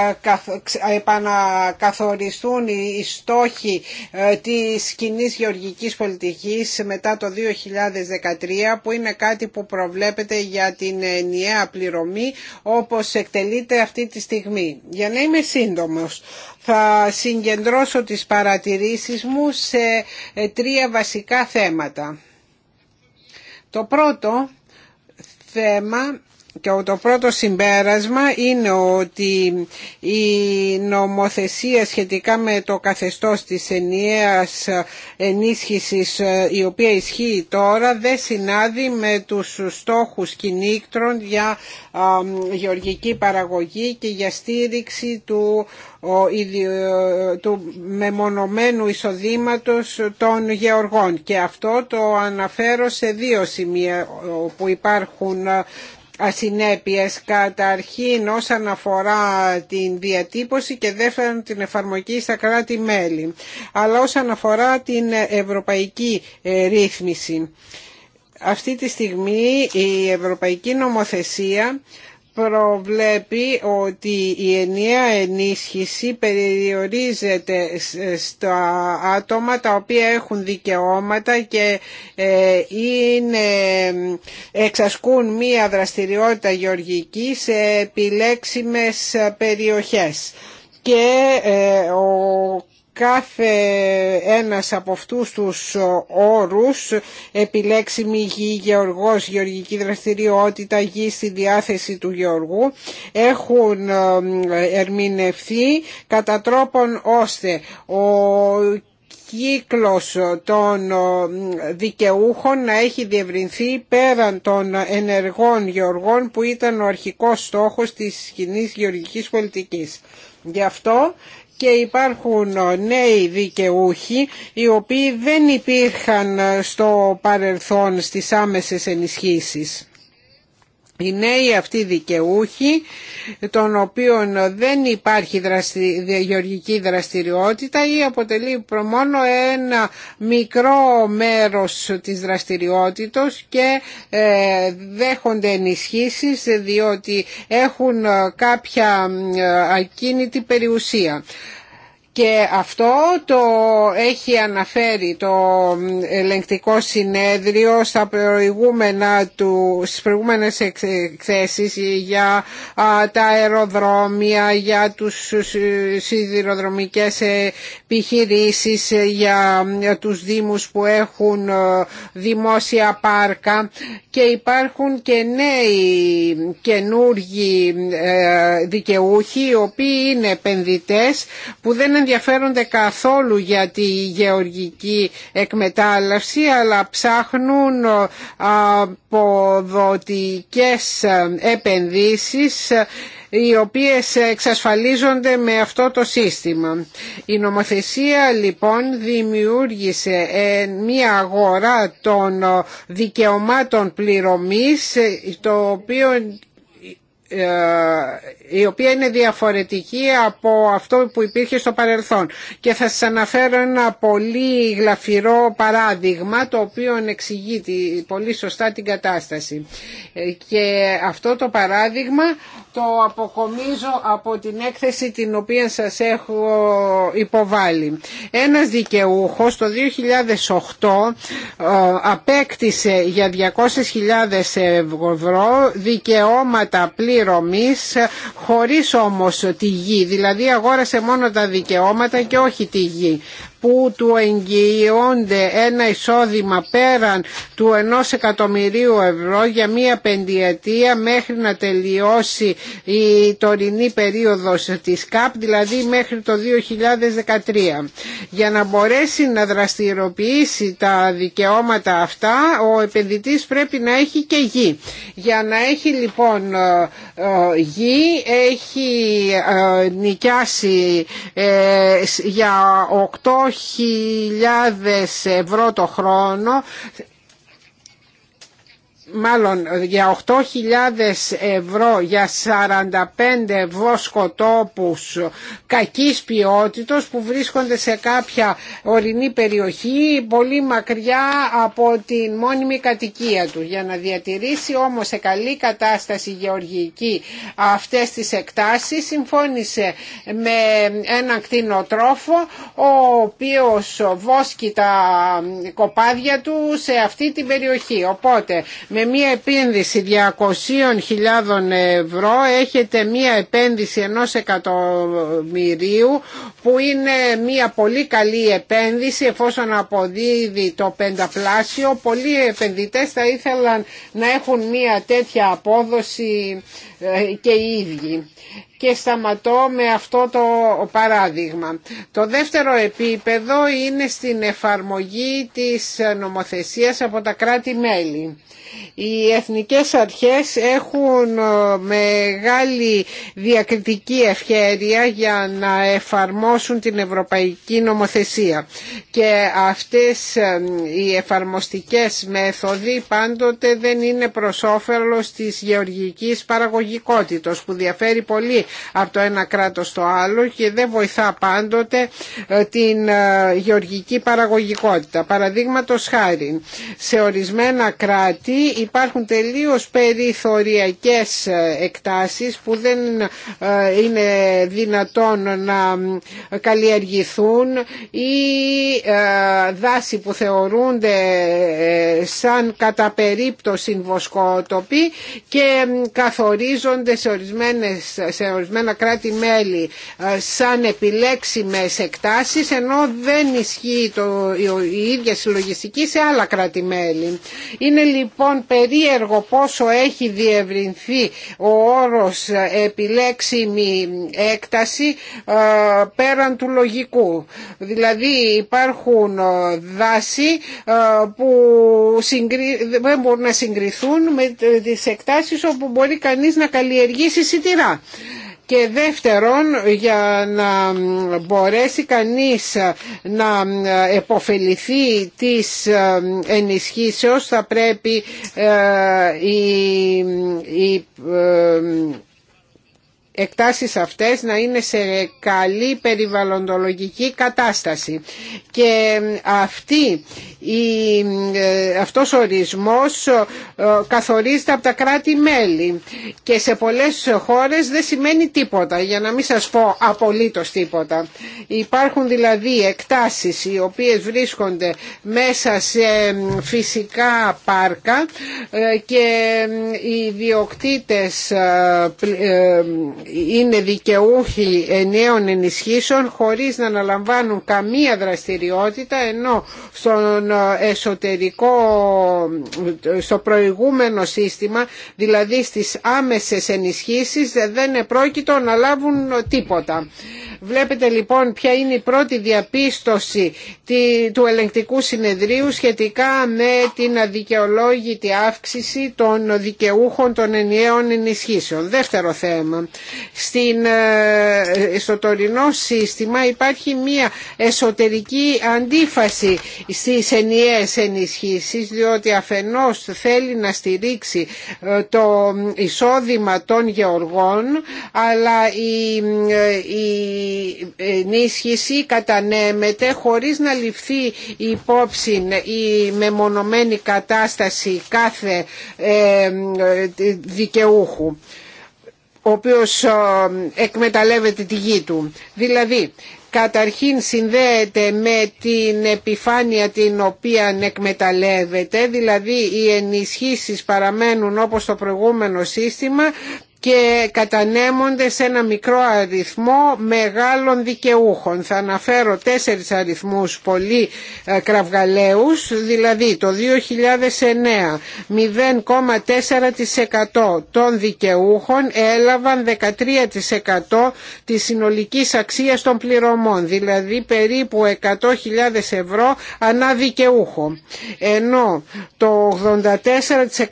ε, επανακαθοριστούν οι στόχοι ε, της κοινή γεωργικής πολιτικής μετά το 2013 που είναι κάτι που προβλέπεται για την ενιαία πληρωμή όπως εκτελείται αυτή τη στιγμή. Για να είμαι σύντομος θα συγκεντρώσω τις παρατηρήσεις μου σε ε, τρία βασικά θέματα. Το πρώτο θέμα και το πρώτο συμπέρασμα είναι ότι η νομοθεσία σχετικά με το καθεστώς της ενιαίας ενίσχυσης ε, η οποία ισχύει τώρα δεν συνάδει με τους στόχους κινήκτρων για γεωργική παραγωγή και για στήριξη του, του μεμονωμένου εισοδήματος των γεωργών. Και αυτό το αναφέρω σε δύο σημεία που υπάρχουν ασυνέπειες καταρχήν όσον αφορά την διατύπωση και δεύτερον την εφαρμογή στα κράτη-μέλη αλλά όσον αφορά την ευρωπαϊκή ε, ρύθμιση. Αυτή τη στιγμή η ευρωπαϊκή νομοθεσία προβλέπει ότι η ενιαία ενίσχυση περιορίζεται στα άτομα τα οποία έχουν δικαιώματα και ε, είναι, εξασκούν μία δραστηριότητα γεωργική σε επιλέξιμες περιοχές και ε, ο κάθε ένας από αυτούς τους όρους, επιλέξιμη γη, γεωργός, γεωργική δραστηριότητα, γη στη διάθεση του γεωργού, έχουν ερμηνευθεί κατά τρόπον ώστε ο κύκλος των δικαιούχων να έχει διευρυνθεί πέραν των ενεργών γεωργών που ήταν ο αρχικός στόχος της κοινή γεωργικής πολιτικής. Γι' αυτό και υπάρχουν ε, νέοι δικαιούχοι οι οποίοι δεν υπήρχαν ε, στο παρελθόν στις άμεσες ενισχύσεις. Οι νέοι αυτοί δικαιούχοι, των οποίων δεν υπάρχει γεωργική δραστηριότητα ή αποτελεί μόνο ένα μικρό μέρος της δραστηριότητος και ε, δέχονται ενισχύσεις διότι έχουν ε, κάποια ε, ακίνητη περιουσία. Και αυτό το έχει αναφέρει το ελεγκτικό συνέδριο στα προηγούμενα του, στις προηγούμενες εκθέσεις για τα αεροδρόμια, για τους σιδηροδρομικές επιχειρήσεις, για τους δήμους που έχουν δημόσια πάρκα και υπάρχουν και νέοι καινούργοι ε, δικαιούχοι οι οποίοι είναι επενδυτές που δεν ενδιαφέρονται καθόλου για τη γεωργική εκμετάλλευση αλλά ψάχνουν ε, αποδοτικές ε, επενδύσεις ε, οι οποίες εξασφαλίζονται με αυτό το σύστημα. Η νομοθεσία λοιπόν δημιούργησε μία αγορά των δικαιωμάτων πληρωμής το οποίο ε, η οποία είναι διαφορετική από αυτό που υπήρχε στο παρελθόν. Και θα σας αναφέρω ένα πολύ γλαφυρό παράδειγμα το οποίο εξηγεί πολύ σωστά την κατάσταση. Ε, και αυτό το παράδειγμα το αποκομίζω από την έκθεση την οποία σας έχω υποβάλει. Ένας δικαιούχος το 2008 ε, απέκτησε για 200.000 ευρώ δικαιώματα πληρωμής ε, χωρίς όμως τη γη. Δηλαδή αγόρασε μόνο τα δικαιώματα και όχι τη γη που του εγγυώνται ένα εισόδημα πέραν του ενός εκατομμυρίου ευρώ για μία πεντιετία μέχρι να τελειώσει η τωρινή περίοδος της ΚΑΠ, δηλαδή μέχρι το 2013. Για να μπορέσει να δραστηριοποιήσει τα δικαιώματα αυτά, ο επενδυτής πρέπει να έχει και γη. Για να έχει λοιπόν ε, γη έχει ε, νοικιάσει ε, για 8.000 ευρώ το χρόνο μάλλον για 8.000 ευρώ για 45 βοσκοτόπους κακής ποιότητος που βρίσκονται σε κάποια ορεινή περιοχή πολύ μακριά από την μόνιμη κατοικία του. Για να διατηρήσει όμως σε καλή κατάσταση γεωργική αυτές τις εκτάσεις συμφώνησε με έναν κτηνοτρόφο ο οποίος βόσκει τα κοπάδια του σε αυτή την περιοχή. Οπότε μία επένδυση 200.000 ευρώ έχετε μία επένδυση ενός εκατομμυρίου που είναι μία πολύ καλή επένδυση εφόσον αποδίδει το πενταπλάσιο. Πολλοί επενδυτές θα ήθελαν να έχουν μία τέτοια απόδοση ε, και οι ίδιοι και σταματώ με αυτό το παράδειγμα. Το δεύτερο επίπεδο είναι στην εφαρμογή της νομοθεσίας από τα κράτη-μέλη. Οι εθνικές αρχές έχουν ε, μεγάλη διακριτική ευχέρεια για να εφαρμόσουν την ευρωπαϊκή νομοθεσία και αυτές ε, οι εφαρμοστικές μέθοδοι πάντοτε δεν είναι προς της γεωργικής παραγωγικότητας που διαφέρει πολύ από το ένα κράτος στο άλλο και δεν βοηθά πάντοτε ε, την ε, γεωργική παραγωγικότητα. Παραδείγματο χάρη, σε ορισμένα κράτη υπάρχουν τελείως περιθωριακές ε, εκτάσεις που δεν είναι δυνατόν να καλλιεργηθούν ή δάση που θεωρούνται σαν κατά περίπτωση βοσκότοποι και καθορίζονται σε, ορισμένες, ορισμένα κράτη-μέλη ε, σαν επιλέξιμες εκτάσεις ενώ δεν ισχύει το, η ίδια συλλογιστική σε άλλα κράτη-μέλη. Είναι λοιπόν περίεργο πόσο έχει διευρυνθεί ο όρος επιλέξιμη έκταση ε, πέραν του λογικού. Δηλαδή υπάρχουν ε, δάση που δεν μπορούν να συγκριθούν με τις εκτάσεις όπου μπορεί κανείς να καλλιεργήσει σιτηρά. Και δεύτερον, για να μπορέσει κανείς να επωφεληθεί της ενισχύσεως θα πρέπει ε, η ε, εκτάσεις αυτές να είναι σε καλή περιβαλλοντολογική κατάσταση. Και αυτή, η, ε, αυτός ο ορισμός καθορίζεται από τα κράτη-μέλη και σε πολλές χώρες δεν σημαίνει τίποτα, για να μην σας πω απολύτως τίποτα. Υπάρχουν δηλαδή εκτάσεις οι οποίες βρίσκονται μέσα σε φυσικά πάρκα ε, και οι διοκτήτες ε, είναι δικαιούχοι νέων ενισχύσεων χωρίς να αναλαμβάνουν καμία δραστηριότητα ενώ στον ε, εσωτερικό, ε, στο προηγούμενο σύστημα δηλαδή στις άμεσες ενισχύσεις δεν επρόκειτο να λάβουν τίποτα. Βλέπετε λοιπόν ποια είναι η πρώτη διαπίστωση του ελεγκτικού συνεδρίου σχετικά με την αδικαιολόγητη αύξηση των δικαιούχων των ενιαίων ενισχύσεων. Δεύτερο θέμα, στην, ε, στο τωρινό σύστημα υπάρχει μία εσωτερική αντίφαση στις ενιαίες ενισχύσεις διότι αφενός θέλει να στηρίξει ε, το εισόδημα των γεωργών αλλά η ε, η ενίσχυση κατανέμεται χωρίς να ληφθεί υπόψη η μεμονωμένη κατάσταση κάθε ε, δικαιούχου ο οποίος ε, εκμεταλλεύεται τη γη του. Δηλαδή, καταρχήν συνδέεται με την επιφάνεια την οποία εκμεταλλεύεται, δηλαδή οι ενισχύσεις παραμένουν όπως το προηγούμενο σύστημα και κατανέμονται σε ένα μικρό αριθμό μεγάλων δικαιούχων. Θα αναφέρω τέσσερις αριθμούς πολύ ε, κραυγαλαίους, δηλαδή το 2009 0,4% των δικαιούχων έλαβαν 13% της συνολικής αξίας των πληρωμών, δηλαδή περίπου 100.000 ευρώ ανά δικαιούχο. Ενώ το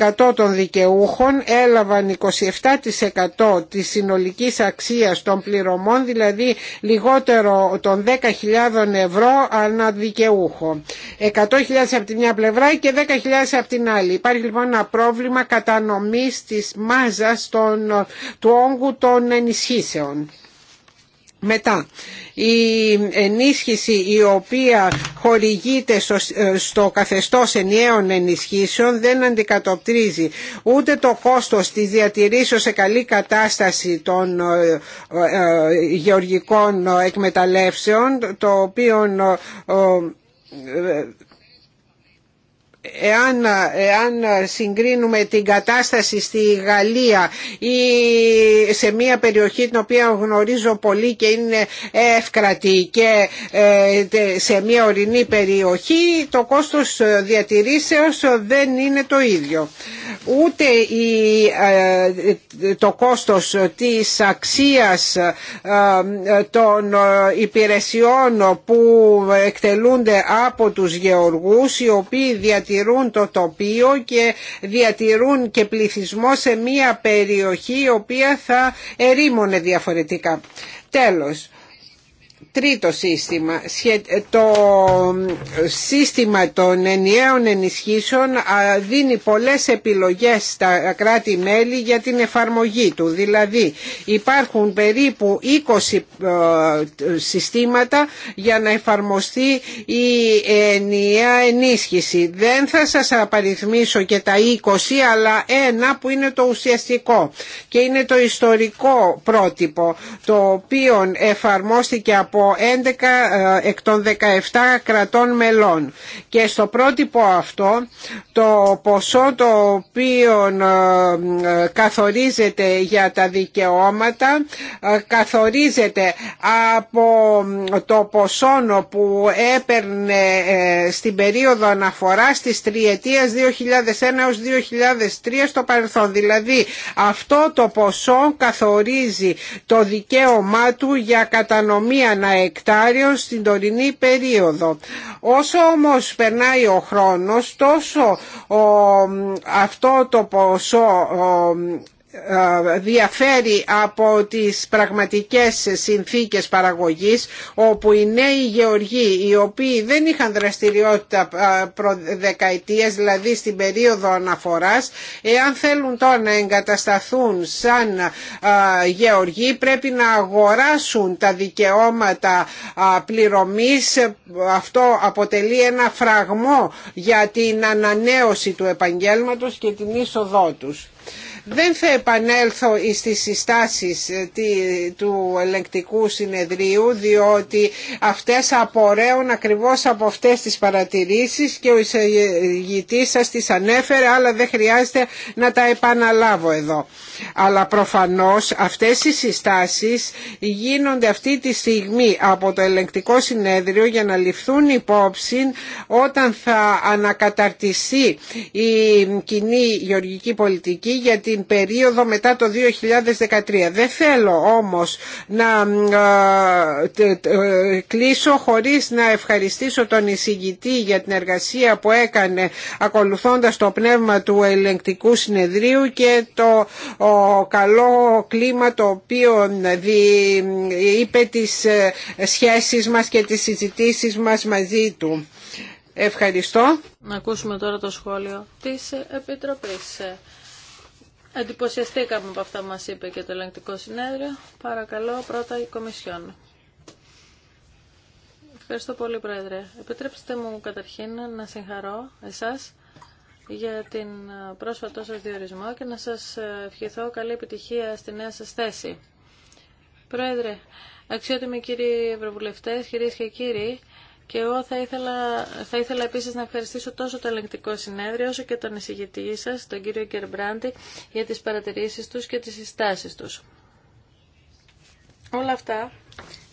84% των δικαιούχων έλαβαν 27% 10% της συνολικής αξίας των πληρωμών, δηλαδή λιγότερο των 10.000 ευρώ ανά δικαιούχο. 100.000 από τη μια πλευρά και 10.000 από την άλλη. Υπάρχει λοιπόν ένα πρόβλημα κατανομής της μάζας του όγκου των ενισχύσεων. Μετά, η ενίσχυση η οποία χορηγείται ε, στο καθεστώς ενιαίων ενισχύσεων δεν αντικατοπτρίζει ούτε το κόστος της διατηρήσεως σε καλή κατάσταση των ε, ε, γεωργικών εκμεταλλεύσεων, το οποίο εάν, εάν συγκρίνουμε την κατάσταση στη Γαλλία ή σε μια περιοχή την οποία γνωρίζω πολύ και είναι εύκρατη και ε, σε μια ορεινή περιοχή το κόστος διατηρήσεως δεν είναι το ίδιο. Ούτε ε, το κόστος της αξίας ε, των υπηρεσιών που εκτελούνται από τους γεωργούς οι οποίοι διατηρούν διατηρούν το τοπίο και διατηρούν και πληθυσμό σε μια περιοχή η οποία θα ερήμωνε διαφορετικά. Τέλος, τρίτο σύστημα, το σύστημα των ενιαίων ενισχύσεων δίνει πολλές επιλογές στα κράτη-μέλη για την εφαρμογή του. Δηλαδή υπάρχουν περίπου 20 ε, συστήματα για να εφαρμοστεί η ενιαία ενίσχυση. Δεν θα σας απαριθμίσω και τα 20 αλλά ένα που είναι το ουσιαστικό και είναι το ιστορικό πρότυπο το οποίο εφαρμόστηκε από 11 ε, εκ των 17 κρατών μελών και στο πρότυπο αυτό το ποσό το οποίο ε, ε, καθορίζεται για τα δικαιώματα καθορίζεται από το ποσό που έπαιρνε στην περίοδο αναφοράς της τριετίας 2001 2003 στο παρελθόν δηλαδή αυτό το ποσό καθορίζει το δικαίωμά του για κατανομή ανα εκτάριο στην τωρινή περίοδο. Όσο όμως περνάει ο χρόνος τόσο αυτό το ποσό ε, διαφέρει από τις πραγματικές συνθήκες παραγωγής όπου οι νέοι γεωργοί οι οποίοι δεν είχαν δραστηριότητα ε, προδεκαετίες δηλαδή στην περίοδο αναφοράς εάν θέλουν τώρα να εγκατασταθούν σαν ε, γεωργοί πρέπει να αγοράσουν τα δικαιώματα πληρωμής αυτό αποτελεί ένα φραγμό για την ανανέωση του επαγγέλματος και την είσοδό τους. Δεν θα επανέλθω στις συστάσεις ε, του ελεγκτικού συνεδρίου διότι αυτές απορρέουν ακριβώς από αυτές τις παρατηρήσεις και ο εισηγητής σας τις ανέφερε αλλά δεν χρειάζεται να τα επαναλάβω εδώ. Αλλά προφανώς αυτές οι συστάσεις γίνονται αυτή τη στιγμή από το ελεγκτικό συνέδριο για να ληφθούν υπόψη όταν θα ανακαταρτιστεί η κοινή γεωργική πολιτική για την περίοδο μετά το 2013. Δεν θέλω όμως να ε, ε, κλείσω χωρίς να ευχαριστήσω τον εισηγητή για την εργασία που έκανε ακολουθώντας το πνεύμα του ελεγκτικού συνεδρίου και το καλό κλίμα το οποίο είπε τις ε, σχέσεις μας και τις συζητήσεις μας μαζί του. Ευχαριστώ. Να ακούσουμε τώρα το σχόλιο της Επιτροπής. Ε, εντυπωσιαστήκαμε από αυτά που μας είπε και το ελεγκτικό συνέδριο. Παρακαλώ πρώτα η Κομισιόν. Ευχαριστώ πολύ Πρόεδρε. Επιτρέψτε μου καταρχήν να συγχαρώ εσάς για την ε, πρόσφατό σας διορισμό και να σας ε, ευχηθώ καλή επιτυχία στη νέα σας θέση. Πρόεδρε, αξιότιμοι κύριοι Ευρωβουλευτές, κυρίες και κύριοι, και εγώ θα ήθελα, θα ήθελα επίσης να ευχαριστήσω τόσο το ελεγκτικό συνέδριο όσο και τον εισηγητή σας, τον κύριο Κερμπράντη, για τις παρατηρήσεις τους και τις συστάσεις τους. Όλα αυτά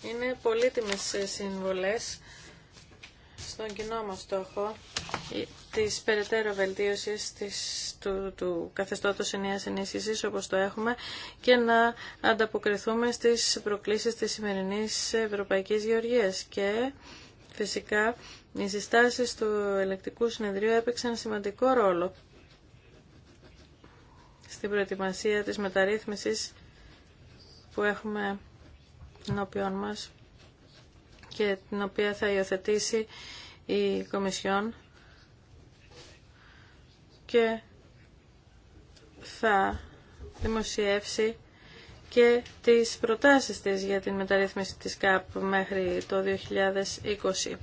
είναι πολύτιμες ε, συμβολές τον κοινό μας στόχο της περαιτέρω βελτίωση του, του καθεστώτος ενιαίας ενίσχυσης όπως το έχουμε και να ανταποκριθούμε στις προκλήσεις της σημερινής Ευρωπαϊκής Γεωργίας και φυσικά οι συστάσει του ελεκτικού συνεδρίου έπαιξαν σημαντικό ρόλο στην προετοιμασία της μεταρρύθμισης που έχουμε ενώπιον μας και την οποία θα υιοθετήσει η Κομισιόν και θα δημοσιεύσει και τις προτάσεις της για την μεταρρύθμιση της ΚΑΠ μέχρι το 2020.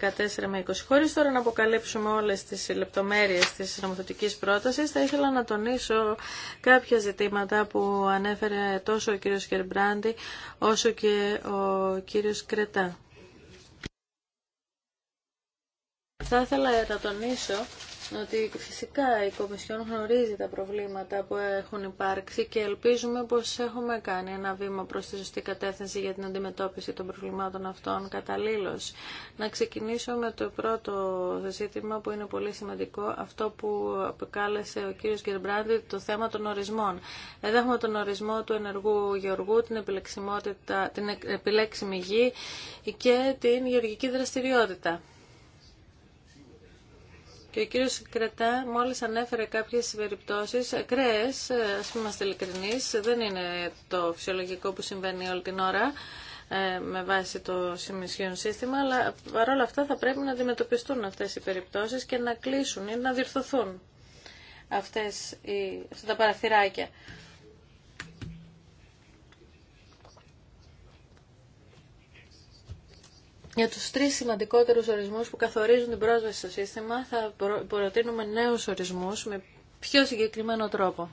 14 με 20. Χωρίς τώρα να αποκαλύψουμε όλες τις λεπτομέρειες της νομοθετικής πρότασης, θα ήθελα να τονίσω κάποια ζητήματα που ανέφερε τόσο ο κύριος Κερμπράντη όσο και ο κύριος Κρετά. Θα ήθελα να τονίσω ότι φυσικά η Κομισιόν γνωρίζει τα προβλήματα που έχουν υπάρξει και ελπίζουμε πως έχουμε κάνει ένα βήμα προς τη σωστή κατεύθυνση για την αντιμετώπιση των προβλημάτων αυτών καταλήλως. Να ξεκινήσω με το πρώτο ζήτημα που είναι πολύ σημαντικό, αυτό που αποκάλεσε ο κύριος Γκερμπράντη, το θέμα των ορισμών. Εδώ έχουμε τον ορισμό του ενεργού γεωργού, την, την επιλέξιμη γη και την γεωργική δραστηριότητα. Και ο κύριος Κρετά μόλις ανέφερε κάποιες περιπτώσεις ακραίες, ας είμαστε ειλικρινείς, δεν είναι το φυσιολογικό που συμβαίνει όλη την ώρα ε, με βάση το συμμισχύον σύστημα, αλλά παρόλα αυτά θα πρέπει να αντιμετωπιστούν αυτές οι περιπτώσεις και να κλείσουν ή να διορθωθούν αυτές οι, αυτά τα παραθυράκια. Για τους τρεις σημαντικότερους ορισμούς που καθορίζουν την πρόσβαση στο σύστημα θα προτείνουμε νέους ορισμούς με πιο συγκεκριμένο τρόπο.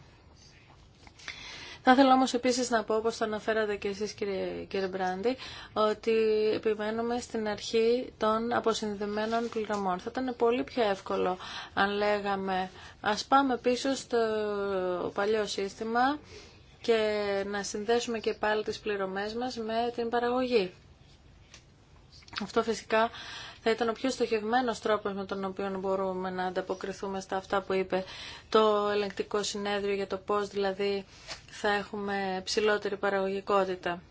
Θα ήθελα όμως επίσης να πω, όπως το αναφέρατε και εσείς κύριε, κύριε Μπράντι, ότι επιμένουμε στην αρχή των αποσυνδεμένων πληρωμών. Θα ήταν πολύ πιο εύκολο αν λέγαμε ας πάμε πίσω στο παλιό σύστημα και να συνδέσουμε και πάλι τις πληρωμές μας με την παραγωγή. Αυτό φυσικά θα ήταν ο πιο στοχευμένος τρόπος με τον οποίο μπορούμε να ανταποκριθούμε στα αυτά που είπε το ελεγκτικό συνέδριο για το πώς δηλαδή θα έχουμε ψηλότερη παραγωγικότητα.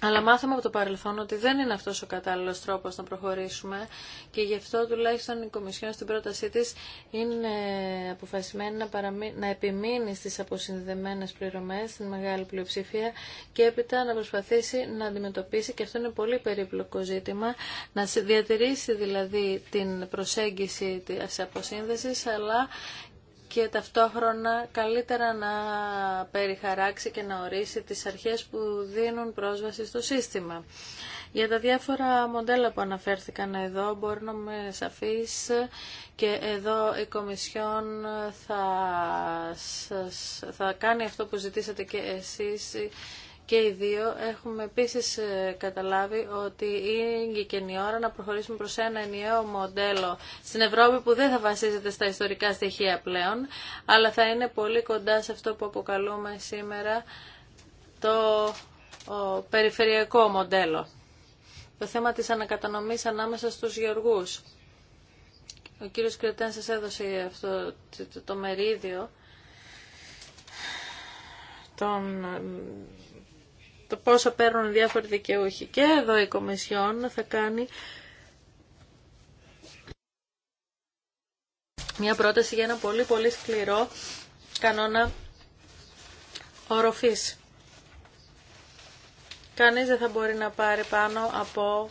Αλλά μάθαμε από το παρελθόν ότι δεν είναι αυτός ο κατάλληλος τρόπος να προχωρήσουμε και γι' αυτό τουλάχιστον η Κομισιόν στην πρότασή της είναι αποφασισμένη να, να επιμείνει στις αποσυνδεμένες πληρωμές στην μεγάλη πλειοψηφία και έπειτα να προσπαθήσει να αντιμετωπίσει, και αυτό είναι πολύ περίπλοκο ζήτημα, να διατηρήσει δηλαδή την προσέγγιση της αποσύνδεσης αλλά και ταυτόχρονα καλύτερα να περιχαράξει και να ορίσει τις αρχές που δίνουν πρόσβαση στο σύστημα. Για τα διάφορα μοντέλα που αναφέρθηκαν εδώ να είμαι σαφής και εδώ η Κομισιόν θα, θα κάνει αυτό που ζητήσατε και εσείς και οι δύο έχουμε επίσης ε, καταλάβει ότι είναι και η ώρα να προχωρήσουμε προς ένα ενιαίο μοντέλο στην Ευρώπη που δεν θα βασίζεται στα ιστορικά στοιχεία πλέον, αλλά θα είναι πολύ κοντά σε αυτό που αποκαλούμε σήμερα το περιφερειακό μοντέλο. Το θέμα της ανακατανομής ανάμεσα στους γεωργούς. Ο κύριος Κρετέν σας έδωσε αυτό το μερίδιο των το πόσα παίρνουν διάφοροι δικαιούχοι. Και εδώ η Κομισιόν θα κάνει μια πρόταση για ένα πολύ πολύ σκληρό κανόνα οροφής. Κανείς δεν θα μπορεί να πάρει πάνω από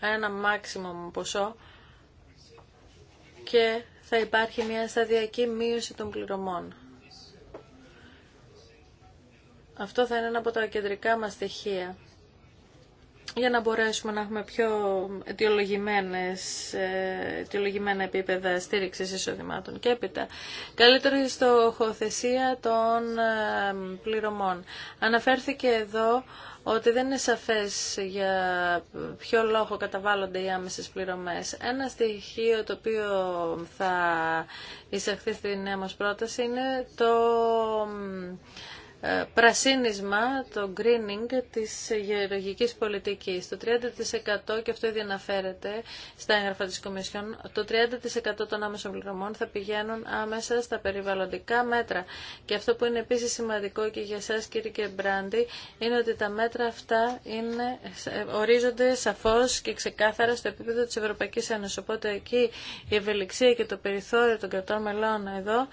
ένα μάξιμο ποσό και θα υπάρχει μια σταδιακή μείωση των πληρωμών. Αυτό θα είναι ένα από τα κεντρικά μας στοιχεία για να μπορέσουμε να έχουμε πιο ε, αιτιολογημένα επίπεδα στήριξης εισοδημάτων και έπειτα. Καλύτερη στοχοθεσία των ε, πληρωμών. Αναφέρθηκε εδώ ότι δεν είναι σαφές για ποιο λόγο καταβάλλονται οι άμεσες πληρωμές. Ένα στοιχείο το οποίο θα εισαχθεί στη νέα μας πρόταση είναι το ε, πρασίνισμα, το greening της γεωργικής πολιτικής. Το 30% και αυτό ήδη αναφέρεται στα έγγραφα της Κομισιόν, το 30% των άμεσων πληρωμών θα πηγαίνουν άμεσα στα περιβαλλοντικά μέτρα. Και αυτό που είναι επίσης σημαντικό και για εσάς κύριε Κεμπράντη είναι ότι τα μέτρα αυτά είναι, ορίζονται σαφώς και ξεκάθαρα στο επίπεδο της Ευρωπαϊκής Ένωσης. Οπότε εκεί η ευελιξία και το περιθώριο των κρατών μελών εδώ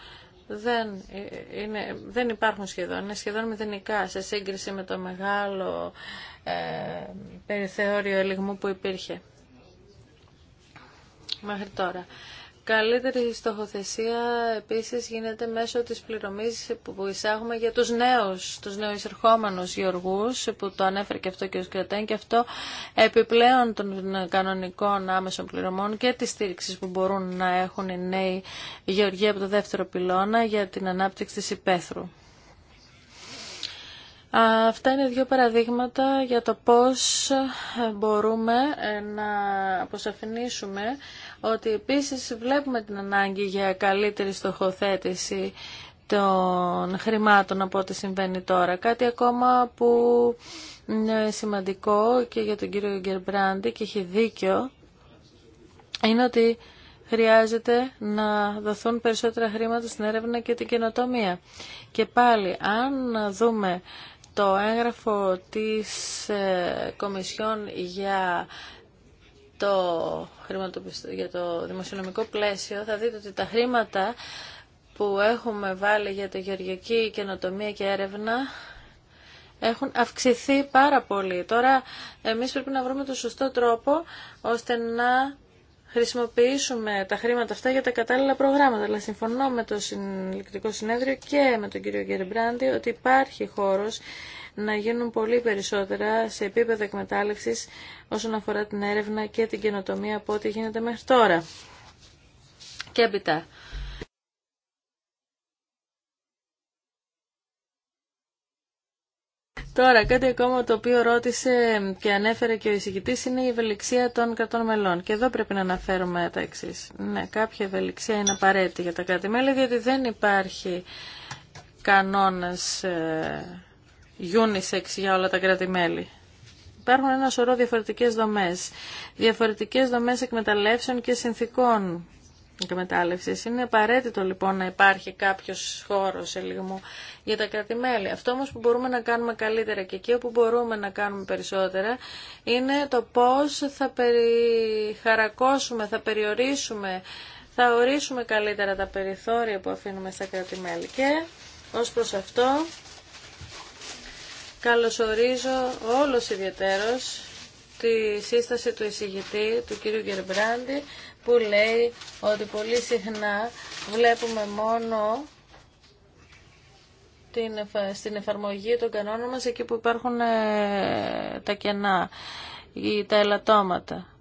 δεν, ε, είναι, δεν υπάρχουν σχεδόν, είναι σχεδόν μηδενικά σε σύγκριση με το μεγάλο ε, περιθεώριο ελιγμού που υπήρχε μέχρι τώρα. Καλύτερη στοχοθεσία επίσης γίνεται μέσω της πληρωμής που εισάγουμε για τους νέους, τους νέους εισερχόμενους γεωργούς που το ανέφερε και αυτό και ο Σκρατέν και αυτό επιπλέον των κανονικών άμεσων πληρωμών και της στήριξη που μπορούν να έχουν οι νέοι γεωργοί από το δεύτερο πυλώνα για την ανάπτυξη της υπαίθρου. Αυτά είναι δύο παραδείγματα για το πώς μπορούμε να αποσαφηνίσουμε ότι επίσης βλέπουμε την ανάγκη για καλύτερη στοχοθέτηση των χρημάτων από ό,τι συμβαίνει τώρα. Κάτι ακόμα που είναι σημαντικό και για τον κύριο Γκερμπράντη και έχει δίκιο είναι ότι χρειάζεται να δοθούν περισσότερα χρήματα στην έρευνα και την καινοτομία. Και πάλι, αν δούμε το έγγραφο της ε, Κομισιόν για το, για το δημοσιονομικό πλαίσιο θα δείτε ότι τα χρήματα που έχουμε βάλει για το γεωργική καινοτομία και έρευνα έχουν αυξηθεί πάρα πολύ. Τώρα εμείς πρέπει να βρούμε το σωστό τρόπο ώστε να χρησιμοποιήσουμε τα χρήματα αυτά για τα κατάλληλα προγράμματα. Αλλά συμφωνώ με το Συλλεκτικό Συνέδριο και με τον κύριο Μπράντι ότι υπάρχει χώρος να γίνουν πολύ περισσότερα σε επίπεδο εκμετάλλευσης όσον αφορά την έρευνα και την καινοτομία από ό,τι γίνεται μέχρι τώρα. Και έπειτα. Τώρα, κάτι ακόμα το οποίο ρώτησε και ανέφερε και ο εισηγητή είναι η ευελιξία των κρατών μελών. Και εδώ πρέπει να αναφέρουμε τα εξή. Ναι, κάποια ευελιξία είναι απαραίτητη για τα κράτη-μέλη, διότι δεν υπάρχει κανόνας ε, UNISEX για όλα τα κράτη-μέλη. Υπάρχουν ένα σωρό διαφορετικές δομές. Διαφορετικές δομές εκμεταλλεύσεων και συνθήκων εκμετάλλευσης. Είναι απαραίτητο λοιπόν να υπάρχει κάποιος χώρος ελιγμού για τα κράτη-μέλη. Αυτό όμως που μπορούμε να κάνουμε καλύτερα και εκεί όπου μπορούμε να κάνουμε περισσότερα είναι το πώς θα περιχαρακώσουμε, θα περιορίσουμε, θα ορίσουμε καλύτερα τα περιθώρια που αφήνουμε στα κράτη-μέλη. Και ως προς αυτό Καλωσορίζω όλος ιδιαιτέρως τη σύσταση του εισηγητή, του κύριου Γερμπράντη, που λέει ότι πολύ συχνά βλέπουμε μόνο την, στην εφαρμογή των κανόνων μας εκεί που υπάρχουν ε, τα κενά ή τα ελαττώματα.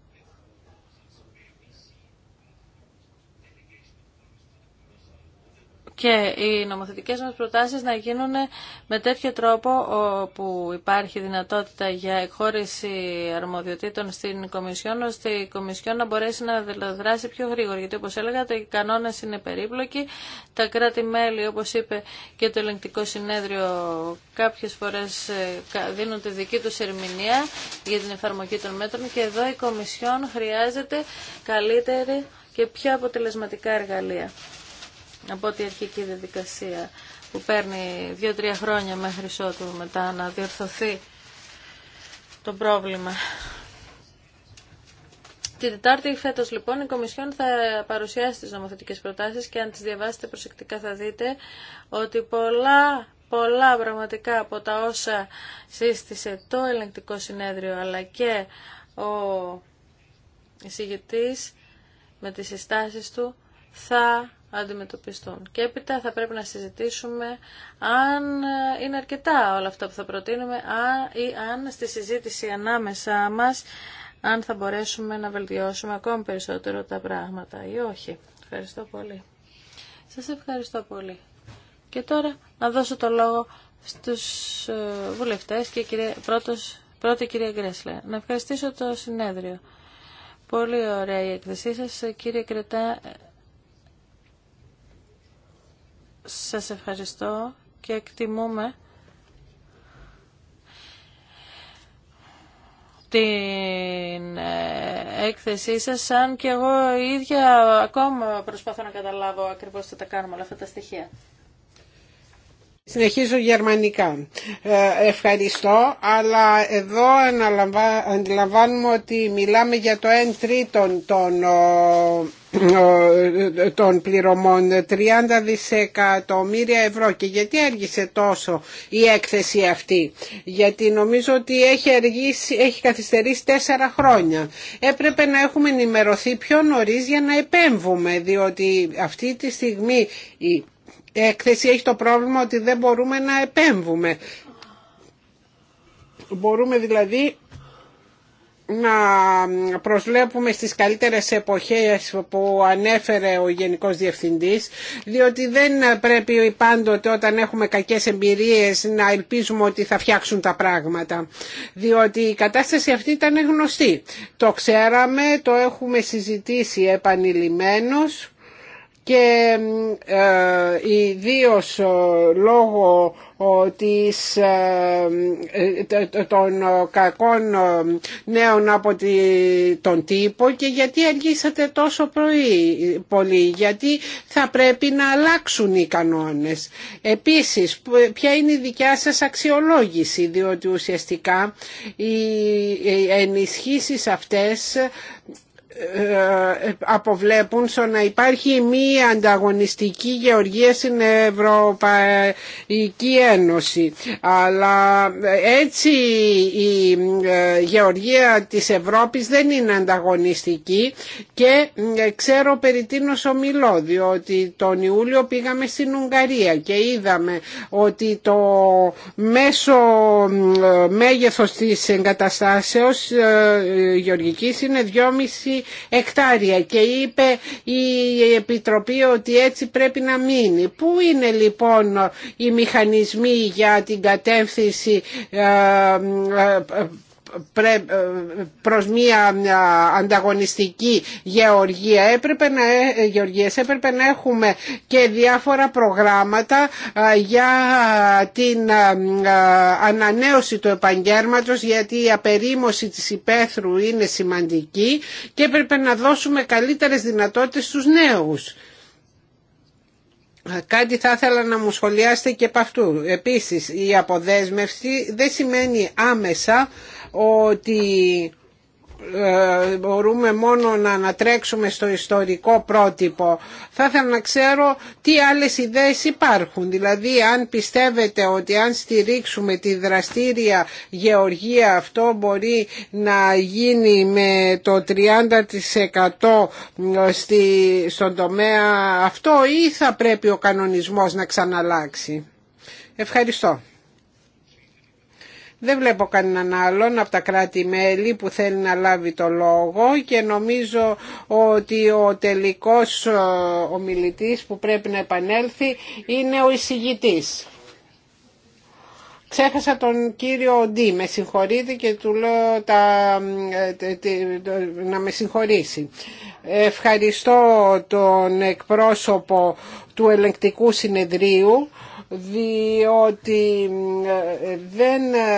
και οι νομοθετικές μας προτάσεις να γίνουν με τέτοιο τρόπο όπου υπάρχει δυνατότητα για εκχώρηση αρμοδιοτήτων στην Κομισιόν, ώστε η Κομισιόν να μπορέσει να δράσει πιο γρήγορα. Γιατί όπως έλεγα, οι κανόνες είναι περίπλοκοι. Τα κράτη-μέλη, όπως είπε και το ελεγκτικό συνέδριο, κάποιες φορές ε, δίνουν τη δική τους ερμηνεία για την εφαρμογή των μέτρων και εδώ η Κομισιόν χρειάζεται καλύτερη και πιο αποτελεσματικά εργαλεία από ό,τι αρχική διαδικασία που παίρνει δύο-τρία χρόνια μέχρι ότου μετά να διορθωθεί το πρόβλημα. Την Τετάρτη φέτο λοιπόν η Κομισιόν θα παρουσιάσει τι νομοθετικέ προτάσει και αν τι διαβάσετε προσεκτικά θα δείτε ότι πολλά, πολλά πραγματικά από τα όσα σύστησε το ελεγκτικό συνέδριο αλλά και ο εισηγητή με τι συστάσει του θα αντιμετωπιστούν. Και έπειτα θα πρέπει να συζητήσουμε αν είναι αρκετά όλα αυτά που θα προτείνουμε ή αν στη συζήτηση ανάμεσα μας αν θα μπορέσουμε να βελτιώσουμε ακόμη περισσότερο τα πράγματα ή όχι. Ευχαριστώ πολύ. Σας ευχαριστώ πολύ. Και τώρα να δώσω το λόγο στους ε, βουλευτές και κυρία, πρώτος, πρώτη κυρία Γκρέσλε. Να ευχαριστήσω το συνέδριο. Πολύ ωραία η έκθεσή σας. Ε, κύριε Κρετά, ε, σας ευχαριστώ και εκτιμούμε την ε, έκθεσή σας, αν και εγώ ίδια ακόμα προσπαθώ να καταλάβω ακριβώς τι τα κάνουμε όλα αυτά τα στοιχεία. Συνεχίζω γερμανικά. Ε, ευχαριστώ, αλλά εδώ αντιλαμβάνουμε ότι μιλάμε για το 1 τρίτο των των πληρωμών 30 δισεκατομμύρια ευρώ και γιατί έργησε τόσο η έκθεση αυτή γιατί νομίζω ότι έχει, αργήσει, έχει καθυστερήσει τέσσερα χρόνια έπρεπε να έχουμε ενημερωθεί πιο νωρίς για να επέμβουμε διότι αυτή τη στιγμή έκθεση έχει το πρόβλημα ότι δεν μπορούμε να επέμβουμε. Μπορούμε δηλαδή να προσβλέπουμε στις καλύτερες εποχές που ανέφερε ο Γενικός Διευθυντής διότι δεν πρέπει πάντοτε όταν έχουμε κακές εμπειρίες να ελπίζουμε ότι θα φτιάξουν τα πράγματα διότι η κατάσταση αυτή ήταν γνωστή το ξέραμε, το έχουμε συζητήσει επανειλημμένως και ε, ιδίω ε, λόγω της, ε, των κακών νέων από τον τύπο και γιατί αργήσατε τόσο πρωί πολύ, γιατί θα πρέπει να αλλάξουν οι κανόνες. Επίσης, ποια είναι η δικιά σας αξιολόγηση, διότι ουσιαστικά οι ενισχύσεις αυτές ε, αποβλέπουν στο να υπάρχει μία ανταγωνιστική γεωργία στην Ευρωπαϊκή Ένωση. Αλλά έτσι η ε, γεωργία της Ευρώπης δεν είναι ανταγωνιστική και ε, ξέρω περί τίνος ομιλώ διότι τον Ιούλιο πήγαμε στην Ουγγαρία και είδαμε ότι το μέσο μέγεθος της εγκαταστάσεως γεωργικής είναι 2,5 εκτάρια και είπε η Επιτροπή ότι έτσι πρέπει να μείνει. Πού είναι λοιπόν οι μηχανισμοί για την κατεύθυνση ε, ε, ε, προς μια ανταγωνιστική γεωργία έπρεπε να, ε, γεωργίες, έπρεπε έχουμε και διάφορα προγράμματα ε, για την ανανέωση του επαγγέρματος γιατί η απερίμωση της υπαίθρου είναι σημαντική και έπρεπε να δώσουμε καλύτερες δυνατότητες στους νέους. Κάτι θα ήθελα να μου σχολιάσετε και από αυτού. Επίσης, η αποδέσμευση δεν σημαίνει άμεσα ότι ε, μπορούμε μόνο να ανατρέξουμε στο ιστορικό πρότυπο. Θα ήθελα να ξέρω τι άλλες ιδέες υπάρχουν. Δηλαδή αν πιστεύετε ότι αν στηρίξουμε τη δραστήρια γεωργία αυτό μπορεί να γίνει με το 30% ε, στη, στον τομέα αυτό ή θα πρέπει ο κανονισμός να ξαναλάξει; Ευχαριστώ. Δεν βλέπω κανέναν άλλον από τα κράτη-μέλη που θέλει να λάβει το λόγο και νομίζω ότι ο τελικός ομιλητής που πρέπει να επανέλθει είναι ο εισηγητής. Ξέχασα τον κύριο Ντί, με συγχωρείτε και του λέω να με συγχωρήσει. Ευχαριστώ τον εκπρόσωπο του ελεγκτικού συνεδρίου διότι ε, δεν ε,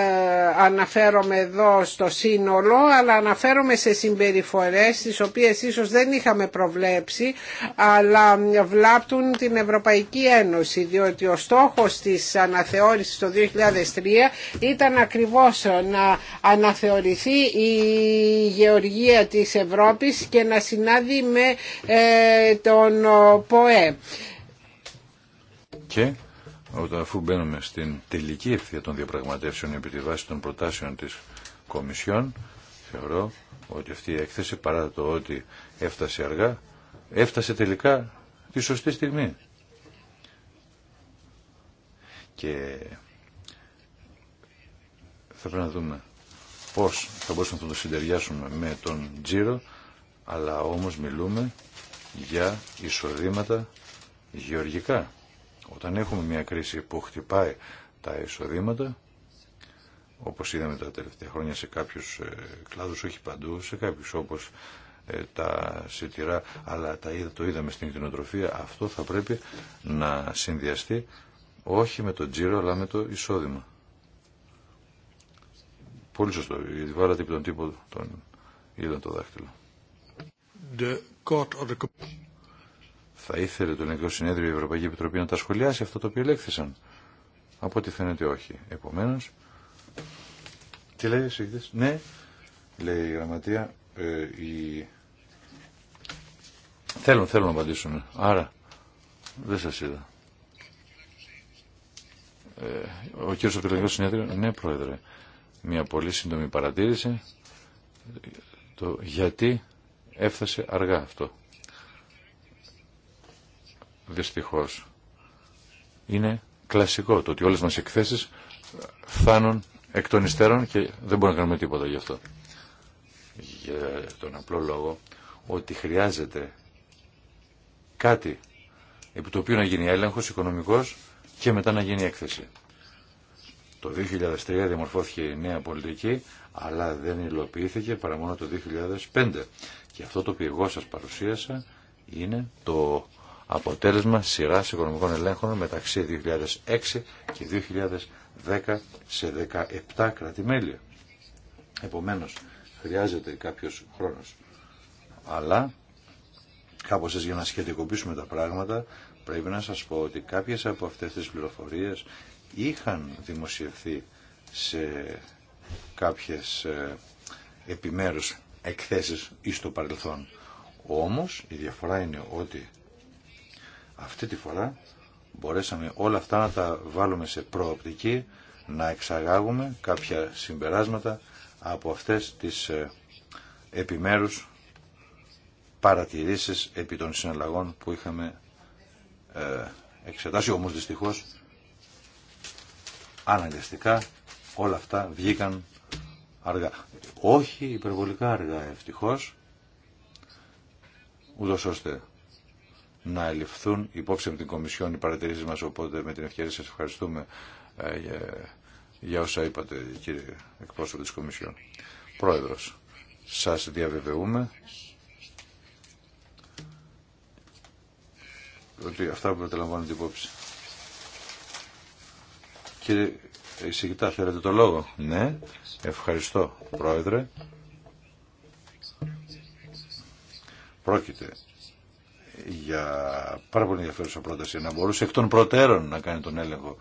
αναφέρομαι εδώ στο σύνολο αλλά αναφέρομαι σε συμπεριφορές τις οποίες ίσως δεν είχαμε προβλέψει αλλά βλάπτουν την Ευρωπαϊκή Ένωση διότι ο στόχος της αναθεώρησης το 2003 ήταν ακριβώς να αναθεωρηθεί η γεωργία της Ευρώπης και να συνάδει με ε, τον ΠΟΕ. Και όταν αφού μπαίνουμε στην τελική ευθεία των διαπραγματεύσεων επί τη βάση των προτάσεων της Κομισιόν, θεωρώ ότι αυτή η έκθεση παρά το ότι έφτασε αργά, έφτασε τελικά τη σωστή στιγμή. Και θα πρέπει να δούμε πώς θα μπορούσαμε να το συντεριάσουμε με τον τζίρο, αλλά όμως μιλούμε για εισοδήματα γεωργικά. Όταν έχουμε μια κρίση που χτυπάει τα εισοδήματα, όπως είδαμε τα τελευταία χρόνια σε κάποιους ε, κλάδους, όχι παντού, σε κάποιους όπως ε, τα σιτηρά, αλλά τα είδα, το είδαμε στην κτηνοτροφία, αυτό θα πρέπει να συνδυαστεί όχι με το τζίρο, αλλά με το εισόδημα. Πολύ σωστό, γιατί βάλατε από τον τύπο τον είδα το δάχτυλο. The court the... Θα ήθελε το Ελληνικό Συνέδριο η Ευρωπαϊκή Επιτροπή να τα σχολιάσει αυτό το οποίο ελέγχθησαν. Από ό,τι φαίνεται όχι. Επομένως, τι λέει ο Ναι, λέει η Γραμματεία, ε, η... θέλουν, θέλουν να απαντήσουν. Άρα, δεν σα είδα. Ε, ο κύριος από το Συνέδριο, ναι πρόεδρε, μια πολύ σύντομη παρατήρηση το γιατί έφτασε αργά αυτό δυστυχώς. Είναι κλασικό το ότι όλες μας οι εκθέσεις φτάνουν εκ των υστέρων και δεν μπορούμε να κάνουμε τίποτα γι' αυτό. Για τον απλό λόγο ότι χρειάζεται κάτι επί το οποίο να γίνει έλεγχος οικονομικός και μετά να γίνει έκθεση. Το 2003 διαμορφώθηκε η νέα πολιτική, αλλά δεν υλοποιήθηκε παρά μόνο το 2005. Και αυτό το οποίο εγώ σας παρουσίασα είναι το αποτέλεσμα σειρά οικονομικών ελέγχων μεταξύ 2006 και 2010 σε 17 κρατημέλια. Επομένω, χρειάζεται κάποιος χρόνος. Αλλά, κάπως για να σχετικοποιήσουμε τα πράγματα, πρέπει να σας πω ότι κάποιες από αυτές τις πληροφορίες είχαν δημοσιευθεί σε κάποιες ε, επιμέρους εκθέσεις ή στο παρελθόν. Όμως η διαφορά είναι ότι αυτή τη φορά μπορέσαμε όλα αυτά να τα βάλουμε σε προοπτική, να εξαγάγουμε κάποια συμπεράσματα από αυτές τις ε, επιμέρους παρατηρήσεις επί των συναλλαγών που είχαμε ε, εξετάσει. Όμως δυστυχώς αναγκαστικά όλα αυτά βγήκαν αργά. Όχι υπερβολικά αργά ευτυχώς, ούτως ώστε να ληφθούν υπόψη από την Κομισιόν οι παρατηρήσει μα οπότε με την ευκαιρία σα ευχαριστούμε ε, για, για όσα είπατε κύριε εκπρόσωπο τη Κομισιόν. Πρόεδρο. Σα διαβεβαιούμε ότι αυτά που την υπόψη. Κύριε Ισηγητά, θέλετε το λόγο. Ναι, ευχαριστώ, Πρόεδρε. Πρόκειται για πάρα πολύ ενδιαφέρουσα πρόταση να μπορούσε εκ των προτέρων να κάνει τον έλεγχο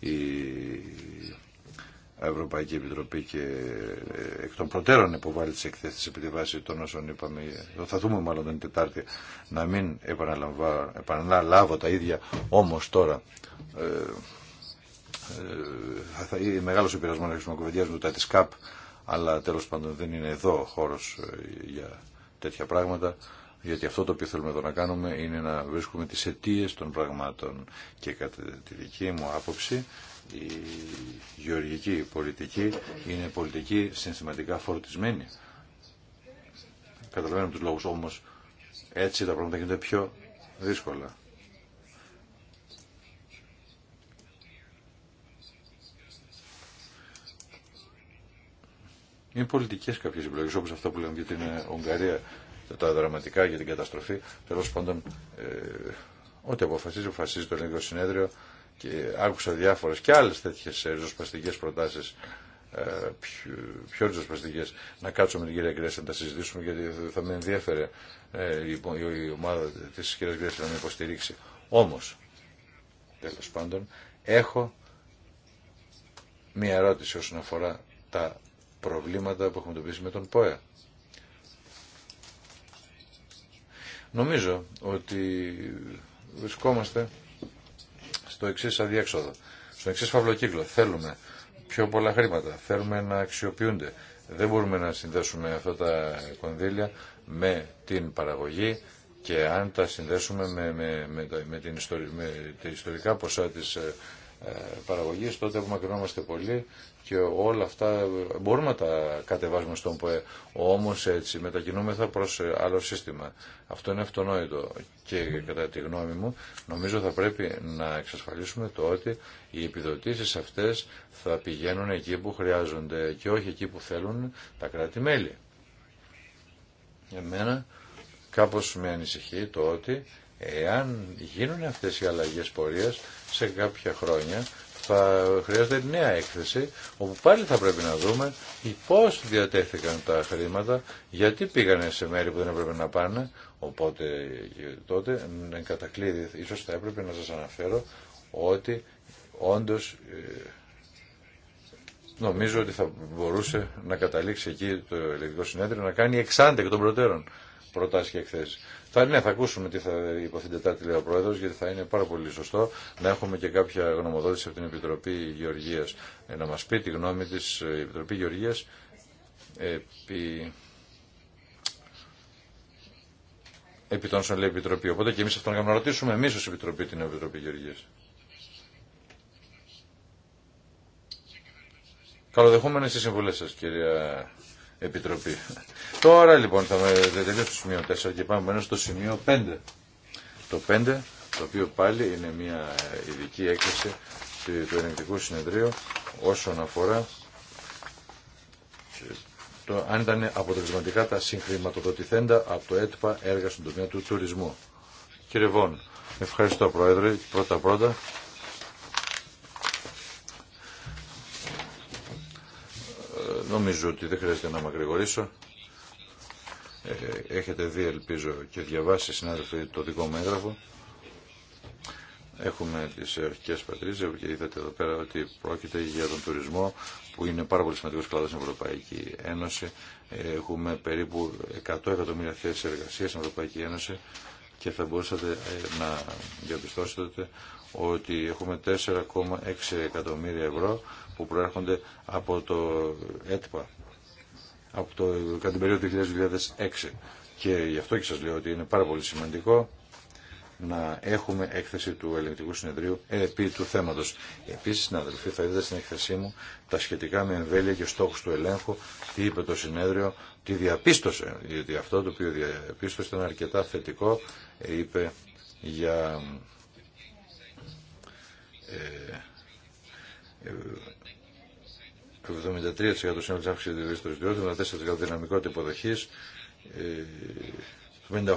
η Ευρωπαϊκή Επιτροπή και ε, εκ των προτέρων υποβάλει τι εκθέσει επί τη βάση των όσων είπαμε. Θα δούμε μάλλον την Τετάρτη να μην επαναλάβω τα ίδια. Όμω τώρα ε, ε θα είναι μεγάλο επηρεασμό να χρησιμοποιήσουμε τα τη ΚΑΠ, αλλά τέλο πάντων δεν είναι εδώ χώρο ε, για τέτοια πράγματα γιατί αυτό το οποίο θέλουμε εδώ να κάνουμε είναι να βρίσκουμε τις αιτίε των πραγμάτων και κατά τη δική μου άποψη η γεωργική πολιτική είναι πολιτική συναισθηματικά φορτισμένη. Καταλαβαίνουμε τους λόγους όμως έτσι τα πράγματα γίνονται πιο δύσκολα. Είναι πολιτικές κάποιες επιλογές όπως αυτά που λέμε για την Ουγγαρία τα δραματικά για την καταστροφή. Τέλο πάντων, ε, ό,τι αποφασίζει, αποφασίζει το ελληνικό συνέδριο και άκουσα διάφορε και άλλε τέτοιε ριζοσπαστικέ προτάσει. Ε, πιο, πιο ριζοσπαστικέ. Να κάτσουμε με την κυρία Γκρέσσα να τα συζητήσουμε γιατί θα με ενδιαφέρε ε, η, ομάδα τη κυρία Γκρέσσα να με υποστηρίξει. Όμω, τέλο πάντων, έχω μία ερώτηση όσον αφορά τα προβλήματα που έχουμε εντοπίσει με τον ΠΟΕΑ. Νομίζω ότι βρισκόμαστε στο εξή αδιέξοδο, στο εξή φαυλοκύκλο. Θέλουμε πιο πολλά χρήματα, θέλουμε να αξιοποιούνται. Δεν μπορούμε να συνδέσουμε αυτά τα κονδύλια με την παραγωγή και αν τα συνδέσουμε με, με, την τα ιστορικά ποσά της ε, ε παραγωγής, τότε απομακρυνόμαστε πολύ και όλα αυτά μπορούμε να τα κατεβάσουμε στον ΠΟΕ. Όμω έτσι μετακινούμεθα προς ε, άλλο σύστημα. Αυτό είναι αυτονόητο και κατά τη γνώμη μου νομίζω θα πρέπει να εξασφαλίσουμε το ότι οι επιδοτήσει αυτές θα πηγαίνουν εκεί που χρειάζονται και όχι εκεί που θέλουν τα κράτη-μέλη. Εμένα κάπως με ανησυχεί το ότι εάν γίνουν αυτές οι αλλαγές πορείας σε κάποια χρόνια θα χρειάζεται νέα έκθεση, όπου πάλι θα πρέπει να δούμε πώς διατέθηκαν τα χρήματα, γιατί πήγανε σε μέρη που δεν έπρεπε να πάνε, οπότε τότε, εν κατακλείδη, ίσως θα έπρεπε να σας αναφέρω ότι όντως ε, νομίζω ότι θα μπορούσε να καταλήξει εκεί το ελληνικό συνέδριο να κάνει εξάντεκ των προτέρων προτάσει και εκθέσει. Θα, ναι, θα ακούσουμε τι θα υποθεί την Τετάρτη, λέει ο Πρόεδρο, γιατί θα είναι πάρα πολύ σωστό να έχουμε και κάποια γνωμοδότηση από την Επιτροπή Γεωργία. Ε, να μα πει τη γνώμη τη ε, Επιτροπή Γεωργία επί... επί των λέει Επιτροπή. Οπότε και εμεί αυτόν να ρωτήσουμε εμεί ω Επιτροπή την Επιτροπή Γεωργία. Καλοδεχούμενε στις συμβουλέ σα, κυρία Επιτροπή. Τώρα λοιπόν θα με τελειώσω στο σημείο 4 και πάμε στο σημείο 5. Το 5, το οποίο πάλι είναι μια ε, ειδική έκθεση του Ενεργητικού Συνεδρίου όσον αφορά ε, το, αν ήταν αποτελεσματικά τα συγχρηματοδοτηθέντα από το ΕΤΠΑ έργα στον τομέα του τουρισμού. Κύριε Βόν, ευχαριστώ Πρόεδρε. Πρώτα-πρώτα Νομίζω ότι δεν χρειάζεται να μακρηγορήσω. Ε, έχετε δει, ελπίζω, και διαβάσει, συνάδελφοι, το δικό μου έγγραφο. Έχουμε τι αρχικέ πατρίδε και είδατε εδώ πέρα ότι πρόκειται για τον τουρισμό που είναι πάρα πολύ σημαντικό κλάδο στην Ευρωπαϊκή Ένωση. Έχουμε περίπου 100 εκατομμύρια θέσει εργασία στην Ευρωπαϊκή Ένωση και θα μπορούσατε ε, να διαπιστώσετε ότι έχουμε 4,6 εκατομμύρια ευρώ που προέρχονται από το ΕΤΠΑ από το, κατά την περίοδο 2006 και γι' αυτό και σας λέω ότι είναι πάρα πολύ σημαντικό να έχουμε έκθεση του Ελεγκτικού Συνεδρίου επί του θέματος. Επίσης, συναδελφοί, θα είδατε στην έκθεσή μου τα σχετικά με εμβέλεια και στόχους του ελέγχου, τι είπε το συνέδριο, τι διαπίστωσε, γιατί αυτό το οποίο διαπίστωσε ήταν αρκετά θετικό, ε, είπε για... Ε, ε, το 73% συνόλου τη αύξηση τη με 4% δυναμικότητα υποδοχή, 58%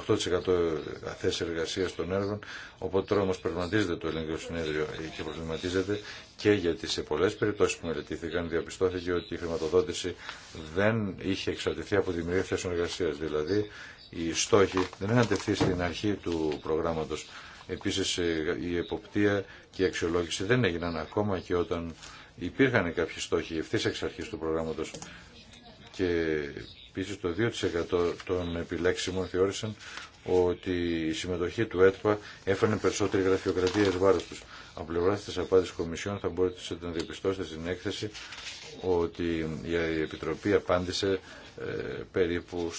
θέση εργασία των έργων. Οπότε τώρα όμω προβληματίζεται το ελληνικό συνέδριο και προβληματίζεται και γιατί σε πολλέ περιπτώσει που μελετήθηκαν διαπιστώθηκε ότι η χρηματοδότηση δεν είχε εξαρτηθεί από τη δημιουργία θέσεων εργασία. Δηλαδή οι στόχοι δεν είχαν τεθεί στην αρχή του προγράμματο. Επίση ε, η εποπτεία και η αξιολόγηση δεν έγιναν ακόμα και όταν υπήρχαν κάποιοι στόχοι ευθύ εξ αρχή του προγράμματο και επίση το 2% των επιλέξιμων θεώρησαν ότι η συμμετοχή του ΕΤΠΑ έφερνε περισσότερη γραφειοκρατία ει βάρο του. Από πλευρά της απάντησης Κομισιόν θα μπορείτε να διαπιστώσετε στην έκθεση ότι η Επιτροπή απάντησε ε, περίπου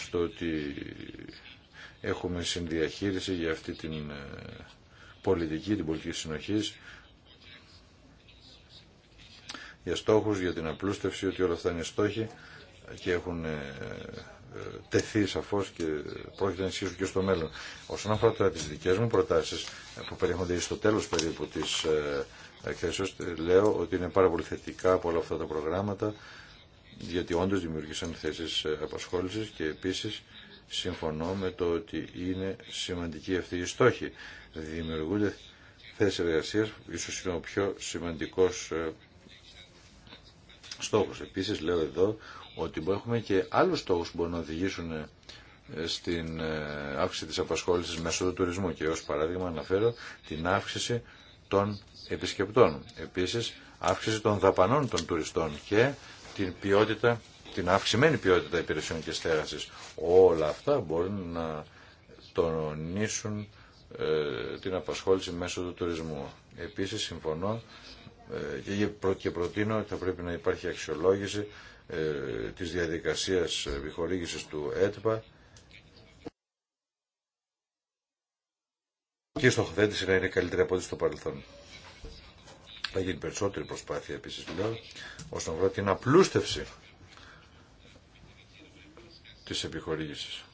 στο ότι έχουμε συνδιαχείριση για αυτή την ε, πολιτική, την πολιτική συνοχής για στόχους, για την απλούστευση, ότι όλα αυτά είναι στόχοι και έχουν ε, ε, τεθεί σαφώ και πρόκειται να ισχύσουν και στο μέλλον. Όσον αφορά τώρα τι δικέ μου προτάσει ε, που περιέχονται στο τέλο περίπου τη εκθέσεω, λέω ότι είναι πάρα πολύ θετικά από όλα αυτά τα προγράμματα γιατί όντω δημιούργησαν θέσει απασχόληση και επίση συμφωνώ με το ότι είναι σημαντική αυτή η στόχη. Δημιουργούνται θέσει εργασία, ίσω είναι ο πιο σημαντικό στόχους. Επίσης λέω εδώ ότι έχουμε και άλλους στόχους που μπορούν να οδηγήσουν ε, στην ε, αύξηση της απασχόλησης μέσω του τουρισμού και ως παράδειγμα αναφέρω την αύξηση των επισκεπτών. Επίσης αύξηση των δαπανών των τουριστών και την ποιότητα, την αυξημένη ποιότητα υπηρεσιών και στέγασης. Όλα αυτά μπορούν να τονίσουν ε, την απασχόληση μέσω του τουρισμού. Επίσης συμφωνώ ε, και προτείνω ότι θα πρέπει να υπάρχει αξιολόγηση ε, της διαδικασίας ε, επιχορήγησης του ΕΤΠΑ και η στοχοθέτηση να είναι καλύτερη από ό,τι στο παρελθόν. Θα γίνει περισσότερη προσπάθεια επίσης λέω ώστε να βρω την απλούστευση της επιχορήγησης.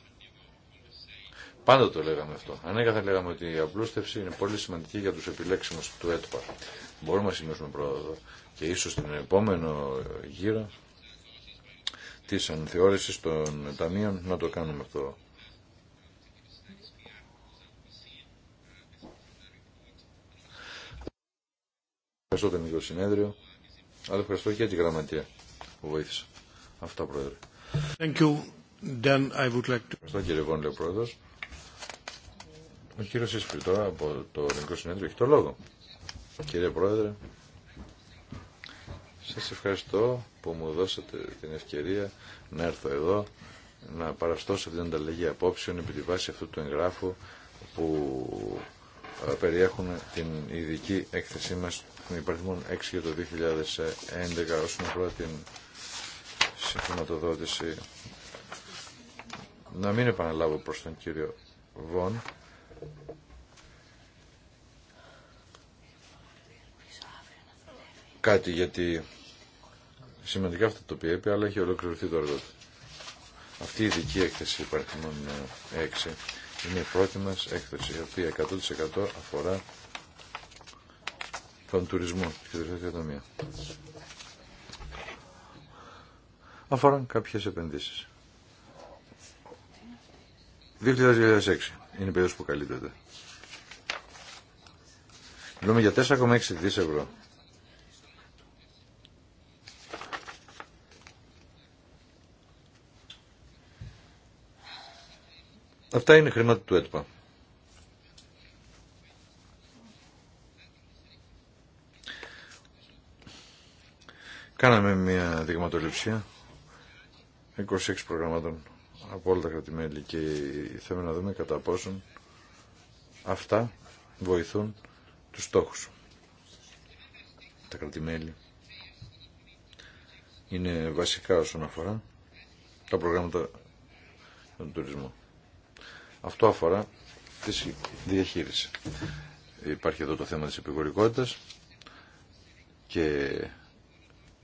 Πάντα το λέγαμε αυτό. Ανέκαθεν λέγαμε ότι η απλούστευση είναι πολύ σημαντική για τους επιλέξιμους του ΕΤΠΑ μπορούμε να σημειώσουμε πρόοδο και ίσως την επόμενο γύρο της ανθεώρησης των ταμείων να το κάνουμε αυτό. Ευχαριστώ το μικρό συνέδριο, αλλά ευχαριστώ και τη γραμματεία που βοήθησε. Αυτά, Πρόεδρε. Thank you. Then I would like to... Ευχαριστώ κύριε Βόν, ο Πρόεδρος. Ο κύριος Ισπριτό από το Ελληνικό Συνέδριο έχει το λόγο. Κύριε Πρόεδρε, σας ευχαριστώ που μου δώσατε την ευκαιρία να έρθω εδώ, να παραστώ σε αυτήν την ανταλλαγή απόψεων επί τη βάση αυτού του εγγράφου που ε, περιέχουν την ειδική έκθεσή μας με υπαρθμόν 6 για το 2011 όσον αφορά την συγχρηματοδότηση. Να μην επαναλάβω προς τον κύριο Βον κάτι γιατί σημαντικά αυτό το οποίο είπε, αλλά έχει ολοκληρωθεί το έργο του. Αυτή η ειδική έκθεση υπαρχημών 6 ε, είναι η πρώτη μας έκθεση, η οποία 100% αφορά τον τουρισμό και την Αφορά κάποιες επενδύσεις. 2006 είναι η περίοδος που καλύπτεται. Μιλούμε για 4,6 δις ευρώ. Αυτά είναι χρήματα του ΕΤΠΑ. Κάναμε μια δειγματοληψία 26 προγραμμάτων από όλα τα κρατημέλη και θέλουμε να δούμε κατά πόσον αυτά βοηθούν τους στόχους. Τα κρατημέλη είναι βασικά όσον αφορά τα προγράμματα του τουρισμού. Αυτό αφορά τη διαχείριση. Υπάρχει εδώ το θέμα της επιγορικότητας και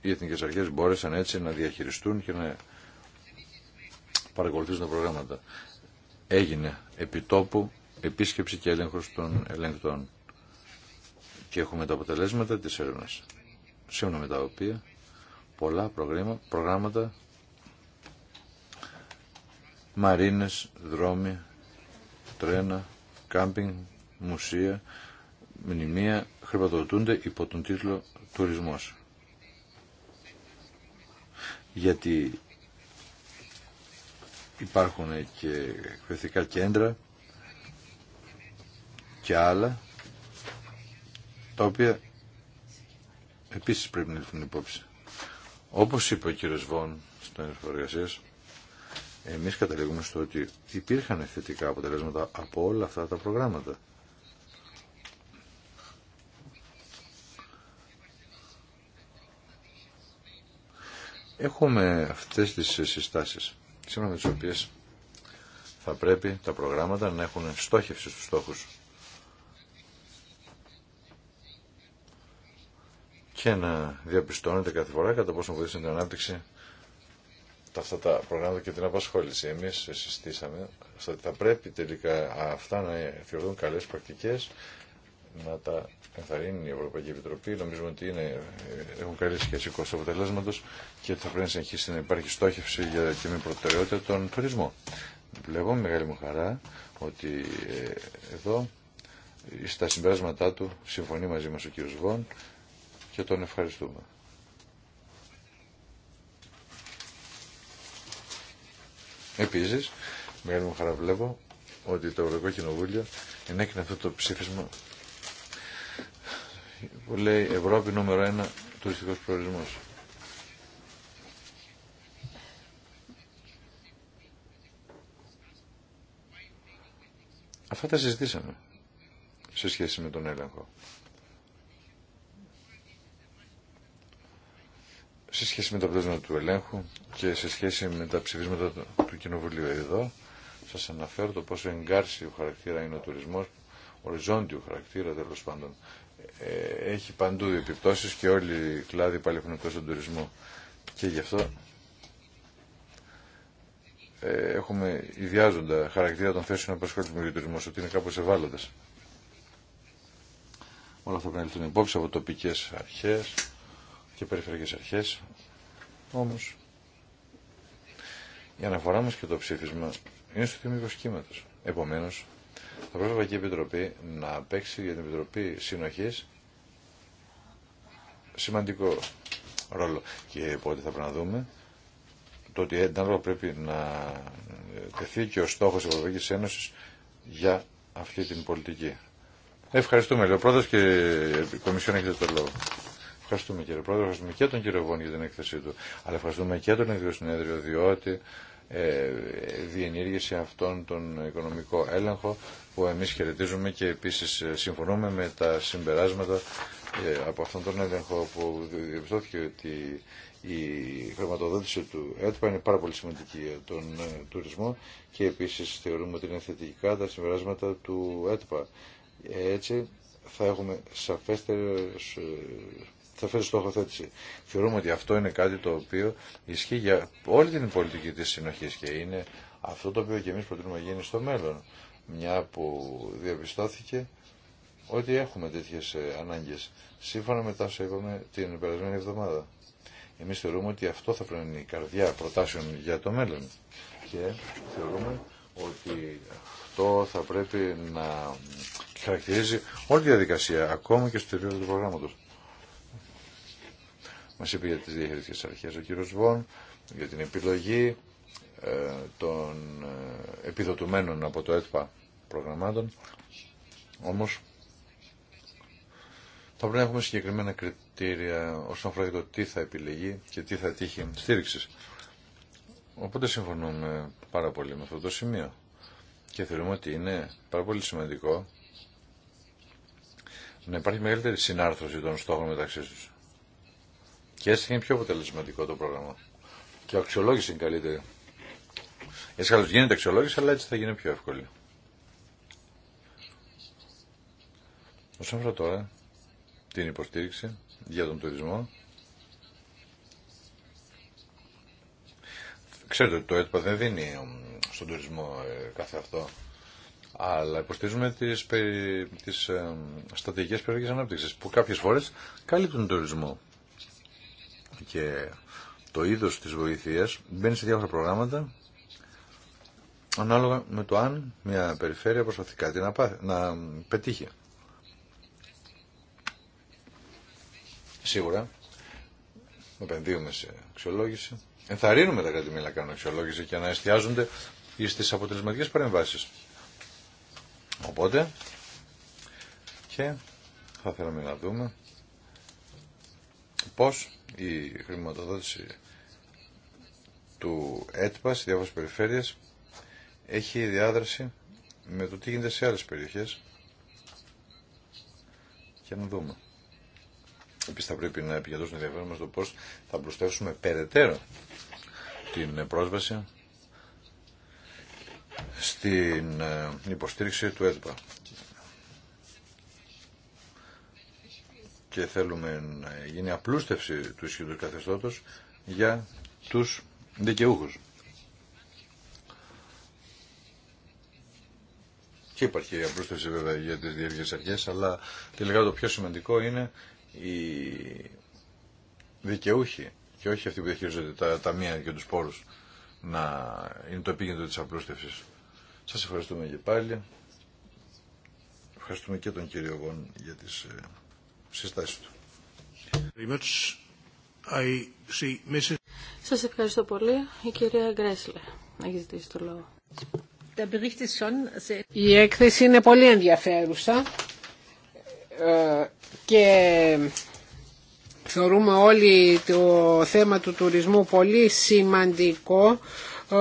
οι εθνικές αρχές μπόρεσαν έτσι να διαχειριστούν και να παρακολουθήσουν τα προγράμματα. Έγινε επιτόπου επίσκεψη και έλεγχος των ελεγκτών και έχουμε τα αποτελέσματα της έρευνας, σύμφωνα με τα οποία πολλά προγράμματα, μαρίνες, δρόμοι, τρένα, κάμπινγκ, μουσεία, μνημεία χρηματοδοτούνται υπό τον τίτλο «Τουρισμός». Γιατί υπάρχουν και εκπαιδευτικά κέντρα και άλλα τα οποία επίσης πρέπει να λυθούν υπόψη. Όπως είπε ο κύριος Βόν στον εργασίας, εμείς καταλήγουμε στο ότι υπήρχαν θετικά αποτελέσματα από όλα αυτά τα προγράμματα. Έχουμε αυτές τις συστάσεις, σύμφωνα με τις οποίες θα πρέπει τα προγράμματα να έχουν στόχευση στους στόχους και να διαπιστώνεται κάθε φορά κατά πόσο βοηθήσουν την ανάπτυξη αυτά τα προγράμματα και την απασχόληση. Εμεί συστήσαμε ότι θα πρέπει τελικά αυτά να θεωρούν καλέ πρακτικέ να τα ενθαρρύνει η Ευρωπαϊκή Επιτροπή. Νομίζουμε ότι είναι, έχουν καλή σχέση κόστος αποτελέσματο και θα πρέπει να συνεχίσει να υπάρχει στόχευση για και με προτεραιότητα τον τουρισμό. Βλέπω με μεγάλη μου χαρά ότι ε, εδώ ε, στα συμπεράσματά του συμφωνεί μαζί μας ο κ. Βόν και τον ευχαριστούμε. Επίσης, μεγάλη μου χαρά βλέπω ότι το Ευρωπαϊκό Κοινοβούλιο ενέκρινε αυτό το ψήφισμα που λέει Ευρώπη νούμερο ένα τουριστικός προορισμός. Αυτά τα συζητήσαμε σε σχέση με τον έλεγχο. σε σχέση με τα πλαίσματα του ελέγχου και σε σχέση με τα ψηφίσματα του Κοινοβουλίου εδώ, σας αναφέρω το πόσο εγκάρσιο χαρακτήρα είναι ο τουρισμός, οριζόντιο χαρακτήρα τέλο πάντων. Ε, έχει παντού επιπτώσεις και όλοι οι κλάδοι πάλι έχουν επιπτώσει τον τουρισμό. Και γι' αυτό ε, έχουμε ιδιάζοντα χαρακτήρα των θέσεων ασχολούνται με τουρισμό, ότι είναι κάπως ευάλωτες. Όλα αυτά πρέπει να υπόψη από τοπικές αρχές και περιφερειακές αρχές. Όμως, η αναφορά μας και το ψήφισμα είναι στο τιμή σχήματος. Επομένως, θα πρέπει και η Επιτροπή να παίξει για την Επιτροπή Συνοχής σημαντικό ρόλο. Και πότε θα πρέπει να δούμε το ότι ένταλο ε, πρέπει να τεθεί και ο στόχος της Ευρωπαϊκής Ένωσης για αυτή την πολιτική. Ευχαριστούμε, ο ο και η Κομισιόν έχετε το λόγο. Ευχαριστούμε κύριε Πρόεδρε, ευχαριστούμε και τον κύριο Βόν για την έκθεσή του, αλλά ευχαριστούμε και τον ίδιο συνέδριο διότι ε, διενήργησε αυτόν τον οικονομικό έλεγχο που εμείς χαιρετίζουμε και επίσης ε, συμφωνούμε με τα συμπεράσματα ε, από αυτόν τον έλεγχο που διαπιστώθηκε ότι η χρηματοδότηση του ΕΤΠΑ είναι πάρα πολύ σημαντική για τον ε, τουρισμό και επίσης θεωρούμε ότι είναι θετικά τα συμπεράσματα του ΕΤΠΑ. Έτσι θα έχουμε σαφέστερες θα φέρει στόχοθέτηση. Θεωρούμε ότι αυτό είναι κάτι το οποίο ισχύει για όλη την πολιτική της συνοχής και είναι αυτό το οποίο και εμείς προτείνουμε γίνει στο μέλλον. Μια που διαπιστώθηκε ότι έχουμε τέτοιες ε, ανάγκες. Σύμφωνα με τα όσα είπαμε την περασμένη εβδομάδα. Εμείς θεωρούμε ότι αυτό θα πρέπει να είναι η καρδιά προτάσεων για το μέλλον. Και θεωρούμε ότι αυτό θα πρέπει να χαρακτηρίζει όλη τη διαδικασία, ακόμα και στο τελείωμα του προγράμματος. Μα είπε για τις διαχειριστικές αρχέ ο κύριος Βον, για την επιλογή ε, των ε, επιδοτουμένων από το ΕΤΠΑ προγραμμάτων. Όμως θα πρέπει να έχουμε συγκεκριμένα κριτήρια όσον αφορά το τι θα επιλεγεί και τι θα τύχει στήριξη. Οπότε συμφωνούμε πάρα πολύ με αυτό το σημείο και θεωρούμε ότι είναι πάρα πολύ σημαντικό να υπάρχει μεγαλύτερη συνάρθρωση των στόχων μεταξύ τους. Και έτσι είναι πιο αποτελεσματικό το πρόγραμμα. Και αξιολόγηση είναι καλύτερη. Έτσι γίνεται αξιολόγηση, αλλά έτσι θα γίνει πιο εύκολη. Όσον αφορά τώρα την υποστήριξη για τον τουρισμό, ξέρετε ότι το ΕΤΠΑ δεν δίνει ε, στον τουρισμό ε, κάθε αυτό, αλλά υποστηρίζουμε τις, περι... τις ε, στατικές περιοχές ανάπτυξης που κάποιες φορές καλύπτουν τον τουρισμό και το είδος της βοήθειας μπαίνει σε διάφορα προγράμματα ανάλογα με το αν μια περιφέρεια προσπαθεί κάτι να, πάθει, να πετύχει. Σίγουρα επενδύουμε σε αξιολόγηση. Ενθαρρύνουμε τα κρατημένα να κάνουν αξιολόγηση και να εστιάζονται στις αποτελεσματικές παρεμβάσεις. Οπότε και θα θέλαμε να δούμε πώς η χρηματοδότηση του ΕΤΠΑ στη διάφορες περιφέρειες έχει διάδραση με το τι γίνεται σε άλλες περιοχές και να δούμε. Επίσης θα πρέπει να επικεντρώσουμε ενδιαφέρον μας το πώς θα προσθέσουμε περαιτέρω την πρόσβαση στην ε, υποστήριξη του ΕΤΠΑ. και θέλουμε να γίνει απλούστευση του ισχυρού καθεστώτος για τους δικαιούχους. Και υπάρχει η απλούστευση βέβαια για τις διεύγειες αρχές, αλλά τελικά το πιο σημαντικό είναι οι δικαιούχοι και όχι αυτοί που διαχειρίζονται τα ταμεία και τους πόρους να είναι το επίγεντο της απλούστευσης. Σας ευχαριστούμε και πάλι. Ευχαριστούμε και τον κύριο Γον για τις ε, συστάσεις Σας ευχαριστώ πολύ. Η κυρία Γκρέσλε έχει ζητήσει το λόγο. Η έκθεση είναι πολύ ενδιαφέρουσα ε, και θεωρούμε όλοι το θέμα του τουρισμού πολύ σημαντικό ε,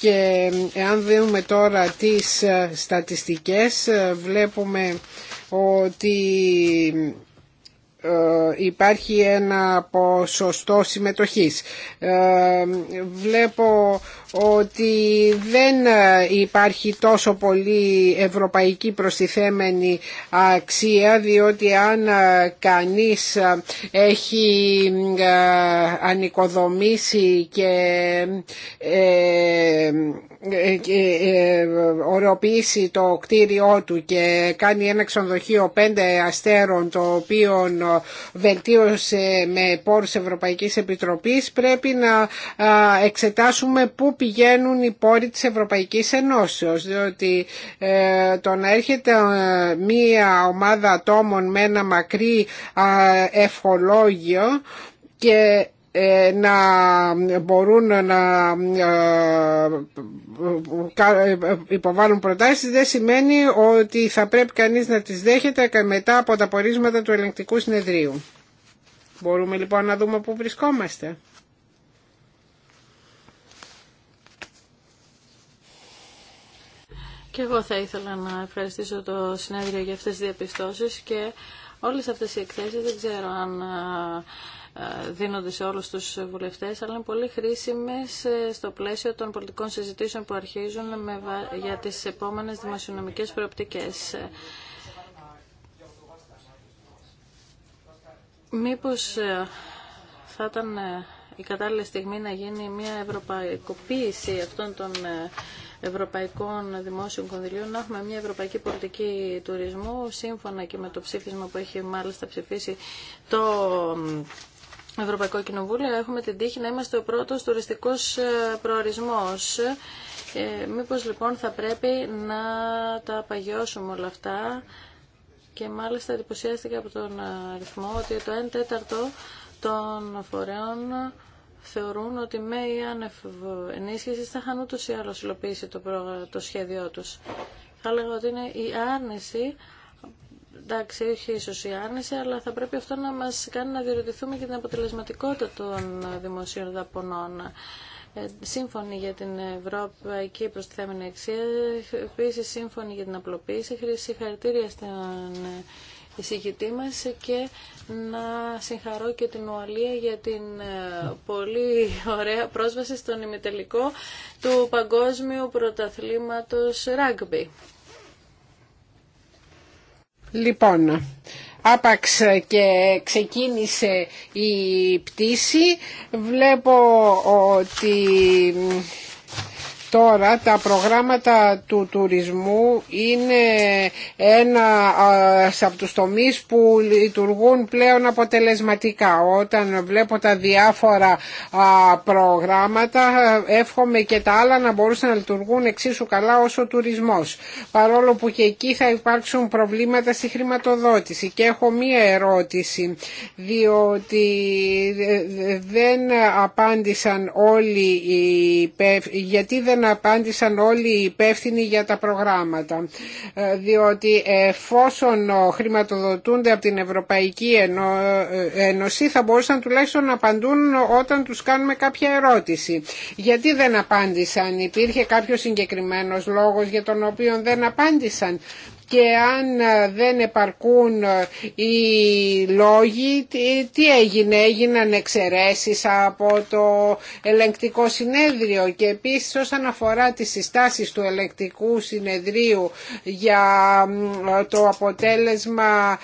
και εάν δούμε τώρα τις ε, στατιστικές βλέπουμε ότι ε, υπάρχει ένα ποσοστό συμμετοχής. Ε, βλέπω ότι δεν υπάρχει τόσο πολύ ευρωπαϊκή προστιθέμενη αξία διότι αν κανείς έχει ε, ανοικοδομήσει και οροποιήσει ε, ε, το κτίριό του και κάνει ένα ξενοδοχείο πέντε αστέρων το οποίο βελτίωσε με πόρους Ευρωπαϊκής Επιτροπής πρέπει να εξετάσουμε πού πηγαίνουν οι πόροι της Ευρωπαϊκής Ενώσεως διότι ε, το να έρχεται μία ομάδα ατόμων με ένα μακρύ ευχολόγιο και ε, να μπορούν να ε, ε, υποβάλουν προτάσεις δεν σημαίνει ότι θα πρέπει κανείς να τις δέχεται μετά από τα πορίσματα του ελεγκτικού συνεδρίου. Μπορούμε λοιπόν να δούμε πού βρισκόμαστε. Και εγώ θα ήθελα να ευχαριστήσω το συνέδριο για αυτές τις διαπιστώσεις και όλες αυτές οι εκθέσεις δεν ξέρω αν δίνονται σε όλους τους βουλευτές, αλλά είναι πολύ χρήσιμες ε, στο πλαίσιο των πολιτικών συζητήσεων που αρχίζουν για τις επόμενες δημοσιονομικές προοπτικές. Μήπως ε, θα ήταν ε, η κατάλληλη στιγμή να γίνει μια ευρωπαϊκοποίηση αυτών των ευρωπαϊκών δημόσιων κονδυλίων να έχουμε μια ευρωπαϊκή πολιτική τουρισμού σύμφωνα και με το ψήφισμα που έχει μάλιστα ψηφίσει το Ευρωπαϊκό Κοινοβούλιο έχουμε την τύχη να είμαστε ο πρώτος τουριστικός ε, προορισμός. Ε, μήπως λοιπόν θα πρέπει να τα παγιώσουμε όλα αυτά και μάλιστα εντυπωσιάστηκα από τον αριθμό ότι το 1 τέταρτο των φορέων θεωρούν ότι με η άνευ ενίσχυση θα είχαν ούτως ή άλλως υλοποιήσει το, το σχέδιό τους. Θα έλεγα ότι είναι η άρνηση εντάξει, όχι ίσω η άρνηση, αλλά θα πρέπει αυτό να μας κάνει να διερωτηθούμε για την αποτελεσματικότητα των δημοσίων δαπωνών. Ε, σύμφωνοι για την ευρωπαϊκή προστιθέμενη αξία, επίση σύμφωνοι για την απλοποίηση, χρήση χαρακτήρια στην εισηγητή μα. και να συγχαρώ και την Ουαλία για την ε, πολύ ωραία πρόσβαση στον ημιτελικό του Παγκόσμιου Πρωταθλήματος Ράγκμπι. Λοιπόν, άπαξ και ξεκίνησε η πτήση. Βλέπω ότι Τώρα τα προγράμματα του τουρισμού είναι ένα από τους τομείς που λειτουργούν πλέον αποτελεσματικά. Όταν βλέπω τα διάφορα προγράμματα εύχομαι και τα άλλα να μπορούσαν να λειτουργούν εξίσου καλά όσο ο τουρισμός. Παρόλο που και εκεί θα υπάρξουν προβλήματα στη χρηματοδότηση. Και έχω μία ερώτηση διότι ε, ε, δεν απάντησαν όλοι οι γιατί δεν απάντησαν όλοι οι υπεύθυνοι για τα προγράμματα. Ε, διότι εφόσον χρηματοδοτούνται από την Ευρωπαϊκή ε, Ένωση θα μπορούσαν τουλάχιστον να απαντούν όταν τους κάνουμε κάποια ερώτηση. Γιατί δεν απάντησαν, υπήρχε κάποιο συγκεκριμένος λόγος για τον οποίο δεν απάντησαν και αν ε, δεν επαρκούν ε, οι λόγοι, τι έγινε, έγιναν εξαιρέσεις από το ελεγκτικό συνέδριο και επίσης όσον αφορά τις συστάσεις του ελεγκτικού συνεδρίου για το αποτέλεσμα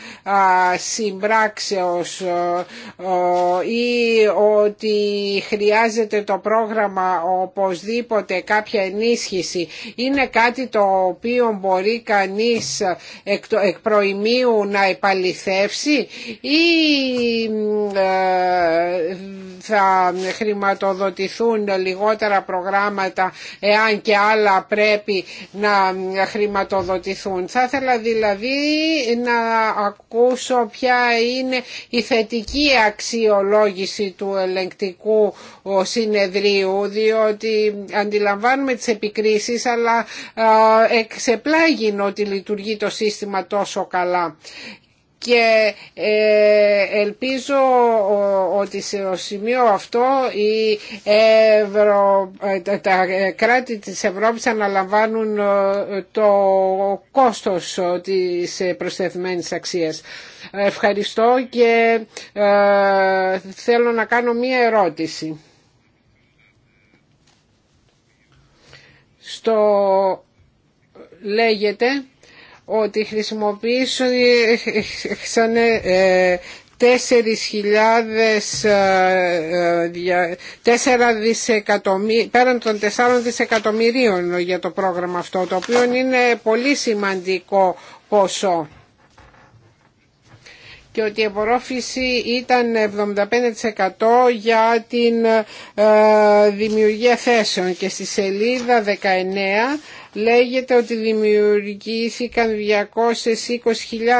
συμπράξεως ε, ή ότι χρειάζεται το πρόγραμμα οπωσδήποτε κάποια ενίσχυση είναι κάτι το οποίο μπορεί κανείς ε, εκ προημίου να επαληθεύσει ή ε, θα χρηματοδοτηθούν λιγότερα προγράμματα εάν και άλλα πρέπει να ε, χρηματοδοτηθούν. Θα ήθελα δηλαδή να ακούσω ποια είναι η θετική αξιολόγηση του ελεγκτικού ο συνεδρίου διότι αντιλαμβάνουμε τις επικρίσεις αλλά εξεπλάγει ότι λειτουργεί το σύστημα τόσο καλά και ε, ελπίζω ότι ο σημείο αυτό η Ευρω... Ε, τα κράτη της Ευρώπης αναλαμβάνουν ε, το κόστος της προσθεθμένης αξίας. Ευχαριστώ και θέλω να κάνω μία ερώτηση. στο λέγεται ότι χρησιμοποιήσαν 4 ε, ε, δισεκατομμύρια, πέραν των 4 δισεκατομμυρίων για το πρόγραμμα αυτό, το οποίο είναι πολύ σημαντικό ποσό και ότι η απορρόφηση ήταν 75% για την ε, δημιουργία θέσεων και στη σελίδα 19 λέγεται ότι δημιουργήθηκαν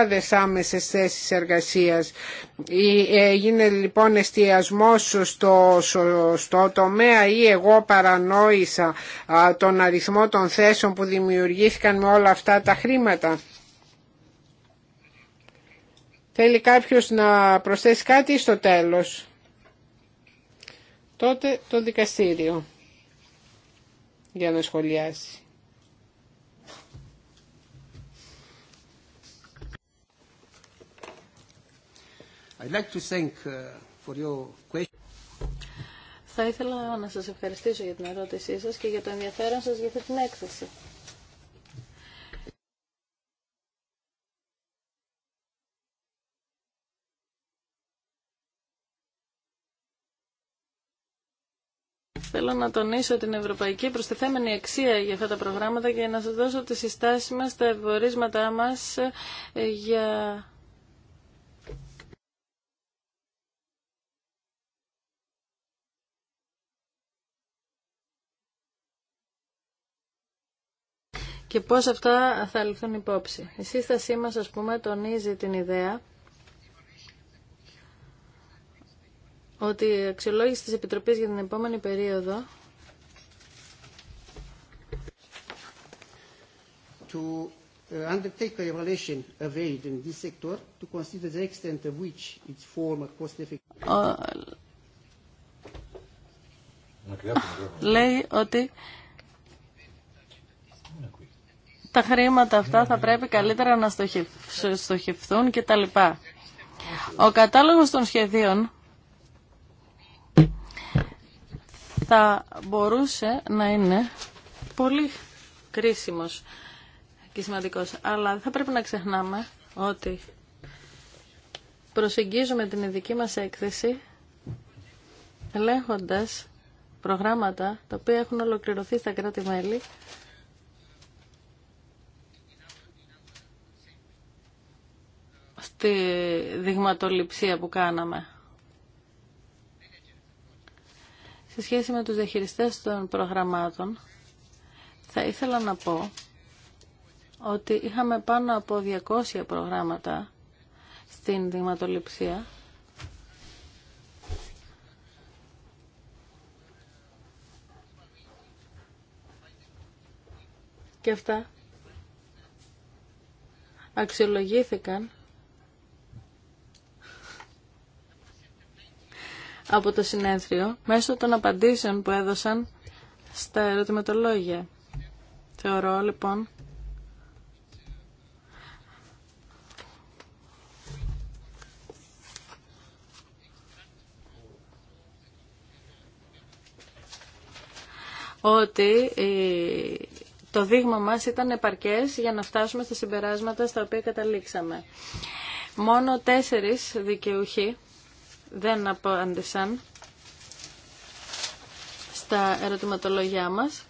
220.000 άμεσες θέσεις εργασίας. Έγινε λοιπόν εστιασμός στο, στο τομέα ή εγώ παρανόησα τον αριθμό των θέσεων που δημιουργήθηκαν με όλα αυτά τα χρήματα. Θέλει κάποιος να προσθέσει κάτι στο τέλος. Τότε το δικαστήριο για να σχολιάσει. I'd like to thank uh, for your question. Θα ήθελα να σας ευχαριστήσω για την ερώτησή σας και για το ενδιαφέρον σας για αυτή την έκθεση. Θέλω να τονίσω την ευρωπαϊκή προστιθέμενη αξία για αυτά τα προγράμματα και να σας δώσω τις συστάσεις μας, τα εμπορίσματά μας ε, για και πώς αυτά θα ληφθούν υπόψη. Η σύστασή μας, ας πούμε, τονίζει την ιδέα ότι η αξιολόγηση της Επιτροπής για την επόμενη περίοδο to uh, undertake a evaluation of aid in this sector to consider the extent of which its former cost effective. Λέει ότι τα χρήματα αυτά θα πρέπει καλύτερα να στοχευθούν και τα λοιπά. Ο κατάλογος των σχεδίων θα μπορούσε να είναι πολύ κρίσιμος και σημαντικός. Αλλά δεν θα πρέπει να ξεχνάμε ότι προσεγγίζουμε την ειδική μας έκθεση ελέγχοντας προγράμματα τα οποία έχουν ολοκληρωθεί στα κράτη-μέλη στη δειγματοληψία που κάναμε. Σε σχέση με τους διαχειριστές των προγραμμάτων, θα ήθελα να πω ότι είχαμε πάνω από 200 προγράμματα στην δειγματοληψία και αυτά αξιολογήθηκαν από το συνέδριο μέσω των απαντήσεων που έδωσαν στα ερωτηματολόγια. Θεωρώ λοιπόν ότι το δείγμα μας ήταν επαρκές για να φτάσουμε στα συμπεράσματα στα οποία καταλήξαμε. Μόνο τέσσερις δικαιούχοι δεν απάντησαν στα ερωτηματολόγια μας.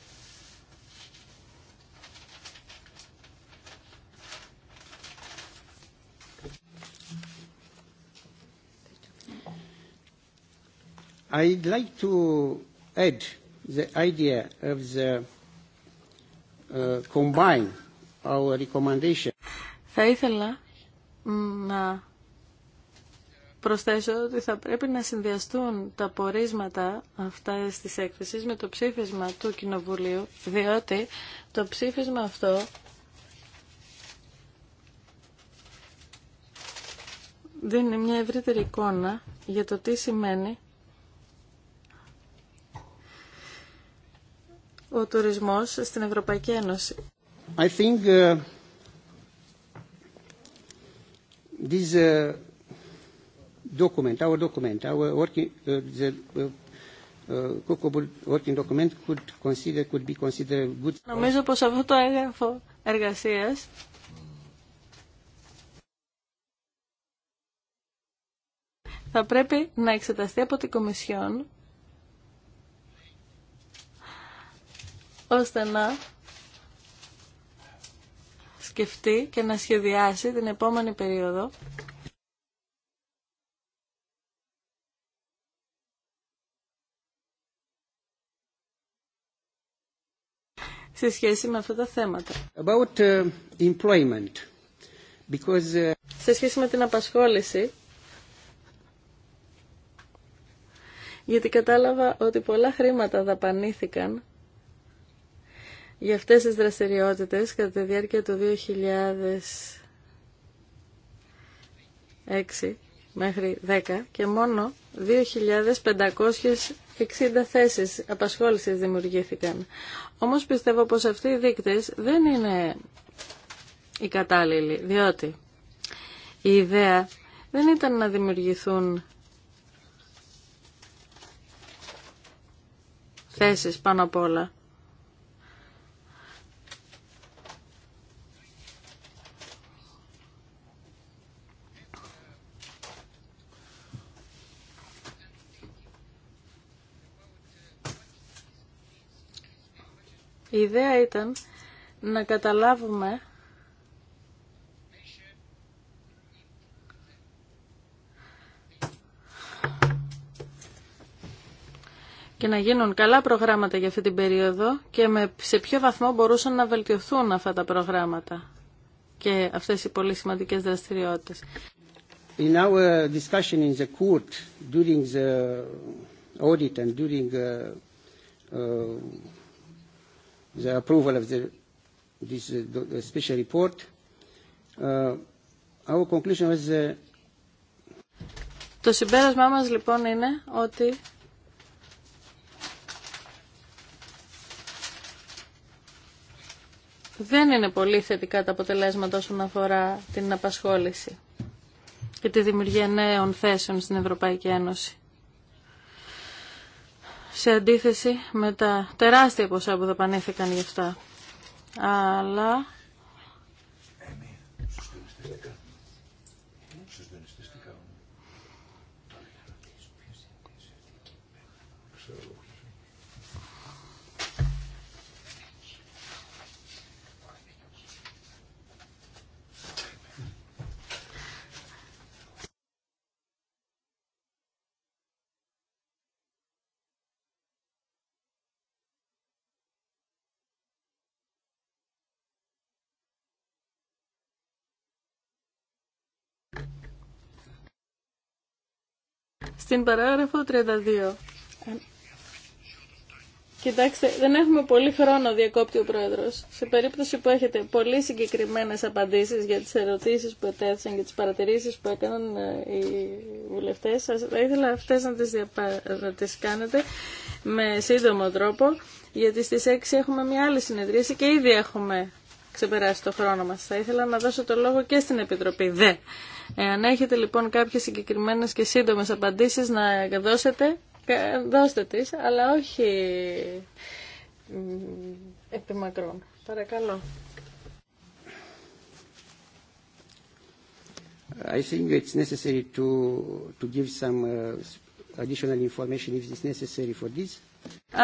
I'd like to add the idea of the uh, combine our recommendation. Θα ήθελα να προσθέσω ότι θα πρέπει να συνδυαστούν τα πορίσματα αυτά τη έκθεση με το ψήφισμα του Κοινοβουλίου, διότι το ψήφισμα αυτό δίνει μια ευρύτερη εικόνα για το τι σημαίνει ο τουρισμός στην Ευρωπαϊκή Ένωση. I think, uh, uh, document, our document, our working, uh, the uh, uh, working document could consider, could be considered good. Νομίζω πως αυτό το έγγραφο εργασίας θα πρέπει να εξεταστεί από την Κομισιόν ώστε να σκεφτεί και να σχεδιάσει την επόμενη περίοδο σε σχέση με αυτά τα θέματα. About, uh, employment. Because, uh... Σε σχέση με την απασχόληση, γιατί κατάλαβα ότι πολλά χρήματα δαπανήθηκαν για αυτές τις δραστηριότητες κατά τη διάρκεια του 2006 μέχρι 10 και μόνο 2.560 θέσεις απασχόλησης δημιουργήθηκαν. Όμως πιστεύω πως αυτοί οι δείκτες δεν είναι οι κατάλληλοι, διότι η ιδέα δεν ήταν να δημιουργηθούν θέσεις πάνω απ' όλα, Η ιδέα ήταν να καταλάβουμε και να γίνουν καλά προγράμματα για αυτή την περίοδο και με, σε ποιο βαθμό μπορούσαν να βελτιωθούν αυτά τα προγράμματα και αυτές οι πολύ σημαντικές δραστηριότητες. In our discussion in the court during the audit and during uh, uh, το συμπέρασμά μας λοιπόν είναι ότι δεν είναι πολύ θετικά τα αποτελέσματα όσον αφορά την απασχόληση και τη δημιουργία νέων θέσεων στην Ευρωπαϊκή Ένωση σε αντίθεση με τα τεράστια ποσά που δαπανήθηκαν γι' αυτά. Αλλά στην παράγραφο 32. Κοιτάξτε, δεν έχουμε πολύ χρόνο, διακόπτει ο Πρόεδρος. Σε περίπτωση που έχετε πολύ συγκεκριμένες απαντήσεις για τις ερωτήσεις που ετέθησαν και τις παρατηρήσεις που έκαναν ε, οι βουλευτές σας, θα ήθελα αυτές να τις, διαπα... κάνετε με σύντομο τρόπο, γιατί στις 6 έχουμε μια άλλη συνεδρίαση και ήδη έχουμε ξεπεράσει το χρόνο μας. Θα ήθελα να δώσω το λόγο και στην Επιτροπή ΔΕ Εάν έχετε λοιπόν κάποιες συγκεκριμένες και σύντομες απαντήσεις να δώσετε, δώστε τις, αλλά όχι επί μακρόν. Παρακαλώ. I think it's necessary to, to give some uh, additional information if it's necessary for this.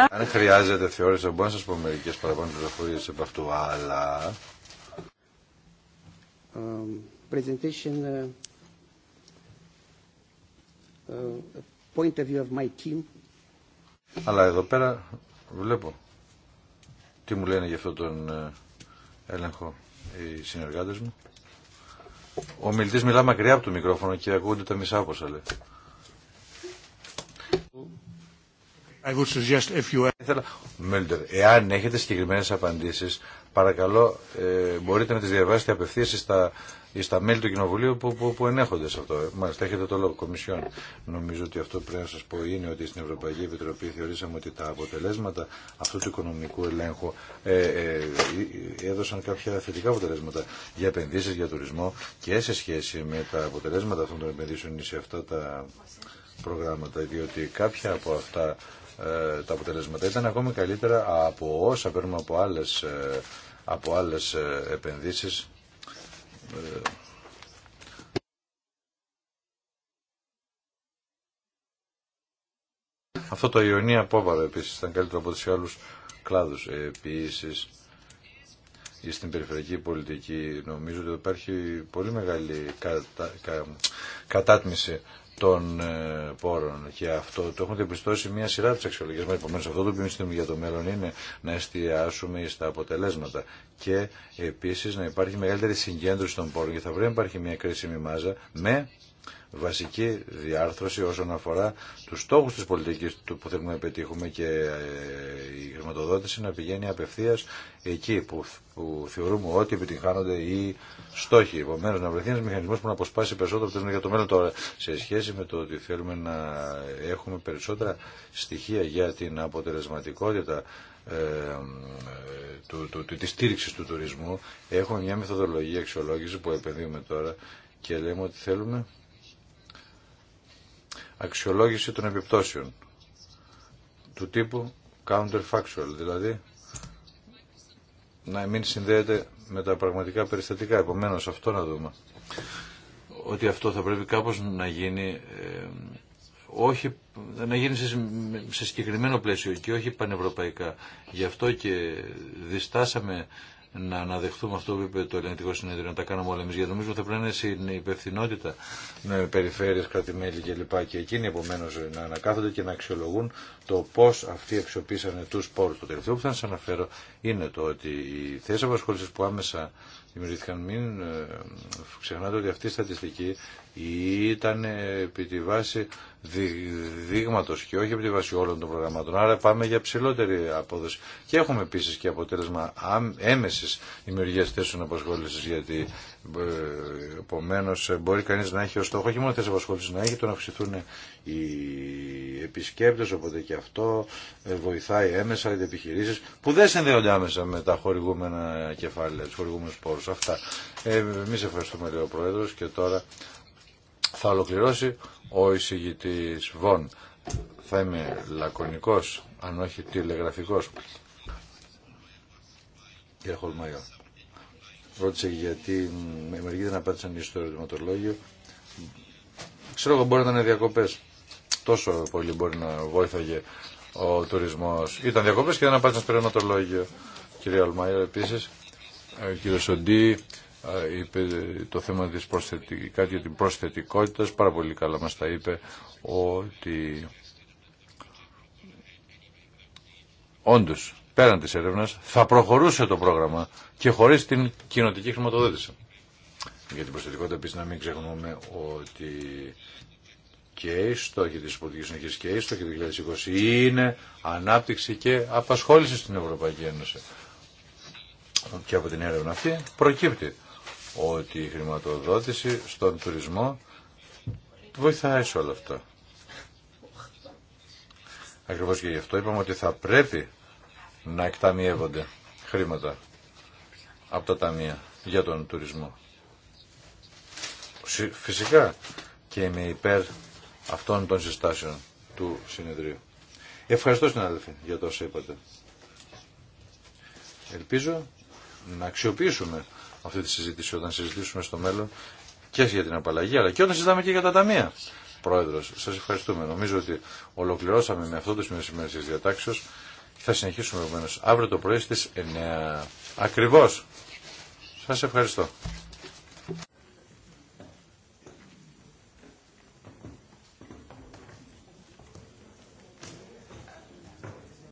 Αν χρειάζεται θεώρηση, μπορώ να σας πω μερικές παραπάνω πληροφορίες από αυτού, αλλά... Um, presentation, uh, uh, point of view of my team. Αλλά εδώ πέρα βλέπω τι μου λένε για αυτόν τον ε, έλεγχο οι συνεργάτε μου. Ο μιλητή μιλά μακριά από το μικρόφωνο και ακούγονται τα μισά από λέει. I εάν έχετε συγκεκριμένε απαντήσει, παρακαλώ ε, μπορείτε να τι διαβάσετε απευθεία στα στα μέλη του Κοινοβουλίου που, που, που ενέχονται σε αυτό. Ε, μάλιστα, έχετε το λόγο, Κομισιόν. Νομίζω ότι αυτό πρέπει να σα πω είναι ότι στην Ευρωπαϊκή Επιτροπή θεωρήσαμε ότι τα αποτελέσματα αυτού του οικονομικού ελέγχου ε, ε, ε έδωσαν κάποια θετικά αποτελέσματα για επενδύσει, για τουρισμό και σε σχέση με τα αποτελέσματα αυτών των επενδύσεων σε αυτά τα προγράμματα, διότι κάποια από αυτά τα αποτελέσματα ήταν ακόμη καλύτερα από όσα παίρνουμε από άλλες, από άλλες επενδύσεις ε, αυτό το Ιωνία Απόβαρο επίση ήταν καλύτερο από τους άλλους κλάδους. Ε, επίσης, στην περιφερειακή πολιτική νομίζω ότι υπάρχει πολύ μεγάλη κατα... κατάτμιση των ε, πόρων και αυτό το έχουν διαπιστώσει μια σειρά τη αξιολογία. Επομένω, αυτό το οποίο για το μέλλον είναι να εστιάσουμε στα αποτελέσματα και επίση να υπάρχει μεγαλύτερη συγκέντρωση των πόρων Γιατί θα πρέπει να υπάρχει μια κρίσιμη μάζα με βασική διάρθρωση όσον αφορά τους στόχους της πολιτικής που θέλουμε να πετύχουμε και ε, η χρηματοδότηση να πηγαίνει απευθείας εκεί που, θεωρούμε ότι επιτυγχάνονται οι στόχοι. Επομένως να βρεθεί ένας μηχανισμός που να αποσπάσει περισσότερο από για το μέλλον τώρα σε σχέση με το ότι θέλουμε να έχουμε περισσότερα στοιχεία για την αποτελεσματικότητα ε, του, του, της στήριξης του τουρισμού έχουμε μια μεθοδολογία αξιολόγηση που επενδύουμε τώρα και λέμε ότι θέλουμε αξιολόγηση των επιπτώσεων του τύπου counterfactual, δηλαδή να μην συνδέεται με τα πραγματικά περιστατικά. Επομένως αυτό να δούμε. Ότι αυτό θα πρέπει κάπως να γίνει ε, όχι, να γίνει σε, σε συγκεκριμένο πλαίσιο και όχι πανευρωπαϊκά. Γι' αυτό και διστάσαμε να αναδεχθούμε αυτό που είπε το Ελληνικό Συνέδριο, να τα κάνουμε όλα εμεί. Γιατί νομίζω θα πρέπει να είναι υπευθυνότητα με περιφέρειε, κρατημέλη κλπ. Και εκείνοι επομένω να ανακάθονται και να αξιολογούν το πώ αυτοί αξιοποίησαν του πόρου. Το τελευταίο που θα σα αναφέρω είναι το ότι οι θέσει απασχόληση που άμεσα δημιουργήθηκαν, μην ε, ξεχνάτε ότι αυτή η στατιστική ήταν ε, επί τη βάση δείγματο και όχι από τη βάση όλων των προγραμμάτων. Άρα πάμε για ψηλότερη απόδοση. Και έχουμε επίση και αποτέλεσμα έμεση δημιουργία θέσεων απασχόληση, γιατί ε, επομένω μπορεί κανεί να έχει ω στόχο όχι μόνο θέσει απασχόληση να έχει, το να αυξηθούν οι επισκέπτε, οπότε και αυτό ε, βοηθάει έμεσα οι επιχειρήσει που δεν συνδέονται άμεσα με τα χορηγούμενα κεφάλαια, του χορηγούμενου πόρου. Αυτά. Ε, Εμεί ευχαριστούμε, λέει ο Πρόεδρο, και τώρα θα ολοκληρώσει ο εισηγητής Βον. Θα είμαι λακωνικός, αν όχι τηλεγραφικός. Κύριε Χολμαϊό, ρώτησε γιατί με μερικοί δεν απάντησαν στο ερωτηματολόγιο. Ξέρω εγώ μπορεί να είναι διακοπές. Τόσο πολύ μπορεί να βόηθαγε ο τουρισμός. Ήταν διακοπές και δεν απάντησαν στο ερωτηματολόγιο. Κύριε Χολμαϊό, επίσης, ο κύριος Σοντή, είπε το θέμα της κάτι για την προσθετικότητα, πάρα πολύ καλά μας τα είπε ότι όντως πέραν της έρευνας θα προχωρούσε το πρόγραμμα και χωρίς την κοινοτική χρηματοδότηση. Για την προσθετικότητα επίση να μην ξεχνούμε ότι και οι στόχοι της πολιτικής και η στόχοι 2020 είναι ανάπτυξη και απασχόληση στην Ευρωπαϊκή Ένωση. Και από την έρευνα αυτή προκύπτει ότι η χρηματοδότηση στον τουρισμό βοηθάει σε όλα αυτά. Ακριβώς και γι' αυτό είπαμε ότι θα πρέπει να εκταμιεύονται χρήματα από τα ταμεία για τον τουρισμό. Φυσικά και είμαι υπέρ αυτών των συστάσεων του συνεδρίου. Ευχαριστώ συνάδελφοι για το όσα είπατε. Ελπίζω να αξιοποιήσουμε αυτή τη συζήτηση όταν συζητήσουμε στο μέλλον και για την απαλλαγή, αλλά και όταν συζητάμε και για τα ταμεία. Πρόεδρο, σα ευχαριστούμε. Νομίζω ότι ολοκληρώσαμε με αυτό το σημείο σήμερα τη διατάξεω. Θα συνεχίσουμε επομένω αύριο το πρωί στι 9. Ακριβώ. Σα ευχαριστώ.